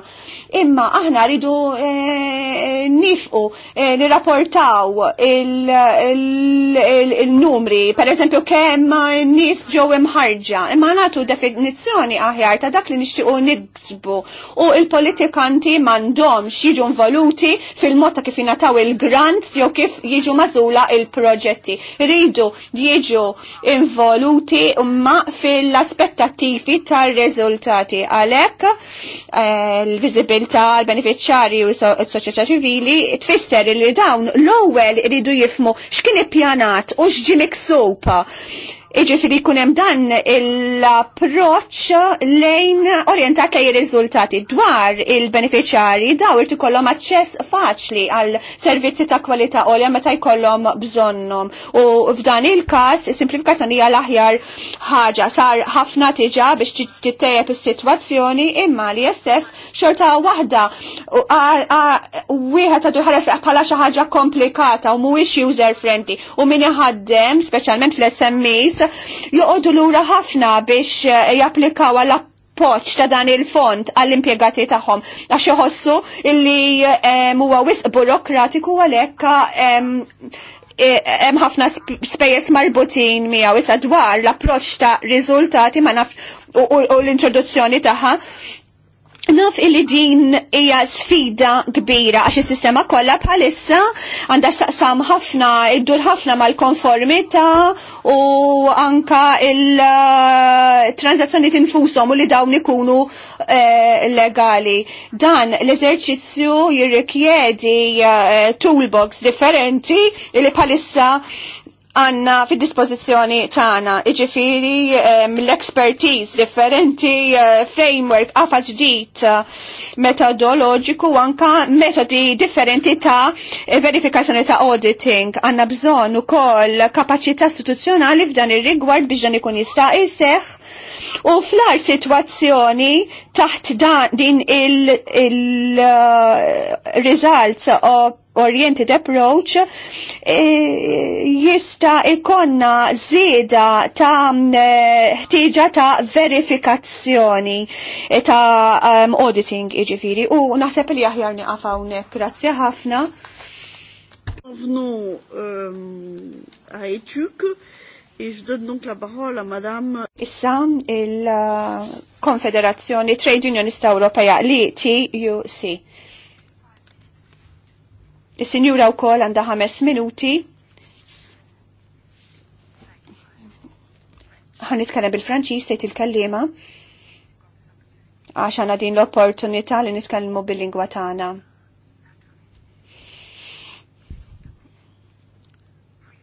Imma aħna ridu eh, nifqu eh, nirrapportaw il- il-numri, per eżempju kemm nies ġew imħarġa, imma nagħtu definizzjoni aħjar ta' dak li nixtiequ niksbu u il-politikanti m'għandhomx jiġu involuti fil-mod ta' kif jingħataw il-grants jew kif jiġu mażula il-proġetti. Ridu jiġu involuti imma fil-aspettattivi tar-riżultati għalhekk eh, l-viżibilità l benefiċċari u s-soċjetà ċivili tfisser li dawn l-ewwel iridu jif nifmu x'kien ippjanat u x'ġi miksupa. Iġifiri kunem dan l-approċ lejn orientat lej riżultati dwar il-beneficjari daw irti kollom aċċess faċli għal servizzi ta' kwalità olja meta jkollhom bżonnom. U f'dan il-każ simplifikazzjoni hija l-aħjar ħaġa sar ħafna tiġa biex tittejjeb is-sitwazzjoni imma li jessef xorta waħda wieħed għadu ħares bħala xi ħaġa komplikata u mhuwiex user friendly u min iħaddem speċjalment fl-SMEs joqogħdu lura ħafna biex eh, japplikaw għal poċ ta' dan il-fond għall-impiegati tagħhom għax joħossu illi eh, huwa wisq burokratiku għalhekk eh, hemm ħafna spejjeż marbutin miegħu issa dwar l-approċċ ta' riżultati ma naf u l-introduzzjoni tagħha Naf illi din hija sfida kbira għax is-sistema kollha bħalissa għandha x'taqsam ħafna iddur ħafna mal-konformità u anka il-transazzjoni tinfushom u li dawn ikunu eh, legali. Dan l-eżerċizzju jirrikjedi eh, toolbox differenti li bħalissa għanna fid dispożizzjoni tagħna, iġifieri eh, mill-expertise differenti, eh, framework qafas ġdid eh, metodologiku anka metodi differenti ta' verifikazzjoni ta' auditing. Għanna bżonn ukoll kapacita istituzzjonali f'dan ir-rigward biex dan ikun jista' jseħħ u flar situazzjoni taħt dan din il-results il, il, uh, oriented approach e, jista ikonna zieda ta' mm, e, ħtieġa ta' verifikazzjoni e, ta' um, auditing iġifiri u naħseb li aħjar niqaf hawnhekk. Grazzi ħafna. Għavnu euh, iġdod Etuc la Issa, il-Konfederazzjoni uh, Trade Unionista Ewropea li TUC. Is-sinjura wkoll għandha ħames minuti. Ħan nitkellem bil-Franċiż tgħid il kallima għax għadin din l-opportunità li nitkellmu bil-lingwa tagħna.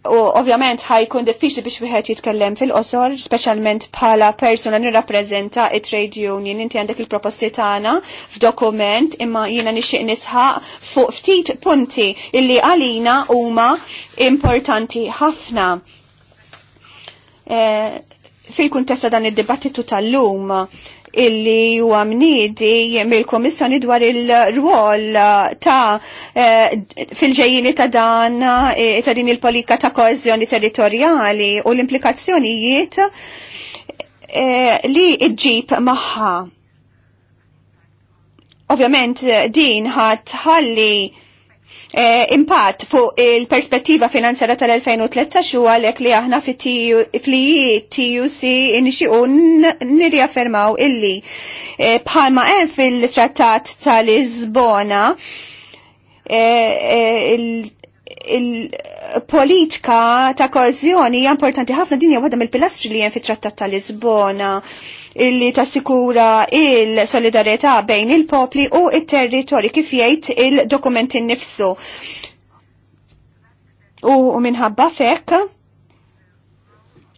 u ovvjament ħajkun diffiċli biex wieħed jitkellem fil-qosor, speċjalment bħala persuna nirrappreżenta it-trade union. Inti għandek il-proposti tagħna f'dokument imma jiena nixtieq nisħaq fuq ftit punti illi għalina huma importanti ħafna. E, fil-kuntesta dan id-dibattitu tal-lum illi huwa għamnidi mill-Komissjoni dwar il-rwol ta' eh, fil-ġejjini ta' dan eh, ta' din il-politika ta' koeżjoni territorjali u l-implikazzjonijiet eh, li iġġib maħħa. Ovvjament din ħadd ħalli E, impatt fuq il-perspettiva finanzjara tal-2013 u għalek li aħna fil-TUC inixiqu nirjaffermaw illi e, bħalma hemm fil-trattat tal-Lisbona e, e, il-politika ta' koezjoni hija importanti ħafna dinja waħda mill-pilastri li hemm fit-Trattat ta' Lisbona illi tassikura il solidarjetà bejn il-popli u il-territori kif jgħid il-dokument innifsu. U minħabba fekk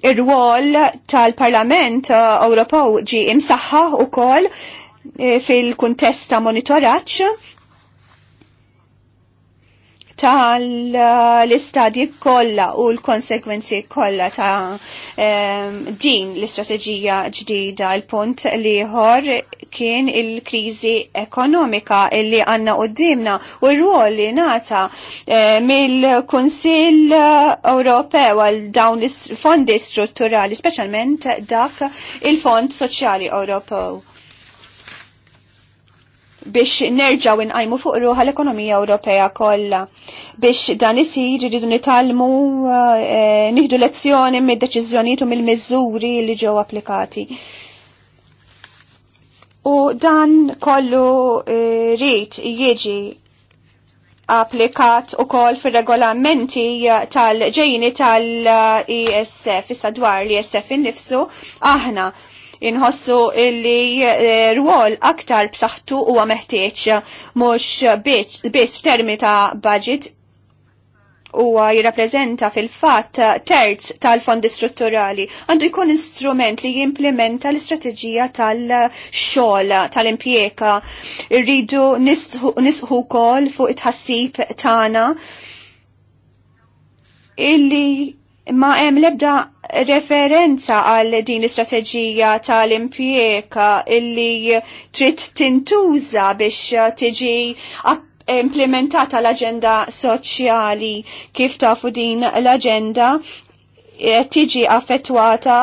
ir-rwol tal-Parlament Ewropew ġi imsaħħa ukoll eh, fil-kuntest ta' tal-istadji kollha u l-konsekwenzi kollha ta' ehm, din l-istrateġija ġdida. Il-punt liħor kien il-kriżi ekonomika illi għanna dimna u r ruol li nata eh, mill-Kunsill Ewropew għal dawn fondi strutturali, speċjalment dak il-Fond Soċjali Ewropew biex nerġaw inqajmu fuq ruħa l-ekonomija Ewropea kollha. Biex dan isir iridu nitalmu eh, eh, nieħdu lezzjoni mid-deċiżjonijiet u mill-miżuri li ġew applikati. U dan kollu eh, rrit jiġi applikat u kol fil regolamenti tal-ġejni tal-ESF, issa dwar l-ESF innifsu, aħna inħossu illi eh, rwol aktar b'saħħtu huwa meħtieġ mhux biss f'termi ta' budget huwa jirrappreżenta fil-fatt terz tal-fondi strutturali għandu jkun instrument li jimplementa l-istrateġija tal-xogħol tal impjega Irridu nisħu wkoll fuq it-ħassib tagħna illi ma hemm lebda referenza għal din l-istrateġija tal-impjeka illi trid tintuża biex tiġi implementata l-agenda soċjali kif tafu din l-agenda tiġi affettwata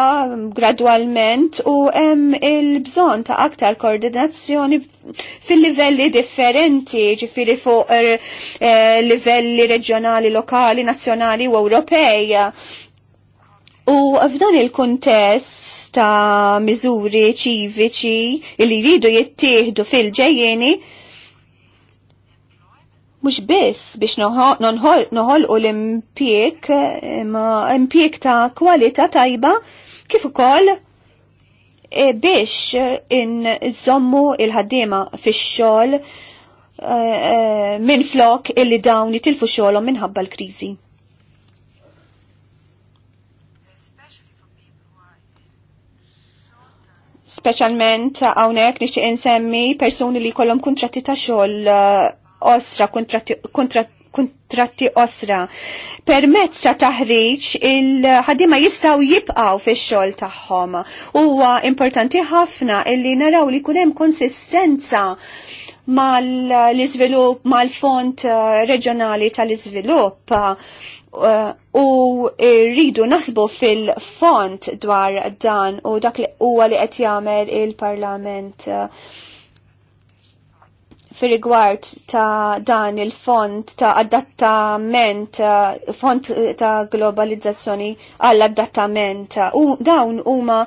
gradwalment u hemm il-bżonn ta' aktar koordinazzjoni fil-livelli differenti, ġifiri fuq er, eh, livelli reġjonali, lokali, nazzjonali u Ewropej. U f'dan il-kuntest ta' miżuri ċiviċi li jridu jittieħdu fil-ġejjeni, mux biss biex noħol u l-impiek, impiek ta' kwalità tajba, kif ukoll e biex zommu e, il-ħaddiema fix-xogħol uh, minn flok illi dawn jitilfu xogħolhom minħabba l-kriżi. Speċjalment hawnhekk nixtieq insemmi persuni li jkollhom kuntratti ta' xogħol uh, osra, kontratti, osra. Permezz ta' taħriġ il-ħadima jistaw jibqaw fi xol tagħhom. Huwa importanti ħafna illi naraw li kunem konsistenza mal-izvilup, mal-font eh, reġjonali tal-izvilup eh, u rridu nasbu fil-font dwar dan u dak li huwa li qed jagħmel il-Parlament fir rigward ta' dan il-fond ta' adattament, fond ta' globalizzazzjoni għall-adattament. U dawn huma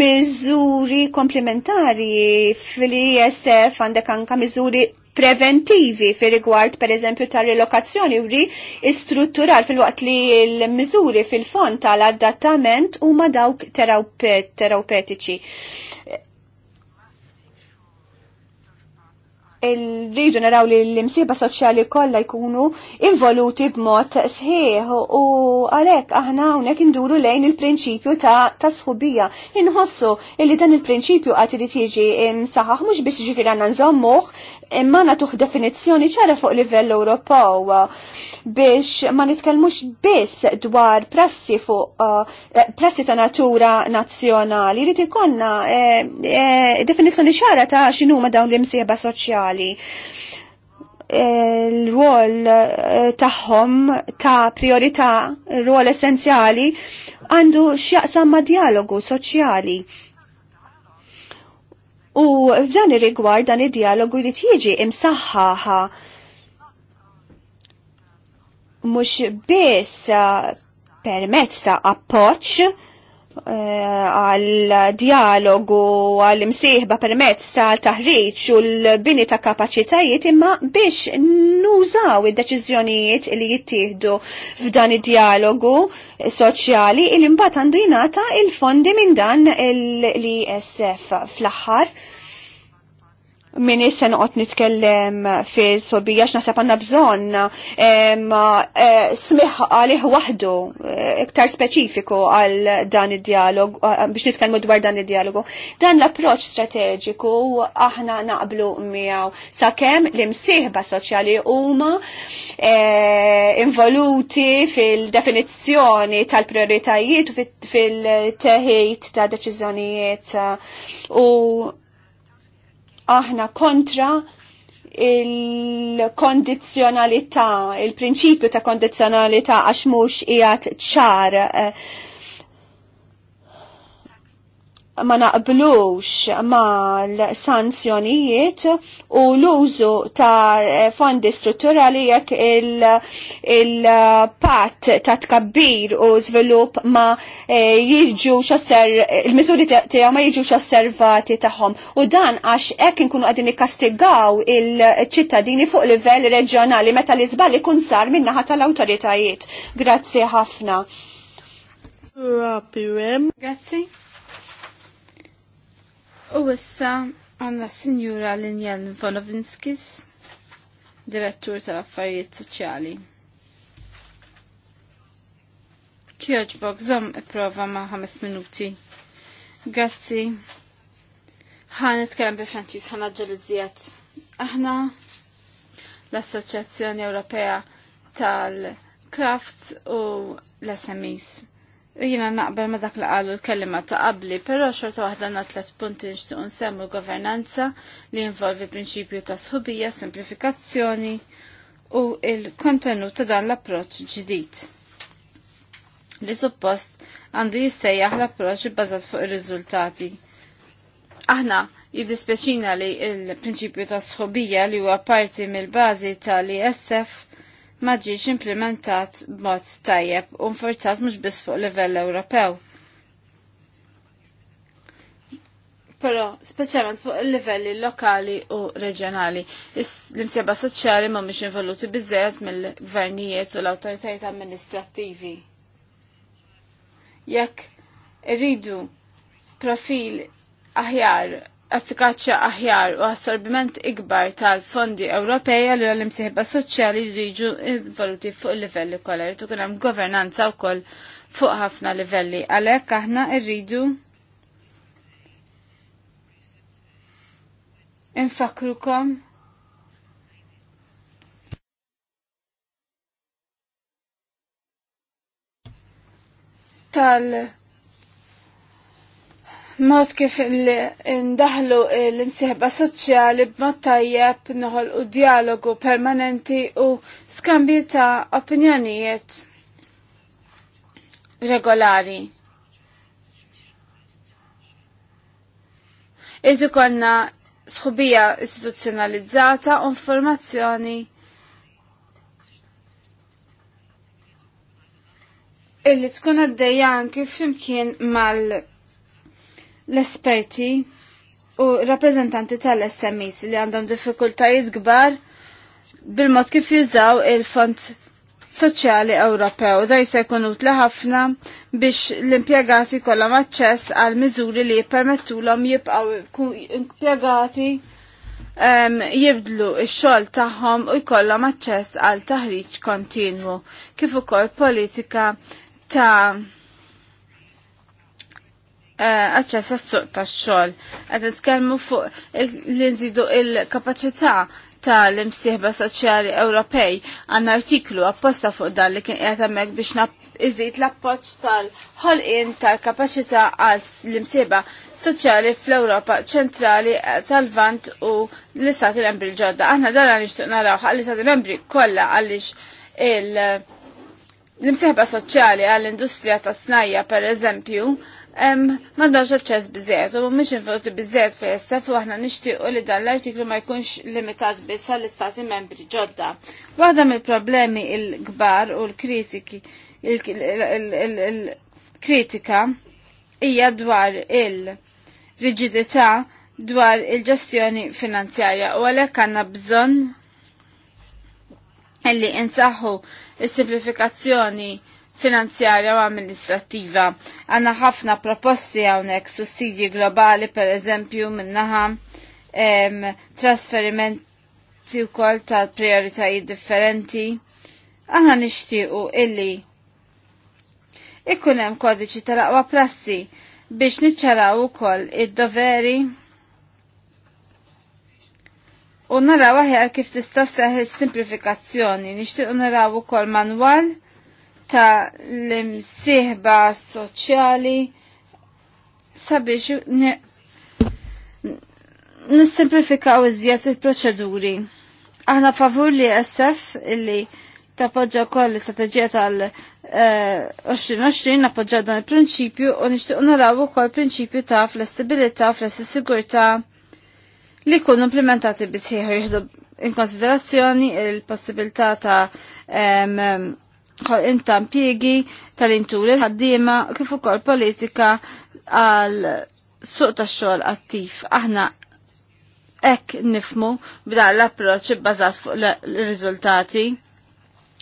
miżuri komplementari fil-ISF għandek anka miżuri preventivi fi rigward per eżempju ta' relokazzjoni u ri struttural fil-waqt li l-miżuri fil-fond tal-adattament huma dawk terapeutiċi. rridu naraw li l-imsiba soċjali kollha jkunu involuti b'mod sħiħ u għalhekk aħna hawnhekk induru lejn il-prinċipju ta' ta' sħubija. Inħossu li dan il-prinċipju għati irid jiġi msaħaħ mhux biss ġifir għanna nżommuħ imma nagħtuh definizzjoni ċara fuq livell Ewropew biex ma nitkellmux biss dwar prassi fuq eh, prassi ta' natura nazzjonali. Rid ikollna eh, eh, definizzjoni ċara ta' x'inhuma dawn l-imsieba soċjali sessuali eh, l-rwol eh, tagħhom ta' priorità, rwol essenzjali, għandu x'jaqsam ma' dialogu soċjali. U f'dan ir-rigward dan id-dialogu li jiġi imsaħħaħa mhux biss eh, permezz ta' appoġġ Eh, għal dialogu għal imsieħba permezz ta' taħriġ u l-bini ta' kapaċitajiet imma biex nużaw id-deċiżjonijiet li jittieħdu f'dan id-dialogu soċjali il imbagħad għandu jingħata il-fondi minn dan l-ISF fl-aħħar. Min se noqgħod nitkellem fi sobija x'naħseb għandna bżonn eh, smih għalih waħdu eh, iktar speċifiku għal dan id-dialog eh, biex nitkellmu dwar dan id-dialogu. Dan l-approċċ strateġiku aħna naqblu miegħu sakemm l-imsieħba soċjali huma involuti fil-definizzjoni tal-prioritajiet u fil-teħid ta' deċiżjonijiet u aħna kontra il-kondizjonalità, il-prinċipju ta' kondizjonalità għax mhux qiegħed ċar eh, ma naqblux mal-sanzjonijiet u l-użu ta' fondi strutturali jekk il-pat il ta' tkabbir u svilup ma eh, jirġu xasser, il-mizuri tiegħu ma jirġu xasservati tagħhom. U dan għax hekk inkunu qegħdin ikkastigaw il-ċittadini fuq livell reġjonali meta li zbali kun sar min-naħa tal-awtoritajiet. Grazzi ħafna. Grazzi. U issa għanna Sinjura Linjan Vonovinskis, direttur tal-affarijiet soċjali. Kjoġbok, zom iprova ma' 5 minuti. Grazzi. Ħan nitkellem bi franċis għan ġelizzijat. Aħna l-Assoċjazzjoni Ewropea tal-Crafts u l-SMEs. Jina naqbel ma dak li qalu l-kelima ta' qabli, però xorta waħda għandna tlet punti nixtieq nsemmu l-governanza li involvi prinċipju ta' sħubija, simplifikazzjoni u il-kontenut ta' dan l-approċċ ġdid. Li suppost għandu jissejjaħ l-approċċ bbażat fuq ir-riżultati. Aħna jiddispjaċina li il-prinċipju ta' sħubija li huwa parti mill-bażi tal-ISF ma ġiex implementat b'mod tajjeb u nforzat mhux biss fuq livell Ewropew. Però speċjalment fuq il-livelli lokali u reġjonali. L-imsieba soċjali mhumiex involuti biżejjed mill-gvernijiet u l-awtoritajiet amministrattivi. Jekk irridu profil aħjar effikaċja aħjar u assorbiment ikbar tal-fondi Ewropej għal l-imsieħba soċjali li jiġu involuti fuq il-livelli kollha jrid ikun hemm governanza wkoll fuq ħafna livelli. Għalhekk aħna rridu infakrukom tal- mod kif ndaħlu l-imsieħba soċjali b'mod tajjeb noħolqu u dialogu permanenti u skambji ta' opinjonijiet regolari. Iġu konna sħubija istituzzjonalizzata u informazzjoni illi tkun għaddejjan kif flimkien mal- l-esperti u rappresentanti tal-SMEs li għandhom diffikultajiet gbar bil-mod kif jużaw il-Fond Soċjali Ewropew. Da jista' jkun utli ħafna biex l-impjegati kollhom aċċess għal miżuri li jippermettulhom jibqgħu impjegati um, jibdlu x-xogħol tagħhom u jkollhom aċċess għal taħriġ kontinwu kif ukoll politika ta' Eh, aċċess għas-suq tax-xogħol. Qed nitkellmu fuq li nżidu il-kapaċità tal-imsieħba soċjali Ewropej għanna artiklu apposta fuq dan li kien qiegħed hemmhekk biex iżid l-appoġġ tal-ħolqien tal-kapaċità għal l-imsieħba soċjali fl-Ewropa ċentrali tal-Vant u l-Istati Membri l-ġodda. Aħna dan għal nixtieq naraw għall-Istati Membri kollha għaliex il- L-imsieħba soċjali għall-industrija tas-snajja, per eżempju, mandax ċess bizzet, u mux infoti bizzet s-sef u għahna u li dan l-artiklu ma jkunx limitat biss għall-istati membri ġodda. Waħda mill problemi il-gbar u l-kritiki, kritika hija dwar il-rigidità dwar il-ġestjoni finanzjarja u għalek għanna bżon illi insaħħu il-simplifikazzjoni finanzjarja u amministrativa. Għanna ħafna proposti għawnek sussidji globali per eżempju minnaħa em, trasferimenti u kol ta' prioritajiet differenti. Għanna nishtiqu illi ikkunem kodiċi tal-aqwa prassi biex nitċaraw ukoll id-doveri u naraw aħjar kif tista' seħ il-simplifikazzjoni, nixtieq naraw ukoll manwal ta' l imsihba soċjali sabiex nissimplifikaw iżjed il-proċeduri. Aħna favur li SF illi tappoġġa koll l-istrateġija tal-2020 eh, nappoġġa dan il-prinċipju u nixtieq naraw ukoll prinċipju ta' flessibilità, flessi sigurtà li jkunu implementati bisħieħ jieħdu in konsiderazzjoni il-possibilità ta' piegi tal il ħaddiema kif ukoll politika għal suq tax-xogħol attiv. Aħna hekk nifmu b'dan l-approċċ bbażat fuq l-riżultati.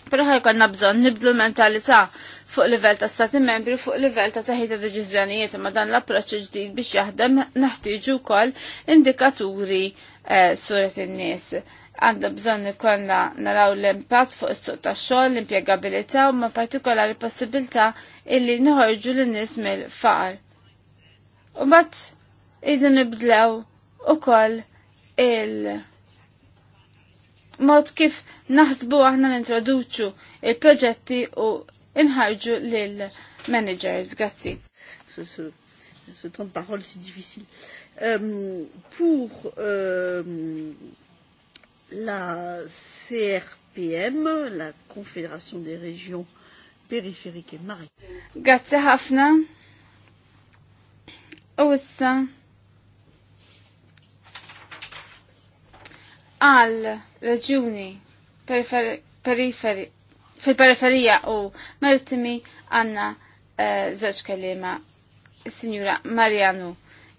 Però ħajkonna bżonn nibdlu mentalità fuq livell ta' stati membri u fuq livell ta' saħħita deċiżjonijiet ma' dan l-approċċ ġdid biex jaħdem naħtieġu wkoll indikaturi eh, suret in-nies għandha bżonn ikollna naraw l-impatt fuq is-suq tax-xogħol, l-impjegabilità u ma partikolari possibilità illi noħorġu lin nies mill-faqar. U mbagħad idu nibdlew ukoll il mod kif naħsbu aħna nintroduċu il-proġetti u inħarġu lil managers. Grazzi. Ce temps de parole c'est difficile. Euh, pour euh, la CRPM, la Confédération des régions périphériques et maritimes. Grazie ħafna. U issa għal raġuni fil-periferija u maritimi għanna zaċ eh, kalima signora Marianu.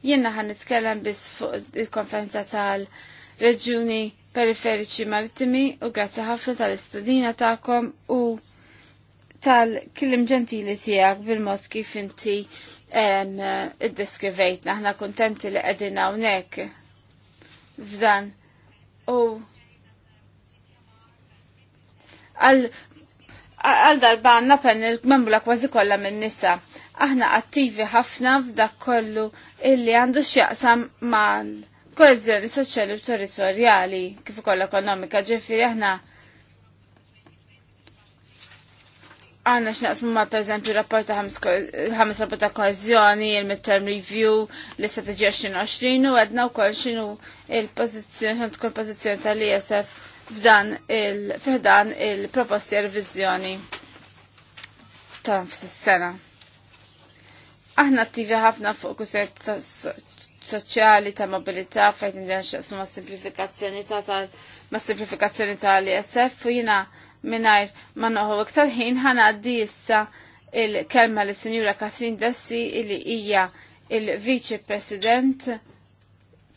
Jenna ħan nitkellem bis fuq il-konferenza tal-reġuni periferiċi marittimi u grazzi ħafna tal-istudina ta'kom u tal-killim ġentili tijak bil-mod kif inti id deskrivejt Aħna kontenti li għedina unek f'dan. U għal darba għanna il membula kważi kollha minn nisa. Aħna attivi ħafna f'dak kollu illi għandu x'jaqsam mal koezjoni soċjali u territorjali kif ukoll ekonomika ġifieri aħna għanna x'naqsmu ma' pereżempju rapport ta' ħames rapport ta' koezjoni, il-midterm review, l-istrateġija 2020 u għedna wkoll x'inhu il-pożizzjoni x'għand tkun pożizzjoni tal-ISF f'dan il-fiħdan il-proposti e revizjoni ta' fis-sena aħna attivi ħafna fuq kuset soċjali ta' mobilità fejn nirxaqs ma' simplifikazzjoni ta' tal ma' simplifikazzjoni ta' l-ISF u jina minnajr ma' noħu iktar ħin għaddi issa il-kelma li sinjura Kasin Dessi illi hija il-Viċi President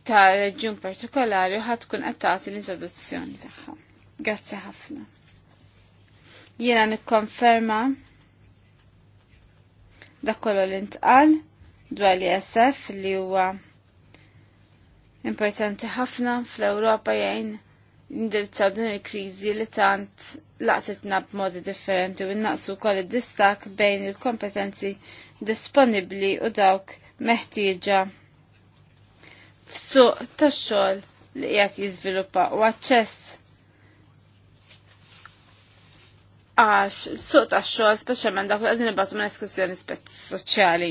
ta' reġjun partikolari u qed tagħti l-introduzzjoni tagħha. Grazzi ħafna. Jiena nikkonferma dak kollu li ntqal dwar li SF li huwa importanti ħafna fl-Ewropa jgħin indirizzaw din il-kriżi li tant laqtitna b'modi differenti u naqsu wkoll id-distak bejn il-kompetenzi disponibbli u dawk meħtieġa f'suq tax-xogħol li qiegħed jiżviluppa u aċċess għax suq tax-xogħol speċjalment dawk li qegħdin ibatu minn eskursjoni soċjali.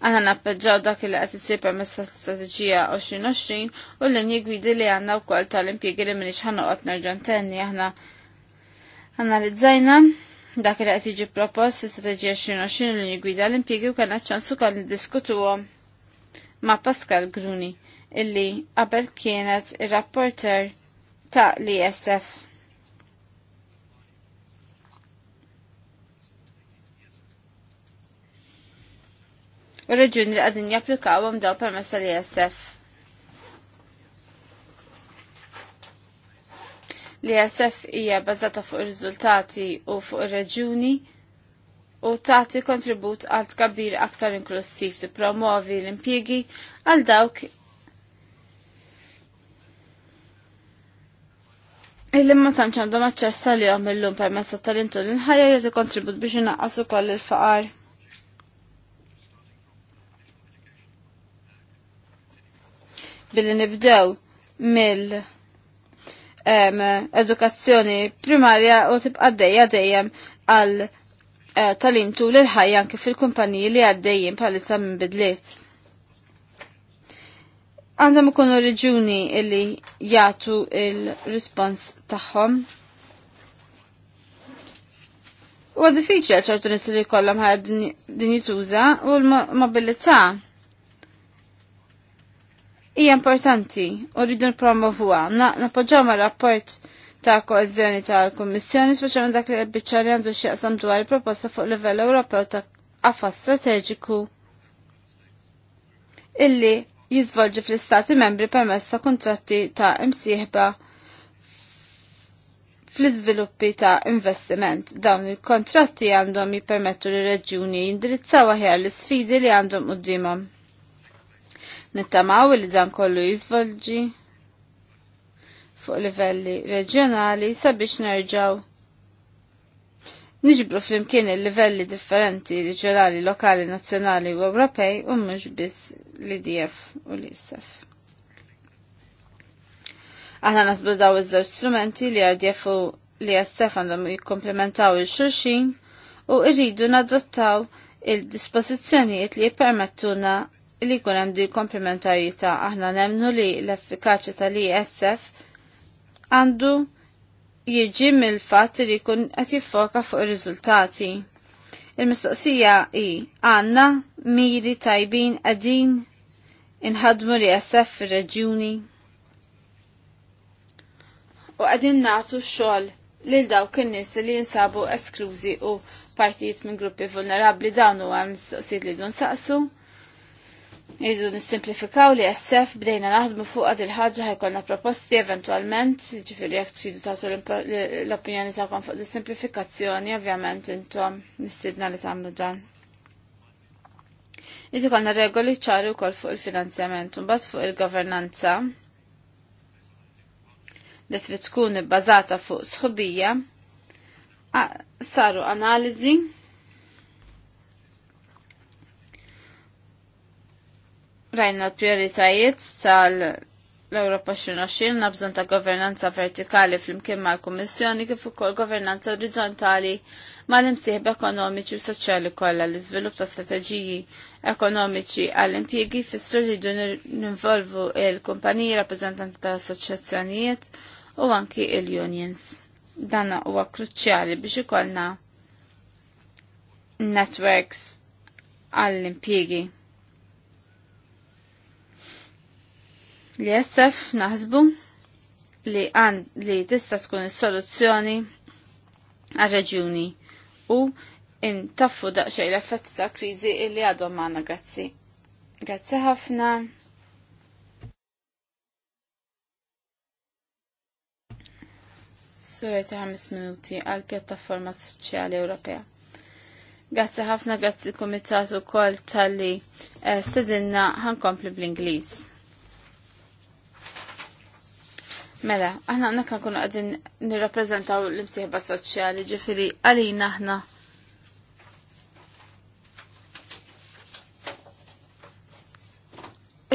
Aħna nappeġġaw dak li qed isir permess ta' strategija 2020 u l-linji gwidi li għanna u kol tal-impjegi li minix ħanoqgħod nerġan tenni. Aħna analizzajna dak li għat iġi propost strategija 2020 u l-linji gwida l-impjegi u kena ċansu kol diskutuwom ma' Pascal Gruni illi qabel kienet ir-rapporter ta' l-ISF. u reġjuni li qegħdin japplikawhom daw permessa li isf L-ISF e hija bbażata fuq ir-riżultati u fuq ir-reġjuni u tagħti kontribut għal tkabbir aktar inklusiv tippromovi l-impjiegi għal dawk Illi ma tantx għandhom li għalihom illum permezz tal intu l-inħajja jgħati kontribut biex inaqqas ukoll il-faqar. billi nibdew mill edukazzjoni primarja u tibqa' dejja dejjem għal eh, talim tul il-ħajja anke fil-kumpaniji li għaddejjin bħalissa minn bidliet għandhom ikunu reġuni illi jagħtu il rispons tagħhom. U għad diffiċli ċertu nisli li kollha ħad din jituża u l-mobilità hija importanti u rridu nippromovuha. Napoġġaw ma' rapport ta' koeżjoni tal-Kummissjoni, speċjalment dak li l-biċċa li għandu x'jaqsam dwar il-proposta fuq livell Ewropew ta' qafas strateġiku illi jizvolġi fl-istati membri permezz ta' kontratti ta' imsieħba fl-iżviluppi ta' investiment. Dawn il-kontratti għandhom jippermettu li reġjuni jindirizzaw aħjar l-sfidi li għandhom d-dimam. Nittamaw li dan kollu jizvolġi fuq livelli reġjonali sabiex nerġaw Niġbru fl-imkien il-livelli differenti reġjonali, lokali, nazzjonali u Ewropej u mhux biss l-IDF u l-ISF. Aħna nasbu daw iż-żewġ strumenti li RDF u li jassef għandhom jikkomplementaw il-xurxin u irridu nadottaw il-dispozizjonijiet li jippermettuna li kun hemm di komplementarjetà aħna nemnu li l-effikaċja tal-ISF għandu jiġi mill-fatt li jkun qed jiffoka fuq ir-riżultati. Il-mistoqsija hi għandna miri tajbin qegħdin inħadmu li SF fir-reġjuni. U qegħdin nagħtu x-xogħol lil daw kinnis li jinsabu esklużi u partijiet minn gruppi vulnerabbli dawn huwa mistoqsijiet li dun saqsu. Iridu nissimplifikaw li SF bdejna naħdmu fuq għad il-ħagġa ħajkonna proposti eventualment, ġifiri jek tridu tagħtu l-opinjoni tagħkom fuq dis-simplifikazzjoni, ovvjament intom nistidna li tagħmlu dan. Iridu konna regoli ċari wkoll fuq il-finanzjament, mbagħad fuq il-governanza li trid tkun ibbażata fuq sħubija, saru analiżi Rajna l-prioritajiet tal-Europa xinoxin, nabżon ta' governanza vertikali fl-imkien ma' l komissjoni kif ukoll governanza orizzontali ma' l-imsieħb ekonomiċi u soċjali kollha l-iżvilupp ta' strateġiji ekonomiċi għall-impjiegi fissur li jdu ninvolvu il-kumpaniji rappreżentanti tal-assoċjazzjonijiet u anki il-unions. Dan huwa kruċjali biex ikollna networks għall-impjiegi. li jessef naħsbu li għan li tista tkun is-soluzzjoni għal-reġjuni u intaffu daqxej l-effetti ta' kriżi li għadhom għandna grazzi. Grazzi ħafna. Sura ta' 5 minuti għal pjattaforma soċjali Ewropea. Grazzi ħafna, grazzi kumitat kol tal-li eh, stedinna ħankompli bl-Ingliż. Mela, aħna għanna kan kunu għadin nirrapprezentaw l-imsieħba soċjali ġifiri għalina aħna.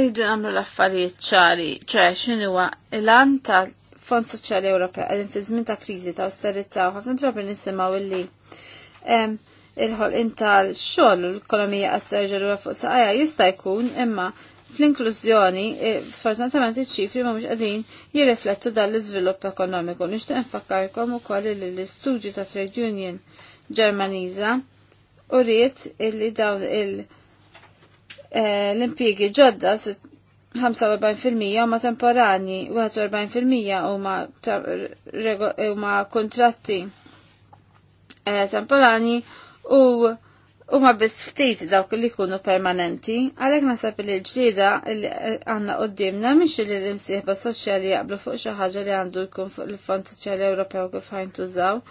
Iddu għamlu l-affarijiet ċari, ċe xinuwa l-għan ta' Fond Soċjali Ewropea għadin fi żmien ta' kriżi ta' austerità u ħafna drabi nisimgħu illi il-ħolqin tal-xogħol l-ekonomija qed terġa' fuq saqajja jista' jkun imma fl-inklużjoni, e, sfortunatament iċ-ċifri ma mhux qegħdin jirriflettu dan l-iżvilupp ekonomiku. Nixtieq infakkarkom ukoll li l-istudju ta' Trade Union Ġermaniża u riet illi dawn il- e, l-impjiegi ġodda 45% huma temporani, 41% huma huma kontratti e, temporani u U ma biss ftit dawk li kunu permanenti, għalek nasab li ġlida li għanna qoddimna miex li l-imsieħba soċjali jaqblu fuq xi ħaġa li għandu jkun fuq il-Fond Soċjali Ewropew kif ħajn tużaw,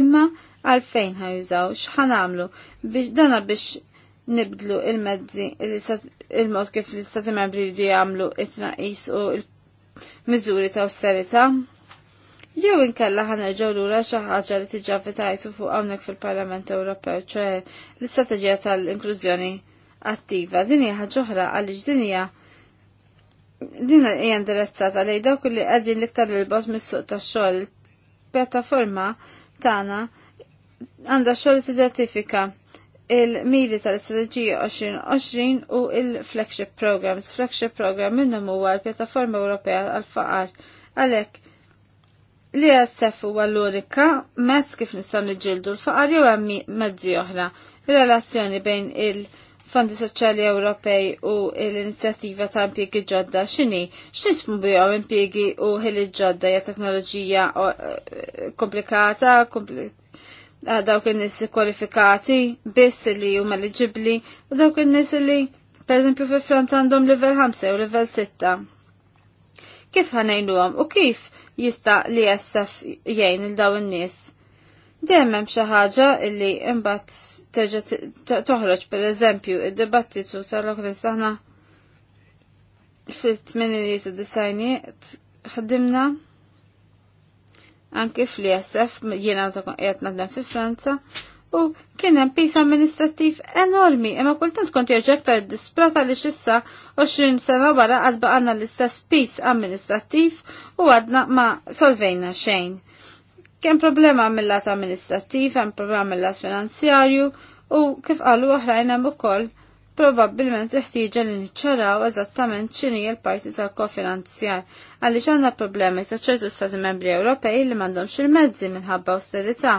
imma għalfejn użaw, x'ħan għamlu biex dana biex nibdlu il-mezzi il-mod kif l-istati membri li jagħmlu it naqis u l-miżuri ta' austerita jew inkella ġewlu lura xi ħaġa li tiġà vitajtu fuq hawnhekk fil-Parlament Ewropew, ċe l-istrateġija tal-inklużjoni attiva. Din hija ħaġa oħra għaliex din hija din hija indirizzata lejn dawk li qegħdin l-iktar il-bot mis-suq tax-xogħol. Il-pjattaforma tagħna għandha xogħol tidentifika il-miri tal-istrateġija 2020 u il-flagship programs. Flagship program minnhom huwa l-pjattaforma Ewropea għal-faqar. Għalhekk li jassef u għallurika mezz kif nistaw nġildu l-faqar jew għammi mezzi oħra. Relazzjoni bejn il-Fondi Soċjali Ewropej u l-Inizjattiva ta' impjegi ġodda xini, x'nismu bihom impjegi u ħili ġodda hija teknoloġija eh, komplikata, eh, dawk in-nies kwalifikati biss li huma eliġibbli u dawk in-nies li esempio, fi Franza għandhom level 5 u level 6. Kif ħanajnuhom u kif jista li jessaf jgħin il-daw n-nis. Demmem xaħġa xi ħaġa li imbagħad toħroġ pereżempju id-dibattitu tal-okres aħna fil-tmeninijiet u disajnijiet ħdimna anke fl-ISF jiena qed naħdem fi Franza u kien hemm pis amministrattiv enormi imma kultant kont jerġa' aktar disprata li xissa 20 sena wara għad baqanna l-istess pis amministrattiv u għadna ma solvejna xejn. Kien problema mill-lat amministrattiv, hemm problema mill-lat finanzjarju u kif qalu oħrajn hemm ukoll probabbilment iħtieġa li niċċaraw eżattament x'inhi l-parti tal-kofinanzjar għaliex għandna problemi ta' ċertu stati membri Ewropej li m'għandhomx il-mezzi minħabba austerità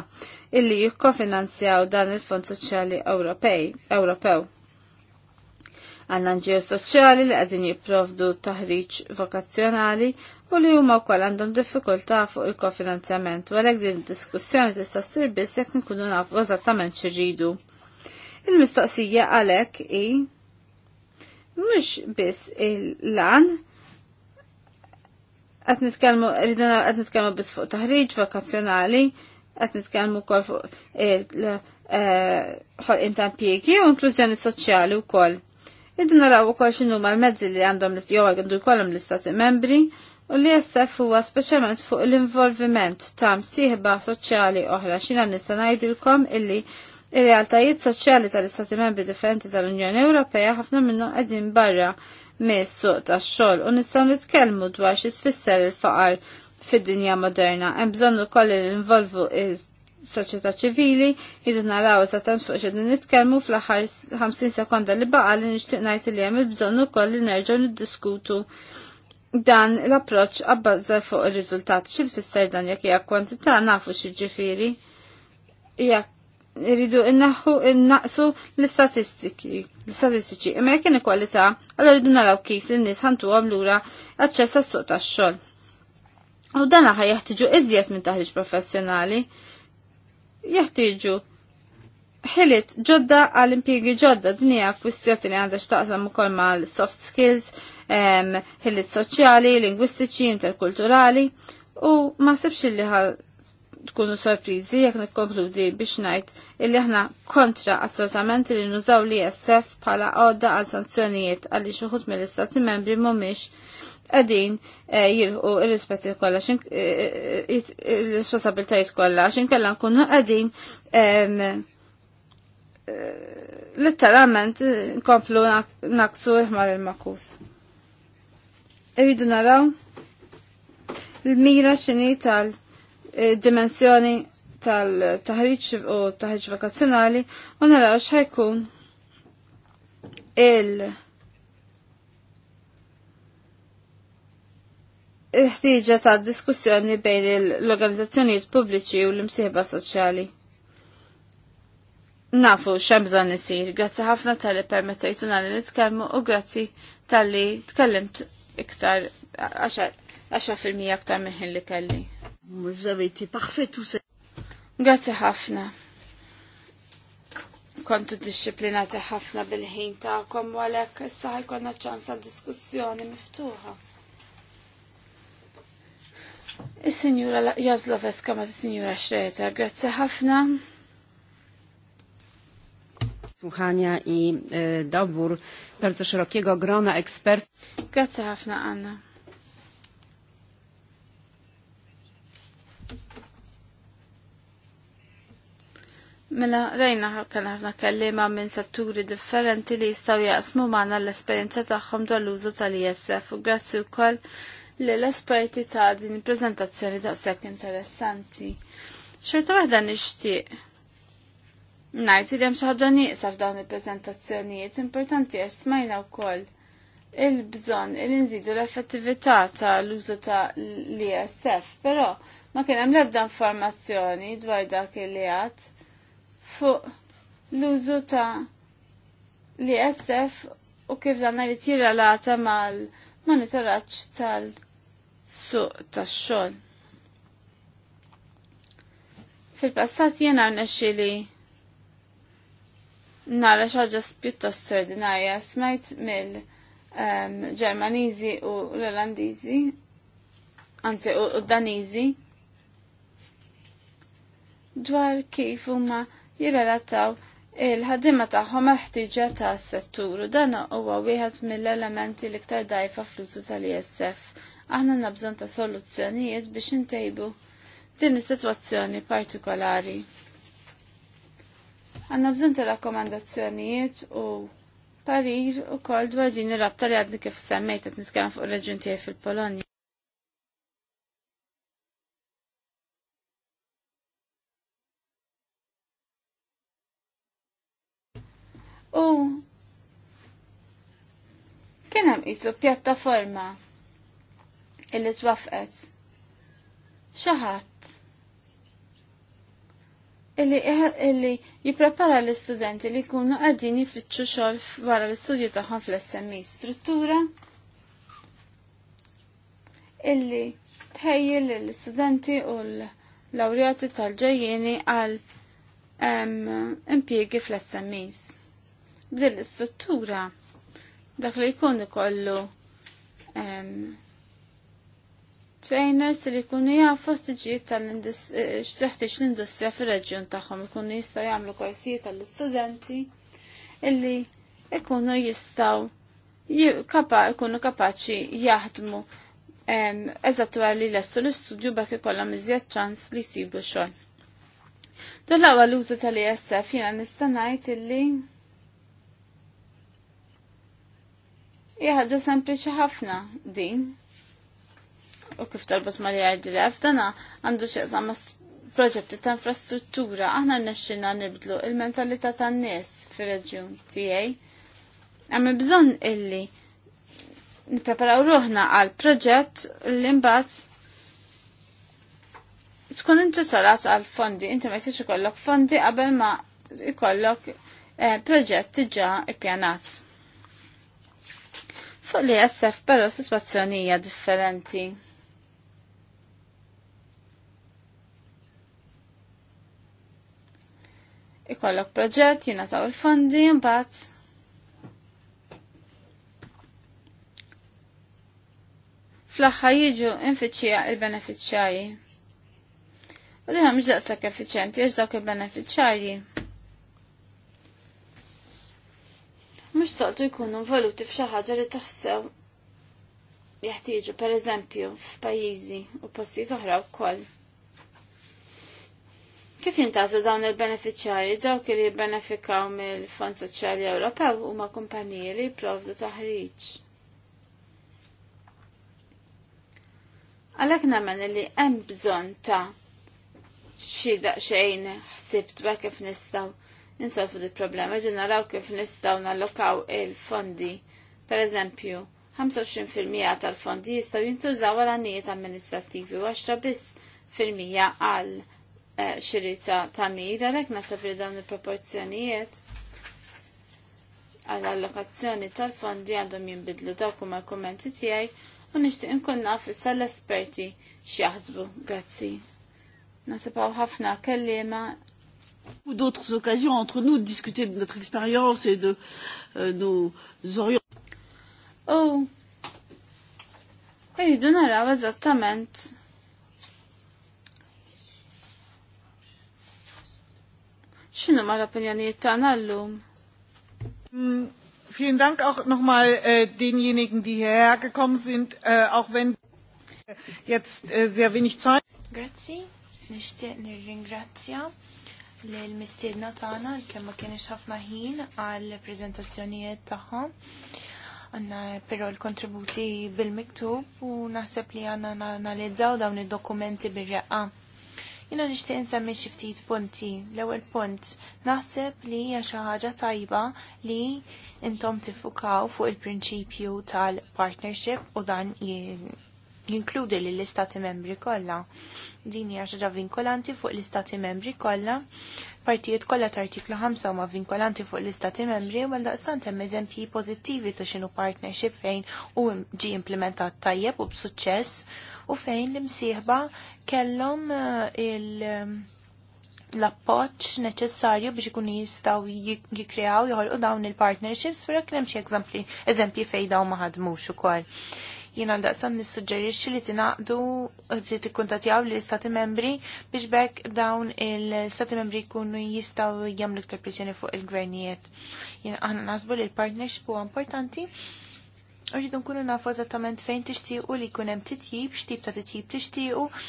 illi jikkofinanzjaw dan il-Fond Soċjali Ewropej Ewropew. Għandna NGO soċjali li għadin jipprovdu taħriġ vokazzjonali u li huma wkoll għandhom diffikultà fuq il-kofinanzjament u għalhekk din id-diskussjoni tista' ssir biss jekk nkunu nafu eżattament xi Il-mistoqsija għalek i mux biss il-lan, għat nitkelmu, bis fuq taħriġ vakazzjonali, għat nitkelmu kol fuq eh, ħolqin ta' impjegi u inklużjoni soċjali u kol. Iddu naraw u kol xinu ma' l-mezzi li għandhom l-istati, jow għandu kolom l-istati membri, u li jessef huwa speċjalment fuq l-involviment ta' msieħba soċjali oħra xina nisa ngħidilkom illi Ir-realtajiet soċjali tal-Istati Membri differenti tal-Unjoni Ewropea ħafna minnhom qegħdin barra mis-suq tax-xogħol u nistgħu nitkellmu dwar xi tfisser il-faqar fid-dinja moderna. Hemm bżonn ukoll li involvu soċjetà ċivili, jidu naraw tant fuq xedin nitkellmu fl-aħħar 50 sekonda li baqa li nixtieq ngħid li hemm il-bżonn ukoll li nerġgħu niddiskutu dan l-approċċ abbażza fuq ir-riżultat. Xi tfisser dan jekk hija kwantità nafu xi ġifieri jekk irridu innaħu innaqsu l-istatistiki, l-istatistiċi. Imma jekk inekwalità, allora rridu naraw kif lin-nies ħantu lura aċċess għas-suq tax-xogħol. U dan aħa jeħtiġu iżjed minn taħriġ professjonali. jeħtieġu ħilit ġodda għal impjiegi ġodda dinja kwistjoni li għandha x'taqsam ukoll mal soft skills, ħilit soċjali, lingwistiċi, interkulturali u ma sibx li tkunu sorprizi jekk nikkonkludi biex ngħid illi aħna kontra assolutament li nużaw li SF bħala għodda għal sanzjonijiet għalli xuħut mill-istati membri mhumiex qegħdin eh, jirħu ir-rispetti kollha il-responsabiltajiet kollha x'in eh, eh, kellha nkunu qegħdin letteralment nkomplu naqsu ħmar il-makus. Irridu naraw l-mira xini tal- dimensjoni tal-taħriġ u taħriġ vakazzjonali u naraw x'ħajkun il- il-ħtieġa ta' diskussjoni bejn l-organizzazzjonijiet pubbliċi u l-imsieħba soċjali. Nafu bżon nisir, grazzi ħafna tal-li permettajtuna li nitkellmu u grazzi tal-li tkellimt iktar għaxar 10% aktar minn li kelli. Mużaviti, parfetu se. Grazie ħafna. Kontu disciplinati ħafna bil-ħin ta' kom għalek s-saħi konna ċansa diskussjoni miftuħa. Is-Sinjura Jazloveska ma' il sinjura Xreta, grazie ħafna. Słuchania i e, dobór bardzo szerokiego grona ekspertów. Grazie ħafna, Anna. Mela, rajna kan ħafna kellima minn setturi differenti li jistaw jaqsmu maħna l-esperienza tagħhom dwar l-użu tal-ISF u grazzi wkoll li l-esperti ta' din prezentazzjoni ta' sekk interessanti. Xorta waħda nixtieq. ngħid li hemm xi ħaġa nieqsa f'dawn il-preżentazzjonijiet importanti għax smajna wkoll il-bżonn il nżidu l-effettività tal-użu ta' l-ISF, però ma kien hemm l-ebda informazzjoni dwar dak li għad fuq l-użu ta' li SF u kif dan li ta' mal-monitoraġġ tal-suq tax-xogħol. Fil-passat jena għarnexi li nara xaġa pjuttost straordinarja smajt mill ehm, ġermaniżi u l-Olandiżi, anzi u d-Daniżi, dwar kif huma jirrelataw il-ħaddima tagħhom għal ħtiġa ta' settur u dan huwa wieħed mill-elementi l-iktar dajfa flusu tal-ISF. Aħna nabżon ta' soluzzjonijiet biex intejbu din is-sitwazzjoni partikolari. Għanna bżon ta' rakkomandazzjonijiet u parir u kol dwar din ir-rabta li għadni kif semmejt qed nitkellem fuq ir-reġjun tiegħi fil-Polonja. U kien hemm qisu pjattaforma illi twafqet xi ħadd illi, illi jipprepara l-istudenti li jkunu qegħdin fitxu xogħol wara l-istudju tagħhom fl-SMI e struttura illi tħejji l-istudenti u l laureati tal-ġejjieni għal impjiegi fl-SMIs b'din l-istruttura dak li jkun ikollu trainers li jkunu jafu t-ġiet tal-xtraħtiġ eh, l-industrija fil-reġjun tagħhom ikunu jistgħu jagħmlu korsijiet tal-istudenti illi ikunu jistgħu jkunu kapaċi jaħdmu eżatt wara li lestu l-istudju bekk ikollhom iżjed ċans li jsibu xogħol. Dol l użu tal-ISF jiena nista' ngħid illi Jħaddu sempliċi ħafna din. U kif talbot ma li għaddi li għafdana għandu ma proġetti ta' infrastruttura. Aħna nixxina nibdlu il-mentalità ta' n-nies fil-reġjun tiegħi. Għamme bżon illi nipreparaw ruħna għal proġett li imbat tkun intitolat għal fondi, inti ma jsirx ikollok fondi qabel ma ikollok eh, proġett ġa ippjanat. Fuq li jassaf però situazzjonija differenti. Ikollok proġett, jina taw il-fondi, mbatt. Fl-axħar jiġu infiċċija il-beneficjari. U diħa mġdaqsak effiċenti, jiex dawk il-beneficjari. il il beneficjari Mux soltu jkunu involuti fxaħġa ħaġa li taħseb jeħtieġu pereżempju f'pajjiżi u postijiet oħra wkoll. Kif jintażu dawn il-beneficjari dawk li jibbenefikaw mill-Fond Soċjali Ewropew huma kumpaniji li jipprovdu taħriġ. Għalhekk nemmen li hemm bżonn ta' xi daqsxejn ħsibt dwar kif nistgħu ninsolfu di problema ġi naraw kif nistaw nallokaw il-fondi. Per eżempju, 25% tal-fondi jistaw jintużaw għal għanijiet amministrativi u 10 biss fil għal eh, xirita ta' mira, għalek nasab li dawn il-proporzjonijiet għal allokazzjoni tal-fondi għandhom jinbidlu dawk huma kummenti tiegħi u nixtieq inkun naf issa l-esperti x'jaħsbu. Grazzi. Nasibgħu ħafna kellima ou d'autres occasions entre nous de discuter de notre expérience et de euh, nos orientations. Oh, Hey, Ejdu naraw ah, eżattament. X'inhu ma l-opinjonijiet tagħna llum? Mm, vielen Dank auch nochmal äh, denjenigen, die hierher gekommen sind, äh, auch wenn jetzt äh, sehr wenig Zeit. Grazie, nishtiq ringrazia l-mistiedna tagħna kemm ma kienx ħafna ħin għal preżentazzjonijiet tagħhom. Għanna però l-kontributi bil-miktub u naħseb li għanna analizzaw dawn id-dokumenti bir-reqqa. Jina nixtieq insemmi xi ftit punti. L-ewwel punt, naħseb li hija xi ħaġa tajba li intom tifukaw fuq il-prinċipju tal-partnership u dan jinkludi lill-istati membri kollha din hija xaġa vinkolanti fuq l-istati membri kollha. Partijiet kollha ta' artiklu 5 huma vinkolanti fuq l-istati membri u għaldaqstant hemm eżempji pożittivi ta' xinu partnership fejn u ġi implementat tajjeb u b'suċċess u fejn l-imsieħba kellhom eh, il- eh, l-appoċ neċessarju biex ikun jistaw jikreaw joħolqu dawn il-partnerships, vera kien hemm xi eżempji fejn dawn ma ħadmux ukoll. Jien daqsan nissuġġerixxi li tingħaqdu li tikkuntatjaw lill istati membri biex bekk dawn il-Stati membri jkunu jistgħu jamlu iktar pressjoni fuq il-gvernijiet. Jina aħna nasbu li l-partnership huwa importanti Uridu nkunu nafu eżattament fejn tixtiequ li jkun hemm titjib, xtib ta' titjib tixtiequ.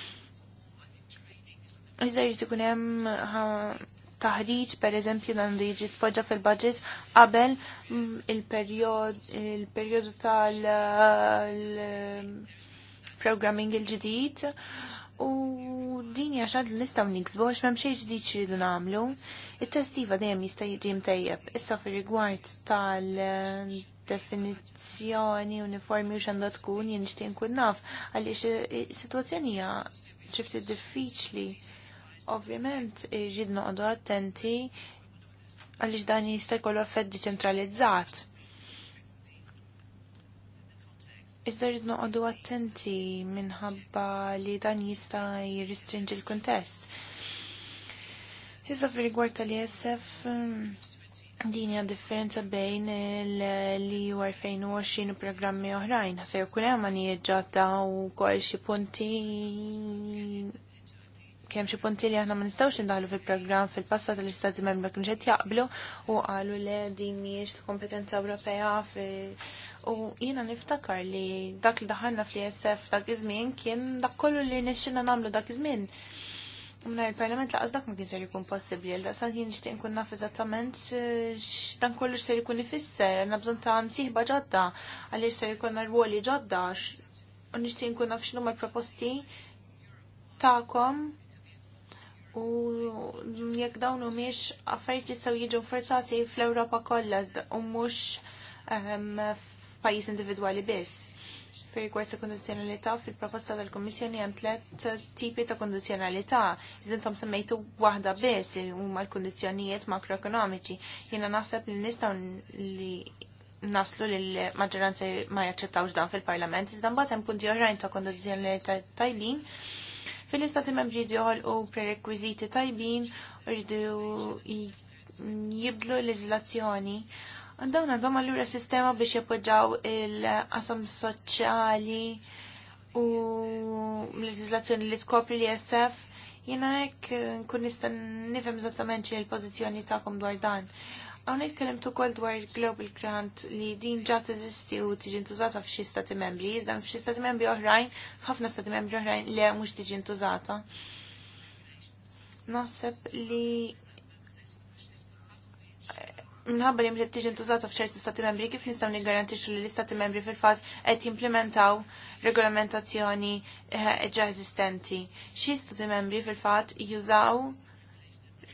Iżda jrid ikun hemm taħriġ per eżempju dan li jiġi tpoġġa fil-budget qabel mm, il-perjodu tal-programming eh, il-ġdid u din hija xagħdu nistgħu niksbu għax m'hemm xejn xridu nagħmlu. il testiva dejjem jista' jiġi tajjeb. Issa fir-rigward tal- definizzjoni uniformi u xandat tkun jien nixtieq nkun naf għaliex is-sitwazzjoni eh, hija ċifti diffiċli Ovvjament, irrid noqogħdu attenti għaliex dan jista' kollu effett decentralizzat. Iżda rrid noqogħdu attenti minħabba li dan jista' jirristringi l-kuntest. Iżda fil-rigward tal-ISF, mm, Din hija differenza bejn li u 2020 u programmi oħrajn. Se u hemm għanijiet jieġġata u kol xi punti kemm xi punti li aħna ma nistgħux indaħlu fil-programm fil-passat li istati membri ma qed jaqblu u qalu le din mhijiex kompetenza Ewropea u jiena niftakar li dak li daħalna fl-ISF dak iż-żmien kien dak kollu li nixxinna nagħmlu dak iż-żmien. Mna il-parlament laqas dak ma kien ser jkun possibbli, għal daqsan jien nixtieq nkun naf eżattament dan kollu ser jkun ifisser, għandna bżonn ta' msieħba ġodda, għaliex ser jkun rwoli ġodda, u nixtieq nkun naf x'numa l-proposti ta'kom u jekk dawn u miex affarijiet jistgħu jiġu forzati fl-Ewropa kollha u mhux ehm, f'pajjiż individwali biss. Fi rigward ta' kondizjonalità fil-proposta tal-Kummissjoni hemm tliet tipi ta' kondizjonalità. Iżda intom semmejtu waħda biss huma l-kundizzjonijiet makroekonomiċi. Jiena naħseb li nistgħu li naslu li l-maġġoranza ma jaċċettawx dan fil-Parlament, iżda mbagħad hemm punti oħrajn ta' kondizzjonalità tajlin Fil-istati membri diħol u prerekwiziti tajbin u rridu jibdlu l-izolazzjoni. Għandawna għandhom għallura sistema biex jappoġġaw il-qasam soċjali u l-leġizlazzjoni li tkopri li jessef. jina jek nkun nista nifem zattamenċi l-pozizjoni ta'kom dwar dan. Għonek tu kol dwar Global Grant li din ġa teżisti u tiġin tużata f'xi stati membri, iżda f'xi stati membri oħrajn, f'ħafna stati membri oħrajn li mhux tiġin tużata. Naħseb li minħabba li mtet tiġi ntużata f'ċerti stati membri, kif nistgħu niggarantixxu li l-istati membri fil-fatt qed jimplementaw regolamentazzjoni eh, ġa eżistenti. Xi stati membri fil-fatt jużaw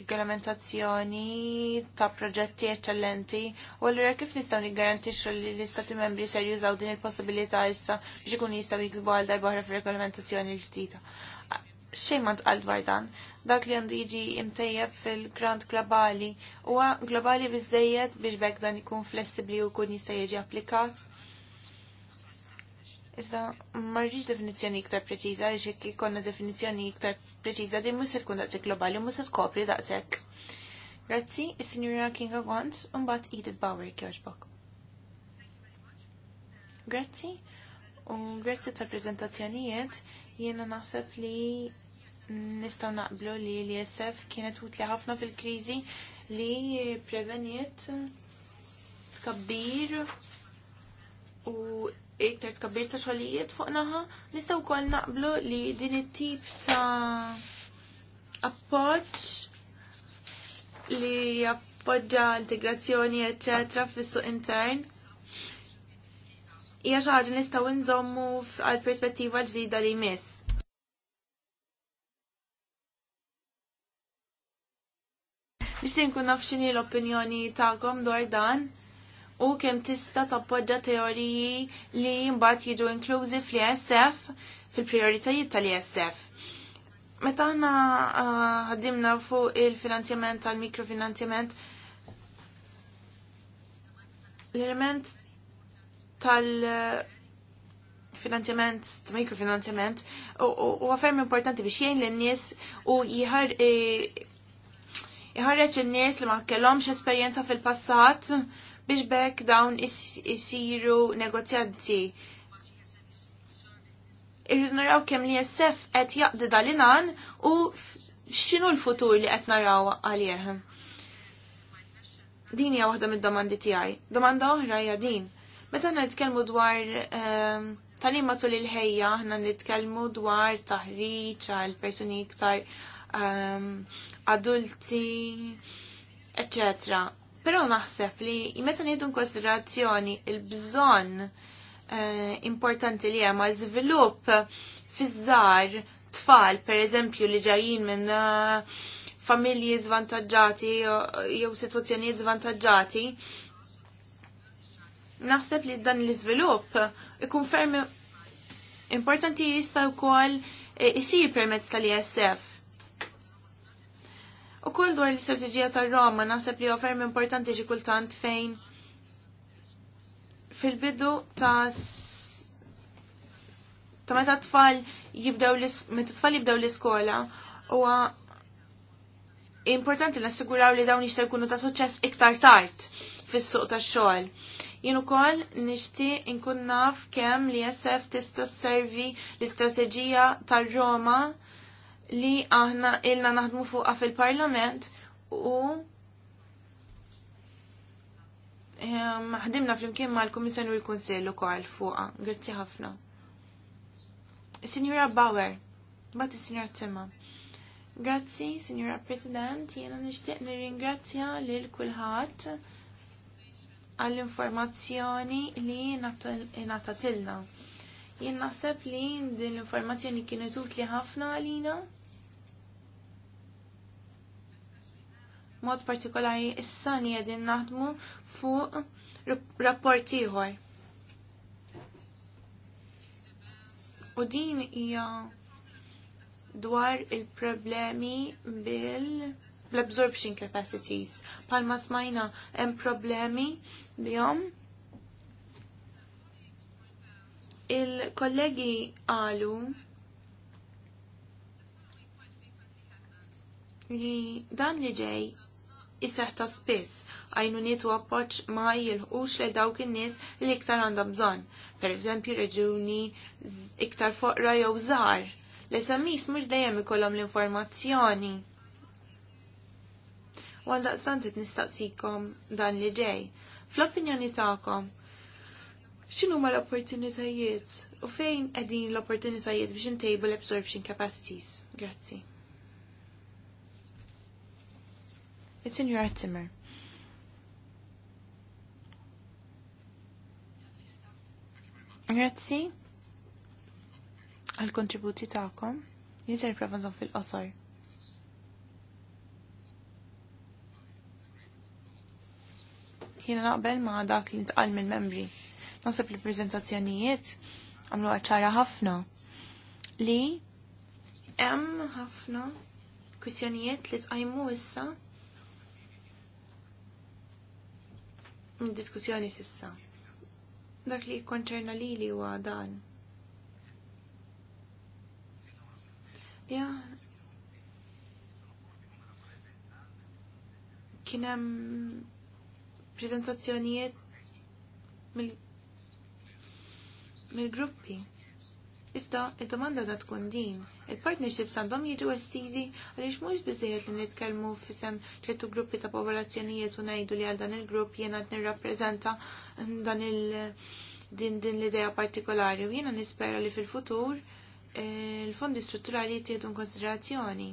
regolamentazzjoni ta' proġetti eccellenti u allura kif nistgħu niggarantixxu li l-istati membri ser jużaw din il-possibilità issa biex ikun jistaw jiksbu għal darba fir-regolamentazzjoni l-ġdida. Xejn ma tqal dwar dan, dak li għandu jiġi imtejjeb fil-grant globali huwa globali biżejjed biex bekk dan ikun flessibbli u jkun jista' jiġi applikat Issa, marriġ definizzjoni iktar preċiża li xekk konna definizzjoni iktar preċiża din mhux se tkun daqshekk globali mhux se tkopri daqshekk. Grazzi, is-Sinjura Kinga u mbagħad Edith Bauer kjoġbok. Grazzi, u grazzi tal-preżentazzjonijiet jiena naħseb li nistgħu naqblu li l-ISF kienet utli ħafna fil-kriżi li preveniet tkabbir u iktar tkabbir ta' xogħlijiet fuq naħa, nistgħu wkoll naqblu li din it-tip ta' appoġġ li appoġġa integrazzjoni eċċetra fis-suq intern. Hija xi ħaġa nistgħu nżommu għal perspettiva ġdida li jmiss. Nixtin kun naf x'inhi l-opinjoni tagħkom dwar dan u kemm tista tappoġġa teoriji li mbagħad jiġu inklużi fl-ISF fil-prioritajiet tal-ISF. Meta għanna ah, ħaddimna uh, fuq il-finanzjament tal-mikrofinanzjament l-element tal- finanzjament, mikrofinanzjament, u għafem importanti biex jgħin l-nies u eh, jħarreċ l nies li ma kellomx esperienza fil-passat biex bekk dawn isiru is negozjanti. Irridu naraw kemm li jessef qed jaqdi dalinan u x'inhu l-futur li qed naraw għalih. Din hija waħda mid-domandi tiegħi. Domanda oħra hija din. Meta nitkellmu dwar um, ehm, tal matul il-ħejja aħna nitkellmu dwar taħriġ għal persuni iktar um, adulti, etc. Però naħseb li meta nieħdu konsiderazzjoni il-bżonn eh, importanti li hemm għal żvilupp fiż-żar tfal, per eżempju, li ġajin minn uh, familji żvantaġġati jew sitwazzjonijiet zvantaġġati, naħseb li dan l-iżvilupp ikun ferm importanti jista' wkoll eh, isir permezz tal-ISF U kull dwar l-istrateġija tal-Roma naħseb li ferm importanti xi kultant fejn fil-bidu ta' ta' meta tfal jibdew meta tfal jibdew l-iskola huwa importanti nassiguraw li dawn jistgħu jkunu ta' suċċess iktar tard fis-suq tax-xogħol. Jien ukoll nixtieq inkun naf kemm li SF tista' servi l-istrateġija tar-Roma li aħna ilna naħdmu fuqa fil-parlament u ehm, ħdimna fl-imkien ma' l-Komissjoni u l-Konsellu ukoll fuqa. Grazzi ħafna. Signora Bauer, bat il-Signora Tsemma. Grazzi, Signora President, jena nishtiq nir-ingrazzja l-kulħat għall-informazzjoni li natatilna. Jien naħseb li din l-informazzjoni kienet utli ħafna għalina. Mod partikolari issa li qegħdin naħdmu fuq rapporti ieħor. U din hija dwar il-problemi bil l-absorption capacities. Palma smajna hemm problemi bihom Il-kollegi għalu li dan li ġej jisseħ ta' spiss għajnu nietu appoċ ma jilħux li dawk in-nies li iktar għandha bżonn. Per eżempju, reġuni iktar foqra jew żgħar. L-SMIs mhux dejjem ikollhom l-informazzjoni. Għal daqstant nistaqsikom dan li ġej. Fl-opinjoni tagħkom, xinu ma l-opportunitajiet u fejn qegħdin l-opportunitajiet biex intejbu l-absorption capacities. Grazzi. Is-Sinjura Zimmer. Grazzi għal kontributi tagħkom. Jizzer prova fil-qosor. Jiena naqbel ma' dak li ntqal mill-membri Nasib li prezentazzjonijiet għamlu għacċara ħafna li hemm ħafna kwistjonijiet li tqajmu issa diskussjoni sissa. Dak li konċerna li li huwa dan. Ja, kienem prezentazzjonijiet mill mill-gruppi. Iżda, il domanda da tkun din. Il-partnerships għandhom jiġu estizi għaliex mhux biżejjed li nitkellmu f'isem ċertu gruppi ta' popolazzjonijiet u ngħidu li għal dan il-grupp jiena qed nirrappreżenta dan il din din l-idea partikolari u jiena nispera li fil-futur eh, il-fondi strutturali n konsiderazzjoni.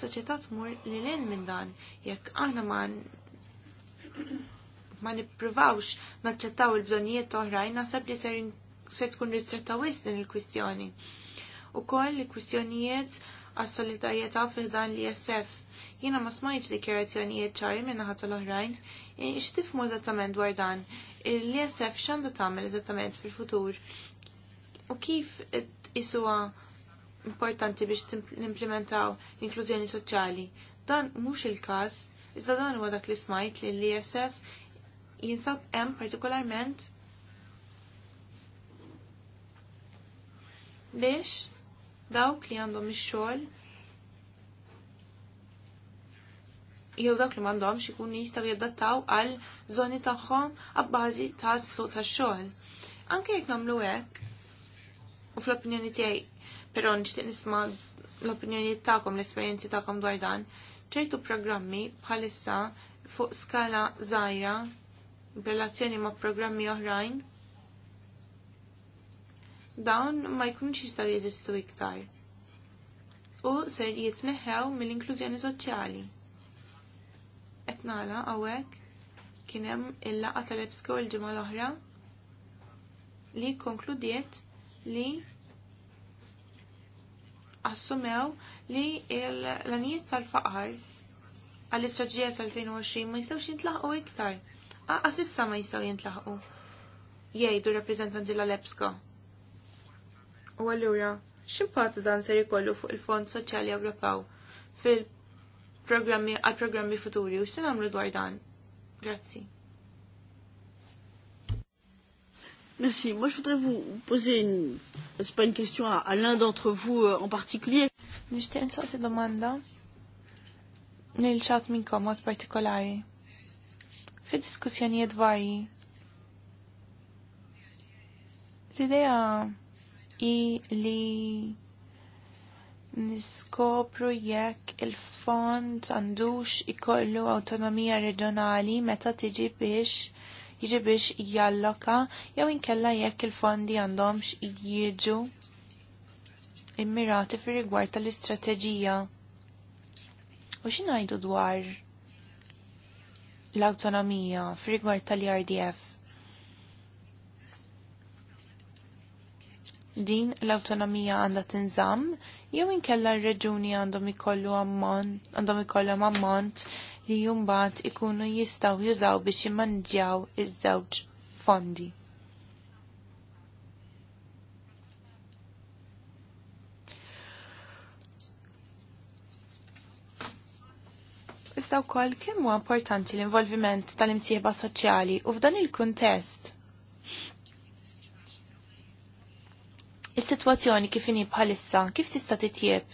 Soċjetà tmur li lejn minn dan jekk aħna man ma nipprivawx naċċettaw il-bżonijiet oħrajn naħseb li ser, ser tkun ristretta wisq din il-kwistjoni. U koll il-kwistjonijiet għas solidarjetà fiħdan li jessef. Jiena ma smajċ dikjerazzjonijiet ċari minnaħat l-oħrajn, ixtifmu eżattament dwar dan, l-ISF xanda tagħmel eżattament fil-futur u kif isuwa importanti biex l-implementaw l-inklużjoni soċjali. Dan mhux il-każ, iżda dan huwa dak li smajt li l-ISF jinsab hemm partikolarment biex dawk li għandhom ix-xogħol jew dak li m'għandhomx ikunu jistgħu jaddattaw għal żoni tagħhom abbażi ta' suq tax-xogħol. Anke jekk nagħmlu hekk, u fl-opinjoni tiegħi, però nixtieq nisma' l-opinjoni tagħkom, l-esperjenzi tagħkom dwar dan, ċertu programmi bħalissa fuq skala żgħira relazzjoni ma' programmi oħrajn, dawn ma jkunx jistaw jeżistu iktar. U ser jitneħħew mill-inklużjoni soċjali. Qed għawek kienem kien hemm il-laqgħa tal ebsku l-ġimgħa l-oħra li konkludiet li assumew li l-anijiet tal-faqar għall istraġija tal-2020 ma jistgħux jintlaqqu iktar għas ma jistaw jintlaħqu. Jgħidu rappresentanti l-Alepsko. U għallura, ximpat dan ser jkollu fuq il-Fond Soċjali Ewropew fil-programmi għal-programmi futuri u x'se għamlu dwar dan? Grazzi. Merci. Moi, je voudrais vous poser une, c'est pas une question à, à l'un d'entre vous euh, en particulier. Nishtiq nsaqsi domanda nil xat minnkom mod partikolari fil diskussjonijiet varji. L-idea i li niskopru jekk il-fond għandux ikollu autonomija reġjonali meta tiġi biex jiġi biex jalloka jew inkella jekk il-fondi għandhomx jiġu immirati fir rigward tal-istrateġija. U xi ngħidu dwar l-autonomija f'rigward tal-IRDF. Din l-autonomija għandha tinżamm jew inkella r-reġuni għandhom ikollu ammont għandhom ikollhom ammont li jumbat ikunu jistaw jużaw biex jimmanġjaw iż-żewġ fondi. issa wkoll kemm huwa importanti l-involviment tal-imsieħba soċjali u f'dan il-kuntest. Is-sitwazzjoni kif inhi bħalissa kif tista' titjieb?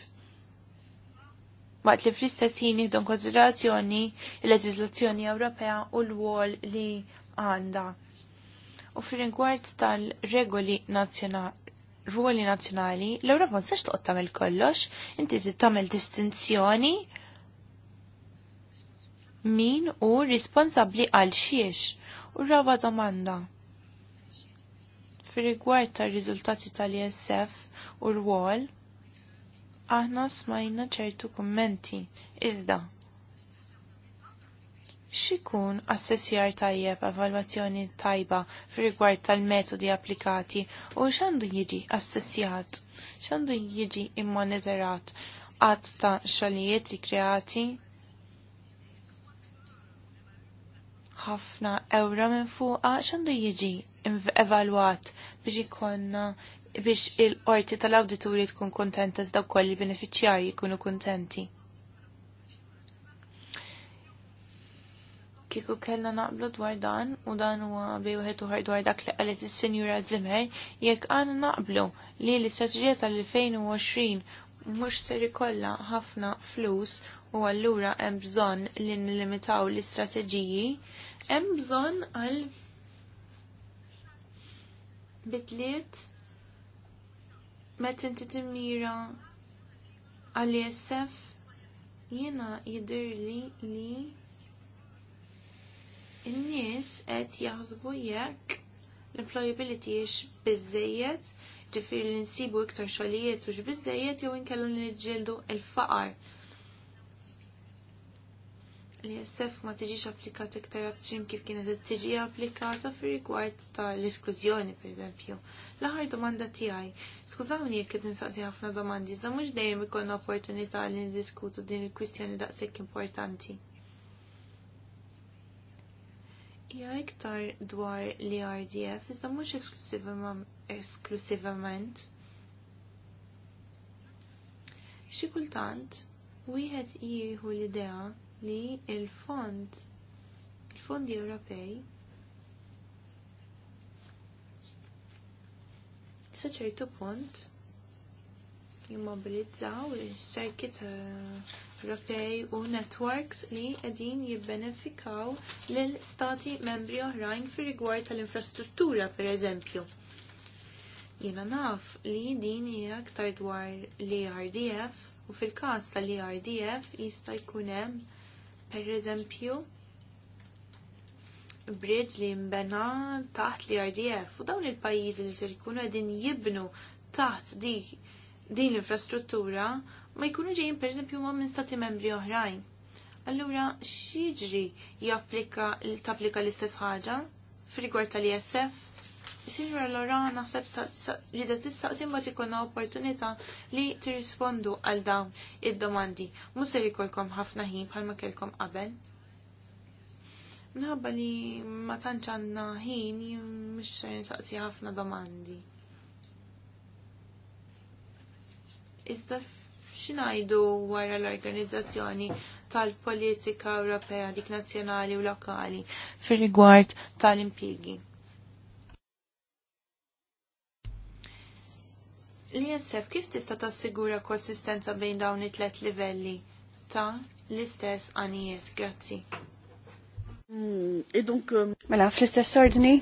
Waqt li fl-istess ħin jieħdu konsiderazzjoni il-leġiżlazzjoni Ewropea u l-wol li għandha. U fir-rigward tal-regoli nazzjonali ruoli nazjonali, l-Europa nsax toqgħod tagħmel kollox, inti trid tagħmel distinzjoni min u responsabli għal xiex. U raba domanda. Fir-rigward tar-riżultati tal-ISF u rwol, aħna smajna ċertu kummenti. Iżda, xikun assessjar tajjeb evalwazzjoni tajba fir tal-metodi applikati u xandu jiġi assessjat, xandu jiġi immonitorat għat ta' xalijiet kreati ħafna ewra minn fuqa xandu jiġi evalwat biex ikonna biex il-qorti tal-awdituri tkun kontenta zda koll il-beneficjarji jkunu kontenti. Kiku kellna naqblu dwar dan u dan huwa wieħed uħar dwar dak li qalet is-Sinjura Zimmer jekk għan naqblu li l-istrateġija tal-2020 mhux ser ikollha ħafna flus u allura hemm bżonn li nlimitaw l-istrateġiji hemm bżonn għal bitliet meta inti timmira għal jessef jiena jidirli li in-nies qed jaħsbu jekk l-employability jiex biżejjed ġifir li nsibu iktar xogħlijiet u x'biżejjed jew li niġġieldu l-faqar li jessef ma tiġix applikat iktar abtrim kif kienet tiġi applikata fir rigward ta' l-esklużjoni per esempio. L-aħħar domanda tiegħi, skużawni jekk qed nsaqsi ħafna domandi, iżda mhux dejjem ikon opportunità li n-diskutu din il-kwistjoni daqshekk importanti. Ija iktar dwar li RDF iżda mhux esklusivament. Xi kultant wieħed jieħu l-idea li il-fond il-fondi Ewropej sa ċertu punt jimmobilizzaw il-serki eh, Ewropej u networks li qegħdin jibbenefikaw lil stati membri oħrajn fir rigward tal-infrastruttura pereżempju. Jiena naf li din hija aktar dwar l erdf u fil-każ tal erdf jista' jkun hemm per eżempju, bridge li mbena taħt li RDF u dawn il-pajjiżi li ser jkunu qegħdin jibnu taħt di, din l-infrastruttura ma jkunu ġejjin eżempju ma minn stati membri oħrajn. Allura x'jiġri japplika l-tapplika l-istess ħaġa f'rigward tal-ISF? Sinjora Lora naħseb ġidet tistaqsi mbagħad ikunna opportunità li tirrispondu għal dawn id-domandi. Mhux se kolkom ħafna ħin bħalma kelkom qabel. Minħabba li ma tantx għandna ħin mhux se ħafna domandi. Iżda xinajdu wara l-organizzazzjoni tal-politika Ewropea dik nazzjonali u lokali fir-rigward tal impiegi li jessef kif tista tassigura konsistenza bejn dawn it-tlet livelli ta' l-istess għanijiet. Grazzi. Mm, e um, mela, fl-istess ordni?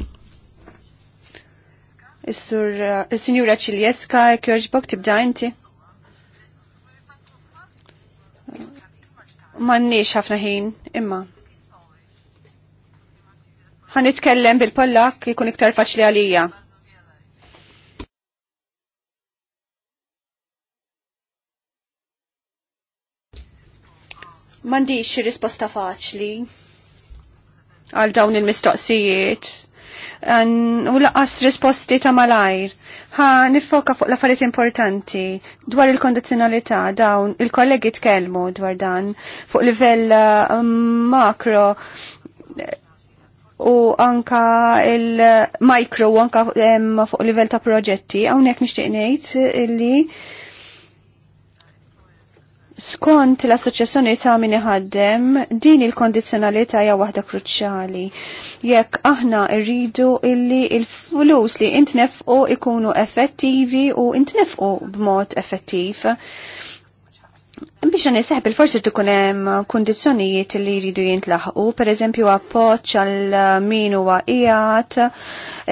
Uh, is-sinjura Ċiljeska, kjoġbok tibda inti? Uh, Mannix ħafna ħin, imma. Ħanitkellem bil-Pollak ikun iktar faċli għalija. xi risposta faċli għal dawn il-mistoqsijiet. U laqas risposti ta' malajr. Ha nifoka fuq l-affarijiet importanti dwar il-kondizjonalità dawn il-kollegi tkellmu dwar dan fuq livell uh, makro u anka il-mikro u anka um, fuq livell ta' proġetti. Hawnhekk nixtieq ngħid illi Skont l-Assoċjazzjoni ta' min iħaddem, din il-kondizjonalità hija waħda kruċjali. Jekk aħna rridu illi il-flus li intnefqu ikunu effettivi u intnefqu b'mod effettiv biex għan jiseħb il-forsi tkun hemm kundizzjonijiet li jridu per pereżempju appoġġ għal min huwa qiegħed,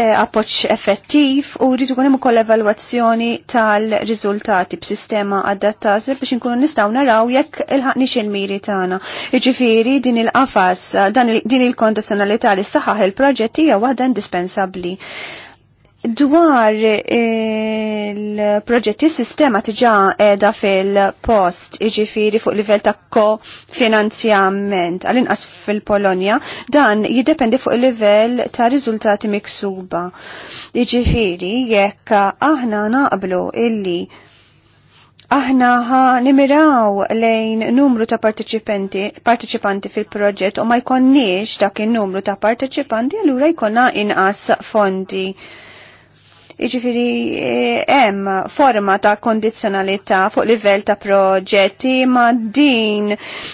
eh, appoġġ effettiv u jridu jkun hemm ukoll evalwazzjoni tal-riżultati b'sistema adattata biex inkunu nistgħu naraw jekk ħakni il-miri tagħna. Jiġifieri din il-qafas, din il-kondizzjonalità li saħaħ il-proġett hija waħda indispensabbli. Dwar il-proġetti sistema tiġa edha fil-post iġifiri fuq livell ta' ko-finanzjament, għal-inqas fil-Polonja, dan jiddependi fuq livell ta' riżultati miksuba. Iġifiri jekk aħna naqblu illi aħna ħa nimiraw lejn numru ta' partiċipanti partiċipanti fil-proġett u ma jkonniex dak in-numru ta' partiċipanti allura jkollna inqas fondi. Iġifiri, hemm eh, forma ta' kondizjonalità fuq livell ta' proġetti, ma din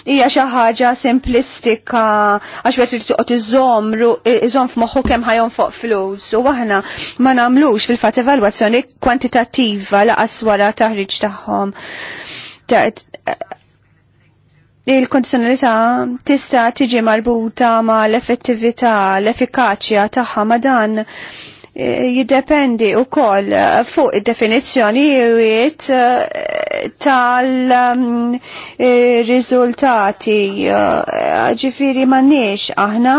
hija xi ħaġa simplistika għax wet toqgħod iżomru iżomm f'moħħu kemm ħajon fuq flus. U aħna ma nagħmlux fil-fatt evalwazzjoni kwantitattiva laqas wara taħriġ tagħhom. Il-kondizjonalità tista' tiġi marbuta ma' l-effettività, l-effikaċja tagħha ma' dan jiddependi u koll fuq definizjonijiet eh, tal-rizultati um, eh, eh, ġifiri manniex aħna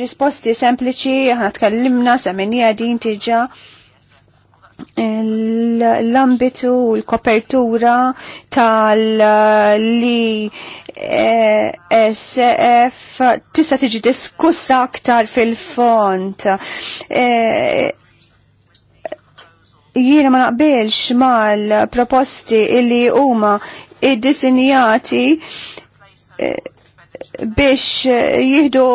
risposti sempliċi aħna tkellimna semenija din tiġa l-ambitu u l-kopertura tal-li E SF tista' tiġi diskussa aktar fil-font. E, jiena ma naqbilx mal-proposti illi huma id-disinjati e, biex jihdu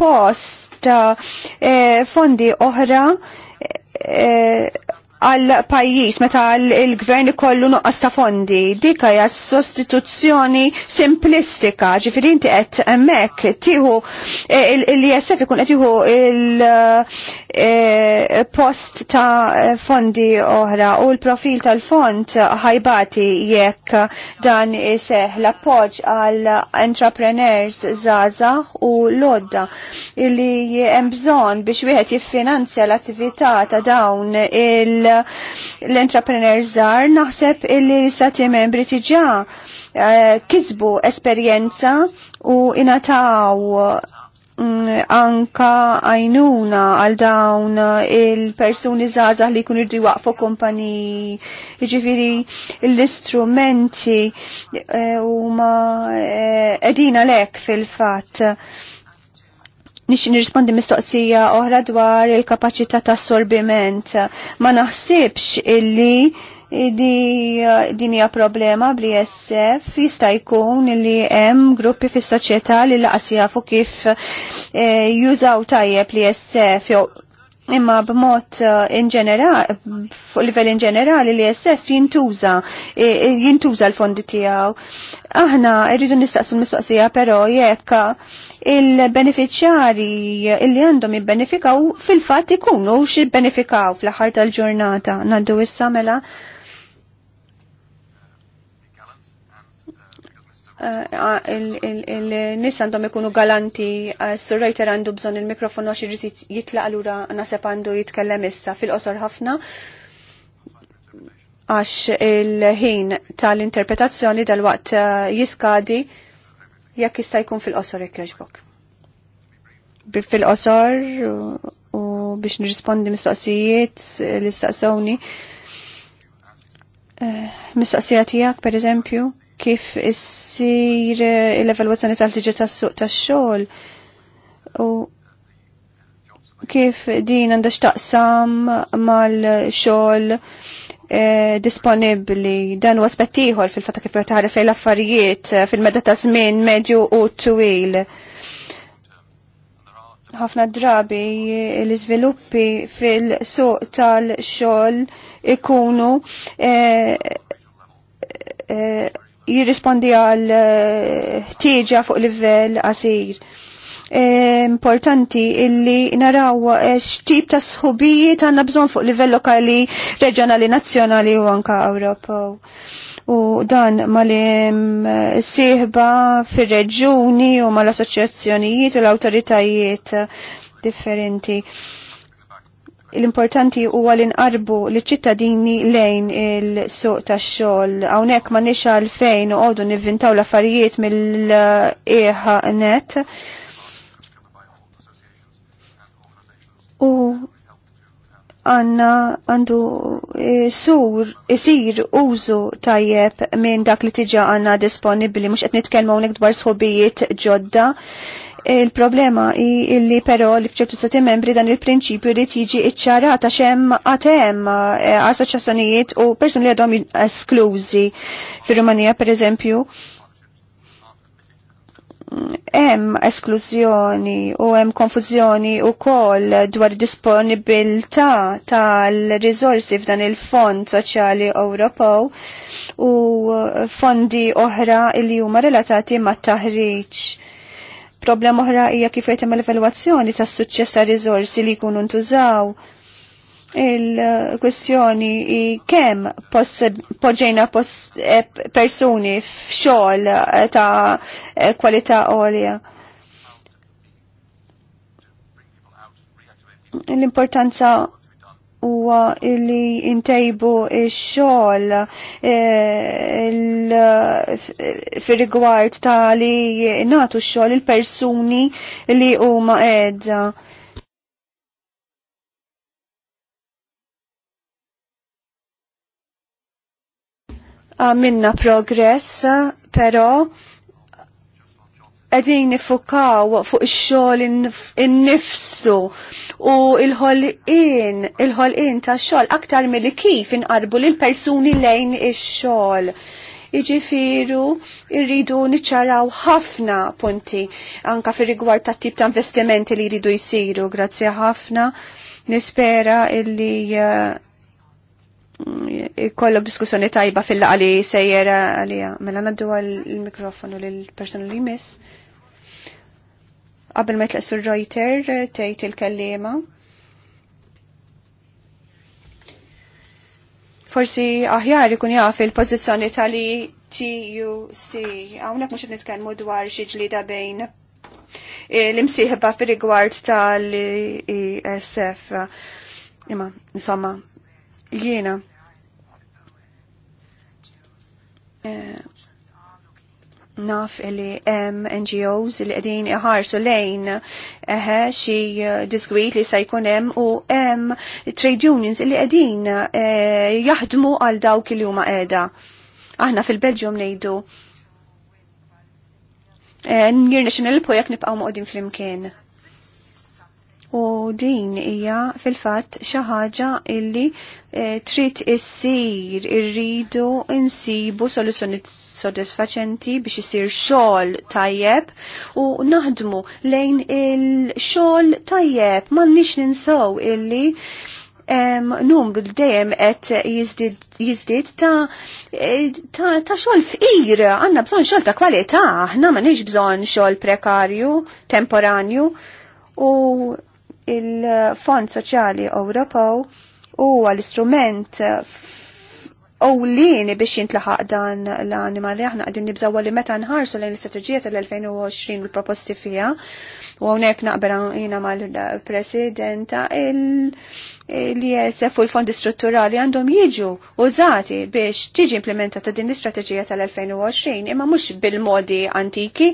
post fondi oħra għal pajjiż meta l-gvern ikollu nuqqas ta' fondi. Dik hija sostituzzjoni simplistika, ġifieri inti qed hemmhekk tieħu eh, l-ISF ikun qed tieħu il-post eh, ta' fondi oħra u l-profil tal-fond ħajbati jekk dan iseħ l-appoġġ għal entrepreneurs żgħażagħ u lodda li hemm bżonn biex wieħed jiffinanzja l-attività ta' dawn il- l entrepreneur zar, naħseb illi istati membri tiġa kizbu eh, kisbu esperjenza u inataw mm, anka għajnuna għal dawn il-persuni zazah li kun irdi waqfu kompani ġifiri l-istrumenti eh, u ma eh, edina lek fil-fat nix nirrispondi mistoqsija oħra dwar il-kapacità ta' assorbiment. Ma naħsibx illi di dinja problema bli jessef jista' jkun li hemm gruppi fis-soċjetà li laqas jafu kif eh, jużaw tajjeb li SF jew imma b'mod eh, inġenerali, fuq livell inġenerali li SF jintuża, eh, eh, jintuża l-fondi tiegħu. Aħna rridu nistaqsu l-mistoqsija però jekk il-beneficjari illi għandhom jibbenefikaw fil-fatt ikunu x'ibbenefikaw fl-aħħar tal-ġurnata. Naddu issa mela Eh, il-nis għandhom ikunu galanti, eh, s-surrejter għandu bżon il-mikrofon għax irrit jitlaq l-ura nasib għandu jitkellem issa fil-qosor ħafna għax il-ħin tal-interpretazzjoni dal-waqt eh, jiskadi jekk jista' jkun fil-qosor jekk jogħġbok. Fil-qosor u biex nirrispondi mistoqsijiet li staqsawni. Mistoqsija tiegħek pereżempju kif issir eh, l-evalwazzjoni tal-tiġi tas-suq tax-xogħol u kif din għandha x'taqsam mal-xogħol eh, disponibbli. disponibli dan u aspett ieħor fil-fatta kif taħares sej l-affarijiet eh, fil-medda ta' żmien medju u twil. Ħafna drabi l-iżviluppi fil-suq tal-xogħol ikunu jirrispondi għal eh, tieġa fuq livell qasir. Importanti illi naraw x'tip ta' sħubijiet għandna bżonn fuq livell lokali, reġjonali, nazzjonali u anka Ewropew. U dan mal-im eh, sieħba fir-reġuni u mal-assoċjazzjonijiet u l-awtoritajiet differenti l-importanti huwa li nqarbu li ċittadini lejn il-suq tax-xogħol hawnhekk ma nix għalfejn għodu nivvintaw l-affarijiet mill eħa net. U għanna għandu e, sur isir użu tajjeb minn dak li tiġa għanna disponibli, mux qed nitkellmu hawnhekk dwar sħobijiet ġodda il-problema illi però li fċertu stati membri dan il-prinċipju li tiġi iċċarata xem għatem eh, assoċjazzjonijiet u persuni li għadhom esklużi fir-Rumanija per eżempju hemm esklużjoni u hemm konfużjoni wkoll dwar disponibilità tal-riżorsi f'dan il-Fond Soċjali Ewropew u fondi oħra li huma relatati mat-taħriġ Problema oħra hija kif qed l-evalwazzjoni tas-suċċess ta' riżorsi li jkunu ntużaw. Il-kwestjoni kemm poġġejna eh, persuni f'xogħol eh, ta' eh, kwalità għolja. L-importanza huwa li intejbu x-xogħol eh, fir-rigward ta' li nagħtu x-xogħol il-persuni li huma qiegħda. Għamilna progress, però qegħdin nifukaw fuq ix-xogħol innifsu u l-ħolqien il-ħolqien tax-xogħol aktar milli kif inqarbu l persuni lejn ix-xogħol. Iġifiru irridu niċċaraw ħafna punti anka fir rigward tat tip ta' investimenti li jridu jsiru. Grazzi ħafna. Nispera illi eh, kollok diskussjoni tajba fil laqali li sejjer għalija. Mela naddu għal mikrofonu l-personu li jmiss qabel ma tlaqsu Reuter tgħid il-kellima. Forsi aħjar ikun jaf il-pożizzjoni tal-TUC. Hawnhekk mhux qed nitkellmu dwar xi ġlida bejn l imsiħba fir-rigward tal-ISF. Imma, insomma, jiena. Eh, naf li hemm NGOs li qegħdin iħarsu lejn eħe xi eh, diskwit li se jkun hemm u hemm trade unions li qegħdin eh, jaħdmu għal dawk li huma qiegħda. Aħna fil-Belġium ngħidu e, eh, nirna jekk nibqgħu moqogħdin flimkien. U din hija fil-fatt xi ħaġa illi eh, trid issir irridu insibu soluzzjoni sodisfaċenti biex isir xogħol tajjeb u naħdmu lejn il-xogħol tajjeb m'għandniex ninsew illi numru li dejjem qed jiżdied ta' eh, ta', ta xogħol fqir, għandna bżonn xogħol ta' kwalità, aħna m'għandniex bżonn xogħol prekarju, temporanju u il-Fond Soċjali Ewropew huwa l-istrument eh, ewlieni biex jintlaħaq dan l-animali aħna għadin nibżaw li meta nħarsu lejn l istrategija tal-2020 u l-proposti fiha u hawnhekk naqbra jiena mal-Presidenta li jesef u l-fondi strutturali għandhom jiġu użati biex tiġi implementata din l-istrateġija tal-2020 imma mhux bil-modi antiki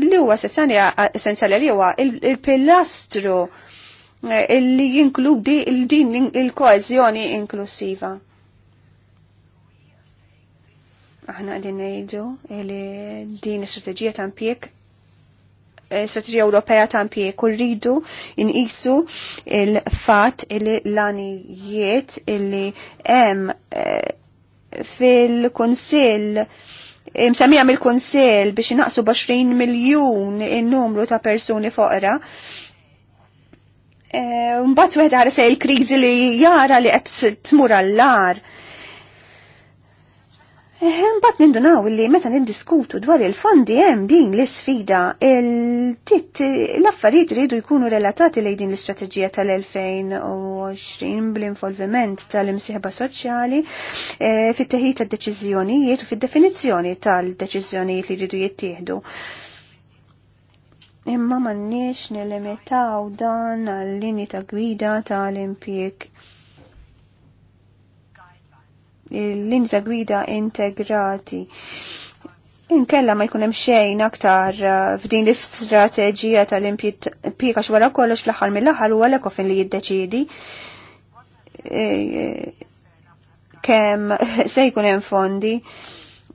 li huwa essenzjali li huwa il-pilastru eh, li jinkludi din il-koezjoni inklusiva. Aħna għadin ngħidu li din il strateġija ta' impjeg eh, strategija Ewropea ta' impjeg u rridu inqisu il-fatt li l-anijiet li hemm eh, fil-Kunsill msemmija mill-Kunsill biex naqsu 20 miljun il numru ta' persuni foqra. Eh, mbagħad wieħed ħares il-kriżi li jara li qed tmur għall-lar. Eh, bat nindunaw li meta niddiskutu dwar il-fondi hemm din l-isfida il-tit l-affarijiet iridu jkunu relatati lejn din l-istrateġija tal-2020 bl-involviment tal-imsieħba soċjali eh, fit-teħid tad-deċiżjonijiet u fid-definizzjoni tal-deċiżjonijiet li rridu jittieħdu. Imma m'għandniex nilimitaw dan għal linji ta' gwida tal-impjeg l-linja gwida integrati. Inkella ma jkun hemm xejn aktar uh, f'din l-istrateġija tal-impjiega wara kollox fl-aħħar mill-aħħar u l li jiddeċiedi e, e, kemm se jkun hemm fondi.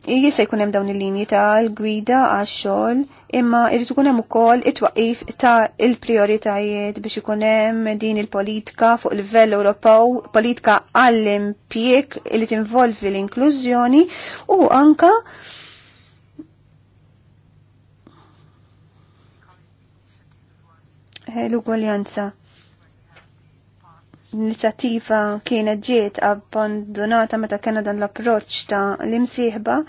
Jista' jkun hemm dawn il-linji tal-gwida għax-xogħol imma irrid ikun hemm ukoll it-twaqif ta' il-prioritajiet biex ikun hemm din il-politika fuq livell Ewropew, politika għall-impjieg li tinvolvi l-inklużjoni u anka eh, l-ugwaljanza l-inizjattiva kienet ġiet abbandonata meta kena dan l-approċ ta' l-imsieħba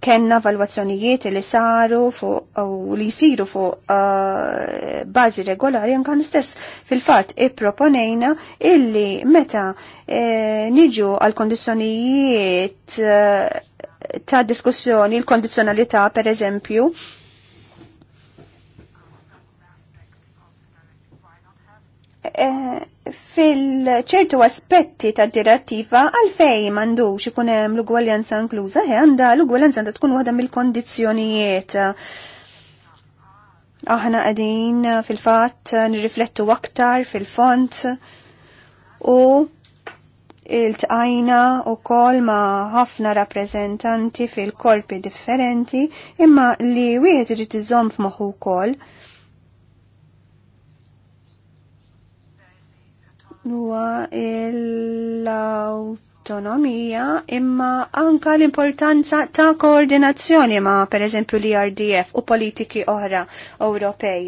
kenna valwazzjonijiet li saru fuq u li jisiru fuq uh, bażi regolari kan stess fil-fatt ipproponejna illi meta eh, niġu għal kondizzjonijiet uh, ta' diskussjoni l-kondizzjonalità per eżempju eh, fil-ċertu aspetti ta' direttiva għalfej mandux ikun hemm l-ugwaljanza inkluża, he għandha l-ugwaljanza għandha tkun waħda mill-kondizzjonijiet. Aħna għadin fil-fatt nirriflettu aktar fil-font u il-tqajna u kol ma ħafna rappresentanti fil kolpi differenti imma li wieħed irid iżomm f'moħħu wkoll huwa l-autonomija imma anka l-importanza ta' koordinazzjoni ma' pereżempju l-IRDF u politiki oħra Ewropej.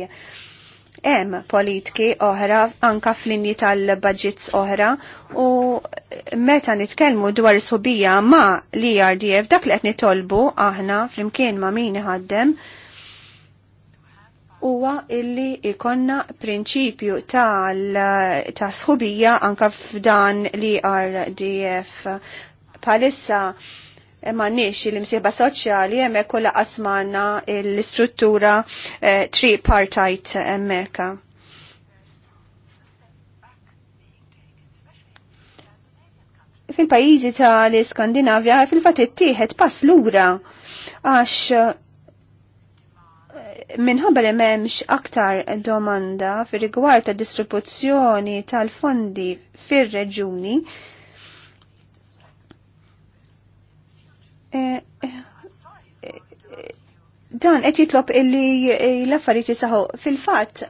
Hemm politiki oħra anka fl-linji tal-budgets oħra u meta nitkellmu dwar subija ma' l-IRDF dak li qed nitolbu aħna flimkien ma' min iħaddem huwa illi ikonna prinċipju ta' sħubija anka f'dan li RDF palissa ma nix il-msiba soċjali jemmek kolla asmanna l-istruttura eh, tripartite emmeka. Fil-pajizi ta' l-Skandinavja fil-fat ittieħed pass lura għax minħabba li m'hemmx aktar domanda fir-rigward ta' distribuzzjoni tal-fondi fir-reġuni, eh, eh, dan qed jitlob illi l-affarijiet jisaħu fil-fatt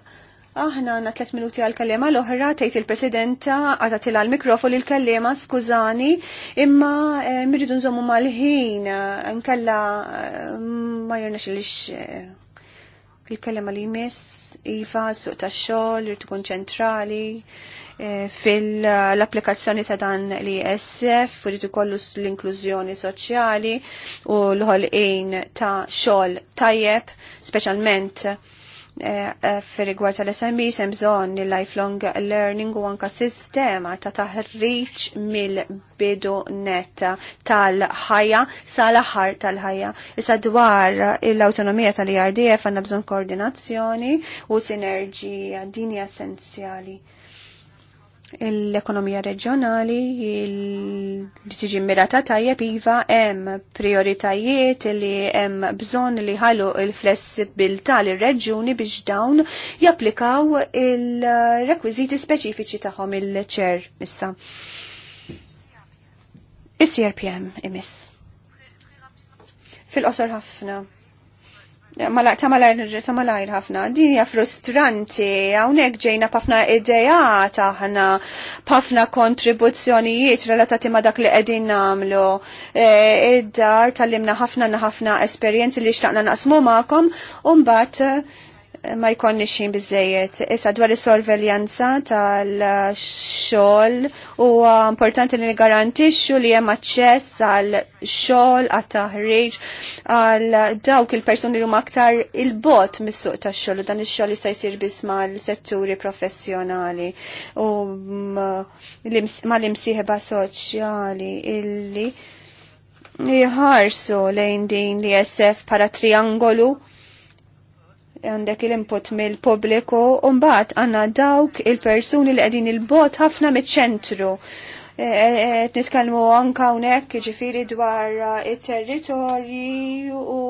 Aħna għandna 3 minuti għal kelliema l-oħra tgħid il-presidenta għatatil għal-mikrofon il-kallima skużani imma mridu eh, nżommu mal-ħin nkella ma jirnax lix il-kelema li jmiss, IVA, suq ta' xol, irtikun ċentrali, eh, fil-applikazzjoni ta' dan li SF, u rritu kollu l-inklużjoni soċjali u l-ħolqin ta' xol tajjeb, specialment Eh, eh, fil-rigward tal-SMB sem bżonn il-lifelong learning u anka sistema ta' taħriġ mill-bidu net tal-ħajja sal-aħħar tal-ħajja. Issa dwar l-autonomija tal-IRDF għandna bżonn koordinazzjoni u sinerġija dini essenzjali l-ekonomija reġjonali li tiġi mirata tajjeb iva hemm prioritajiet li hemm bżonn li ħallu l-flessibilità lir reġjuni biex dawn japplikaw il-rekwiżiti speċifiċi tagħhom il-ċer issa. Is-CRPM imiss. Fil-qosor ħafna ta' malajr ħafna, dinja frustranti, għawnek ġejna pafna idejat aħna, pafna kontribuzzjonijiet relatati ma dak li qegħdin namlu. E, id-dar tal-limna ħafna ħafna esperjenzi li xtaqna naqsmu ma'kom, un bat ma jkonni xin bizzejiet. Issa dwar is-sorveljanza tal-xogħol huwa importanti li garantixxu li hemm aċċess għal xogħol għat-taħriġ għal dawk il-persuni li huma aktar il-bot mis-suq tax-xogħol u dan ix-xogħol jista' jsir biss mal-setturi professjonali u mal-imsieħba soċjali illi jħarsu lejn din li jessef para triangolu għandek il-input mill-pubbliku u mbagħad għandna dawk il-persuni li qegħdin il-bot ħafna miċ-ċentru. E, e, e, qed nitkellmu anke hawnhekk ġifieri dwar it-territorji u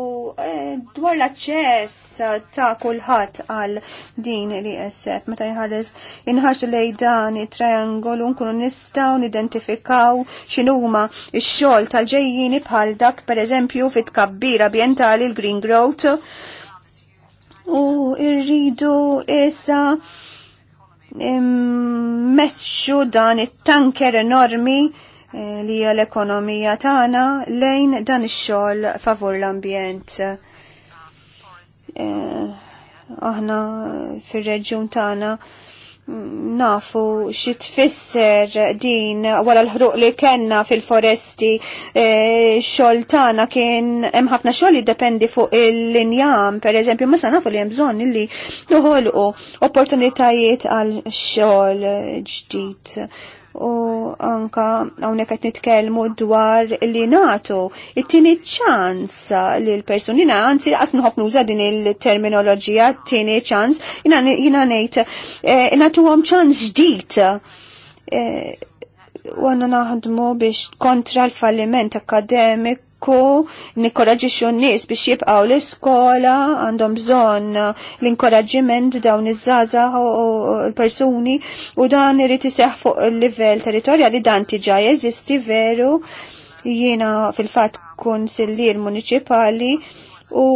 dwar l-aċċess ta' kulħadd għal din li SF meta jħares inħarsu lejn dan it-triangolu nkunu nistgħu nidentifikaw x'inhuma x-xogħol tal-ġejjini bħal dak pereżempju fit-kabbir ambjentali l-Green Growth u rridu issa messu dan it-tanker enormi eh, li hija l-ekonomija tagħna lejn dan ix-xogħol favur l-ambjent. Eh, aħna fir-reġjun tagħna nafu xi tfisser din wara l-ħruq li kellna fil-foresti e, xogħol tagħna kien hemm ħafna xogħol jiddependi fuq il-linjam, pereżempju ma sa nafu li hemm bżonn illi noħolqu opportunitajiet għal xogħol ġdid u anka hawnhekk qed nitkellmu dwar li natu it-tieni ċans li l-personina anzi għas nħobb nuża din il-terminoloġija t tini ċans jiena ngħid eh, għom ċans ġdid eh, u għanna naħdmu biex kontra l-falliment akademiku, nikoraġiċu n-nis biex jibqaw l-iskola, għandhom bżon l-inkoraġiment dawn iż-żaza u l-persuni u dan irrid iseħħ fuq il-livell territorjali dan tiġa jeżisti veru jiena fil-fatt kun sillir municipali u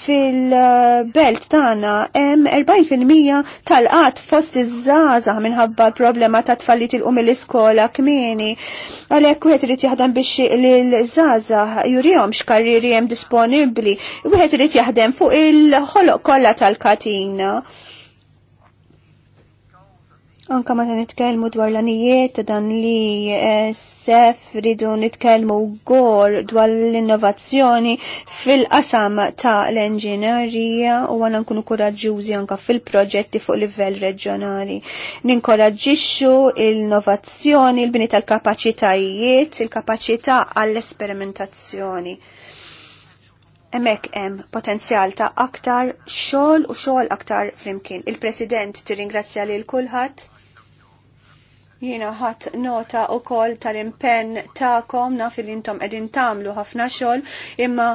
fil-belt tagħna hemm 40% tal qat fost iż-żgħażagħ minħabba l-problema ta' tfalli til qum l-iskola kmieni. Għalhekk wieħed irid jaħdem biex lil żaza jurihom x'karriri hemm disponibbli, wieħed irid jaħdem fuq il-ħoloq kollha tal-katina. Anka meta nitkellmu dwar l-anijiet dan li eh, sef ridu nitkellmu gor dwar l-innovazzjoni fil-qasam ta' l-enġinerija u għana nkunu koraġġużi anka fil-proġetti fuq livell reġjonali. Ninkoraġġixxu l-innovazzjoni, l-bini tal-kapaċitajiet, il-kapaċità għall-esperimentazzjoni emmek em potenzjal ta' aktar xol u xol aktar flimkien. Il-President tirringrazzja li l-kulħat Jiena ħadd nota wkoll tal-impenn tagħkom naf li intom qegħdin tagħmlu ħafna xogħol, imma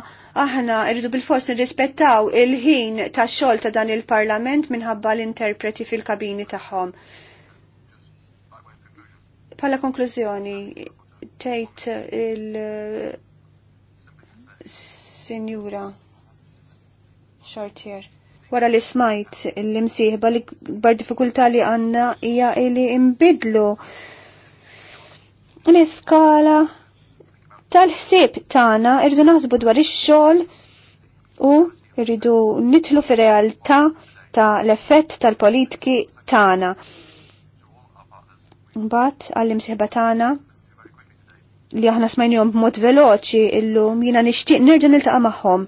aħna rridu bil-fors nirrispettaw il-ħin tax-xogħol ta' dan il-Parlament minħabba l-interpreti fil-kabini tagħhom. Pala konklużjoni, tgħid il- Sinjura Chartier wara li smajt l-imsieħba bar kbar diffikultà li għanna hija li imbidlu l-iskala tal-ħsieb tagħna irridu naħsbu dwar ix-xogħol u rridu nitlu fir-realtà ta' l-effett tal-politiki tagħna. Mbagħad għall-imsieħba tagħna li aħna smajnihom b'mod veloċi illum jiena nixtieq nerġa' niltaqa' magħhom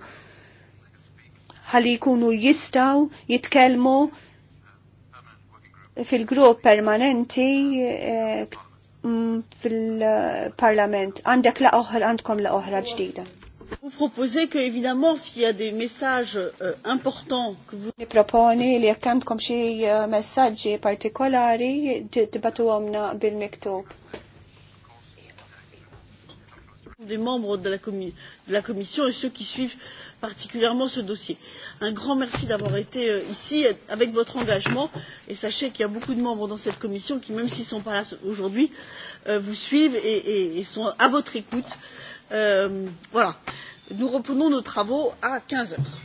ħalli jkunu jistaw jitkelmu fil-grupp permanenti eh, mm, fil-parlament. Għandek la oħra, għandkom la oħra ġdida. Vous proposez que, évidemment, s'il y a des messages euh, importants que vous... Niproponi li jekk għandkom xi eh, messaġġi partikolari tibatu għomna bil-miktub. Des membres de la, de la commission et ceux qui suivent euh, particulièrement ce dossier. Un grand merci d'avoir été euh, ici avec votre engagement et sachez qu'il y a beaucoup de membres dans cette commission qui, même s'ils ne sont pas là aujourd'hui, euh, vous suivent et, et, et sont à votre écoute. Euh, voilà. Nous reprenons nos travaux à 15 heures.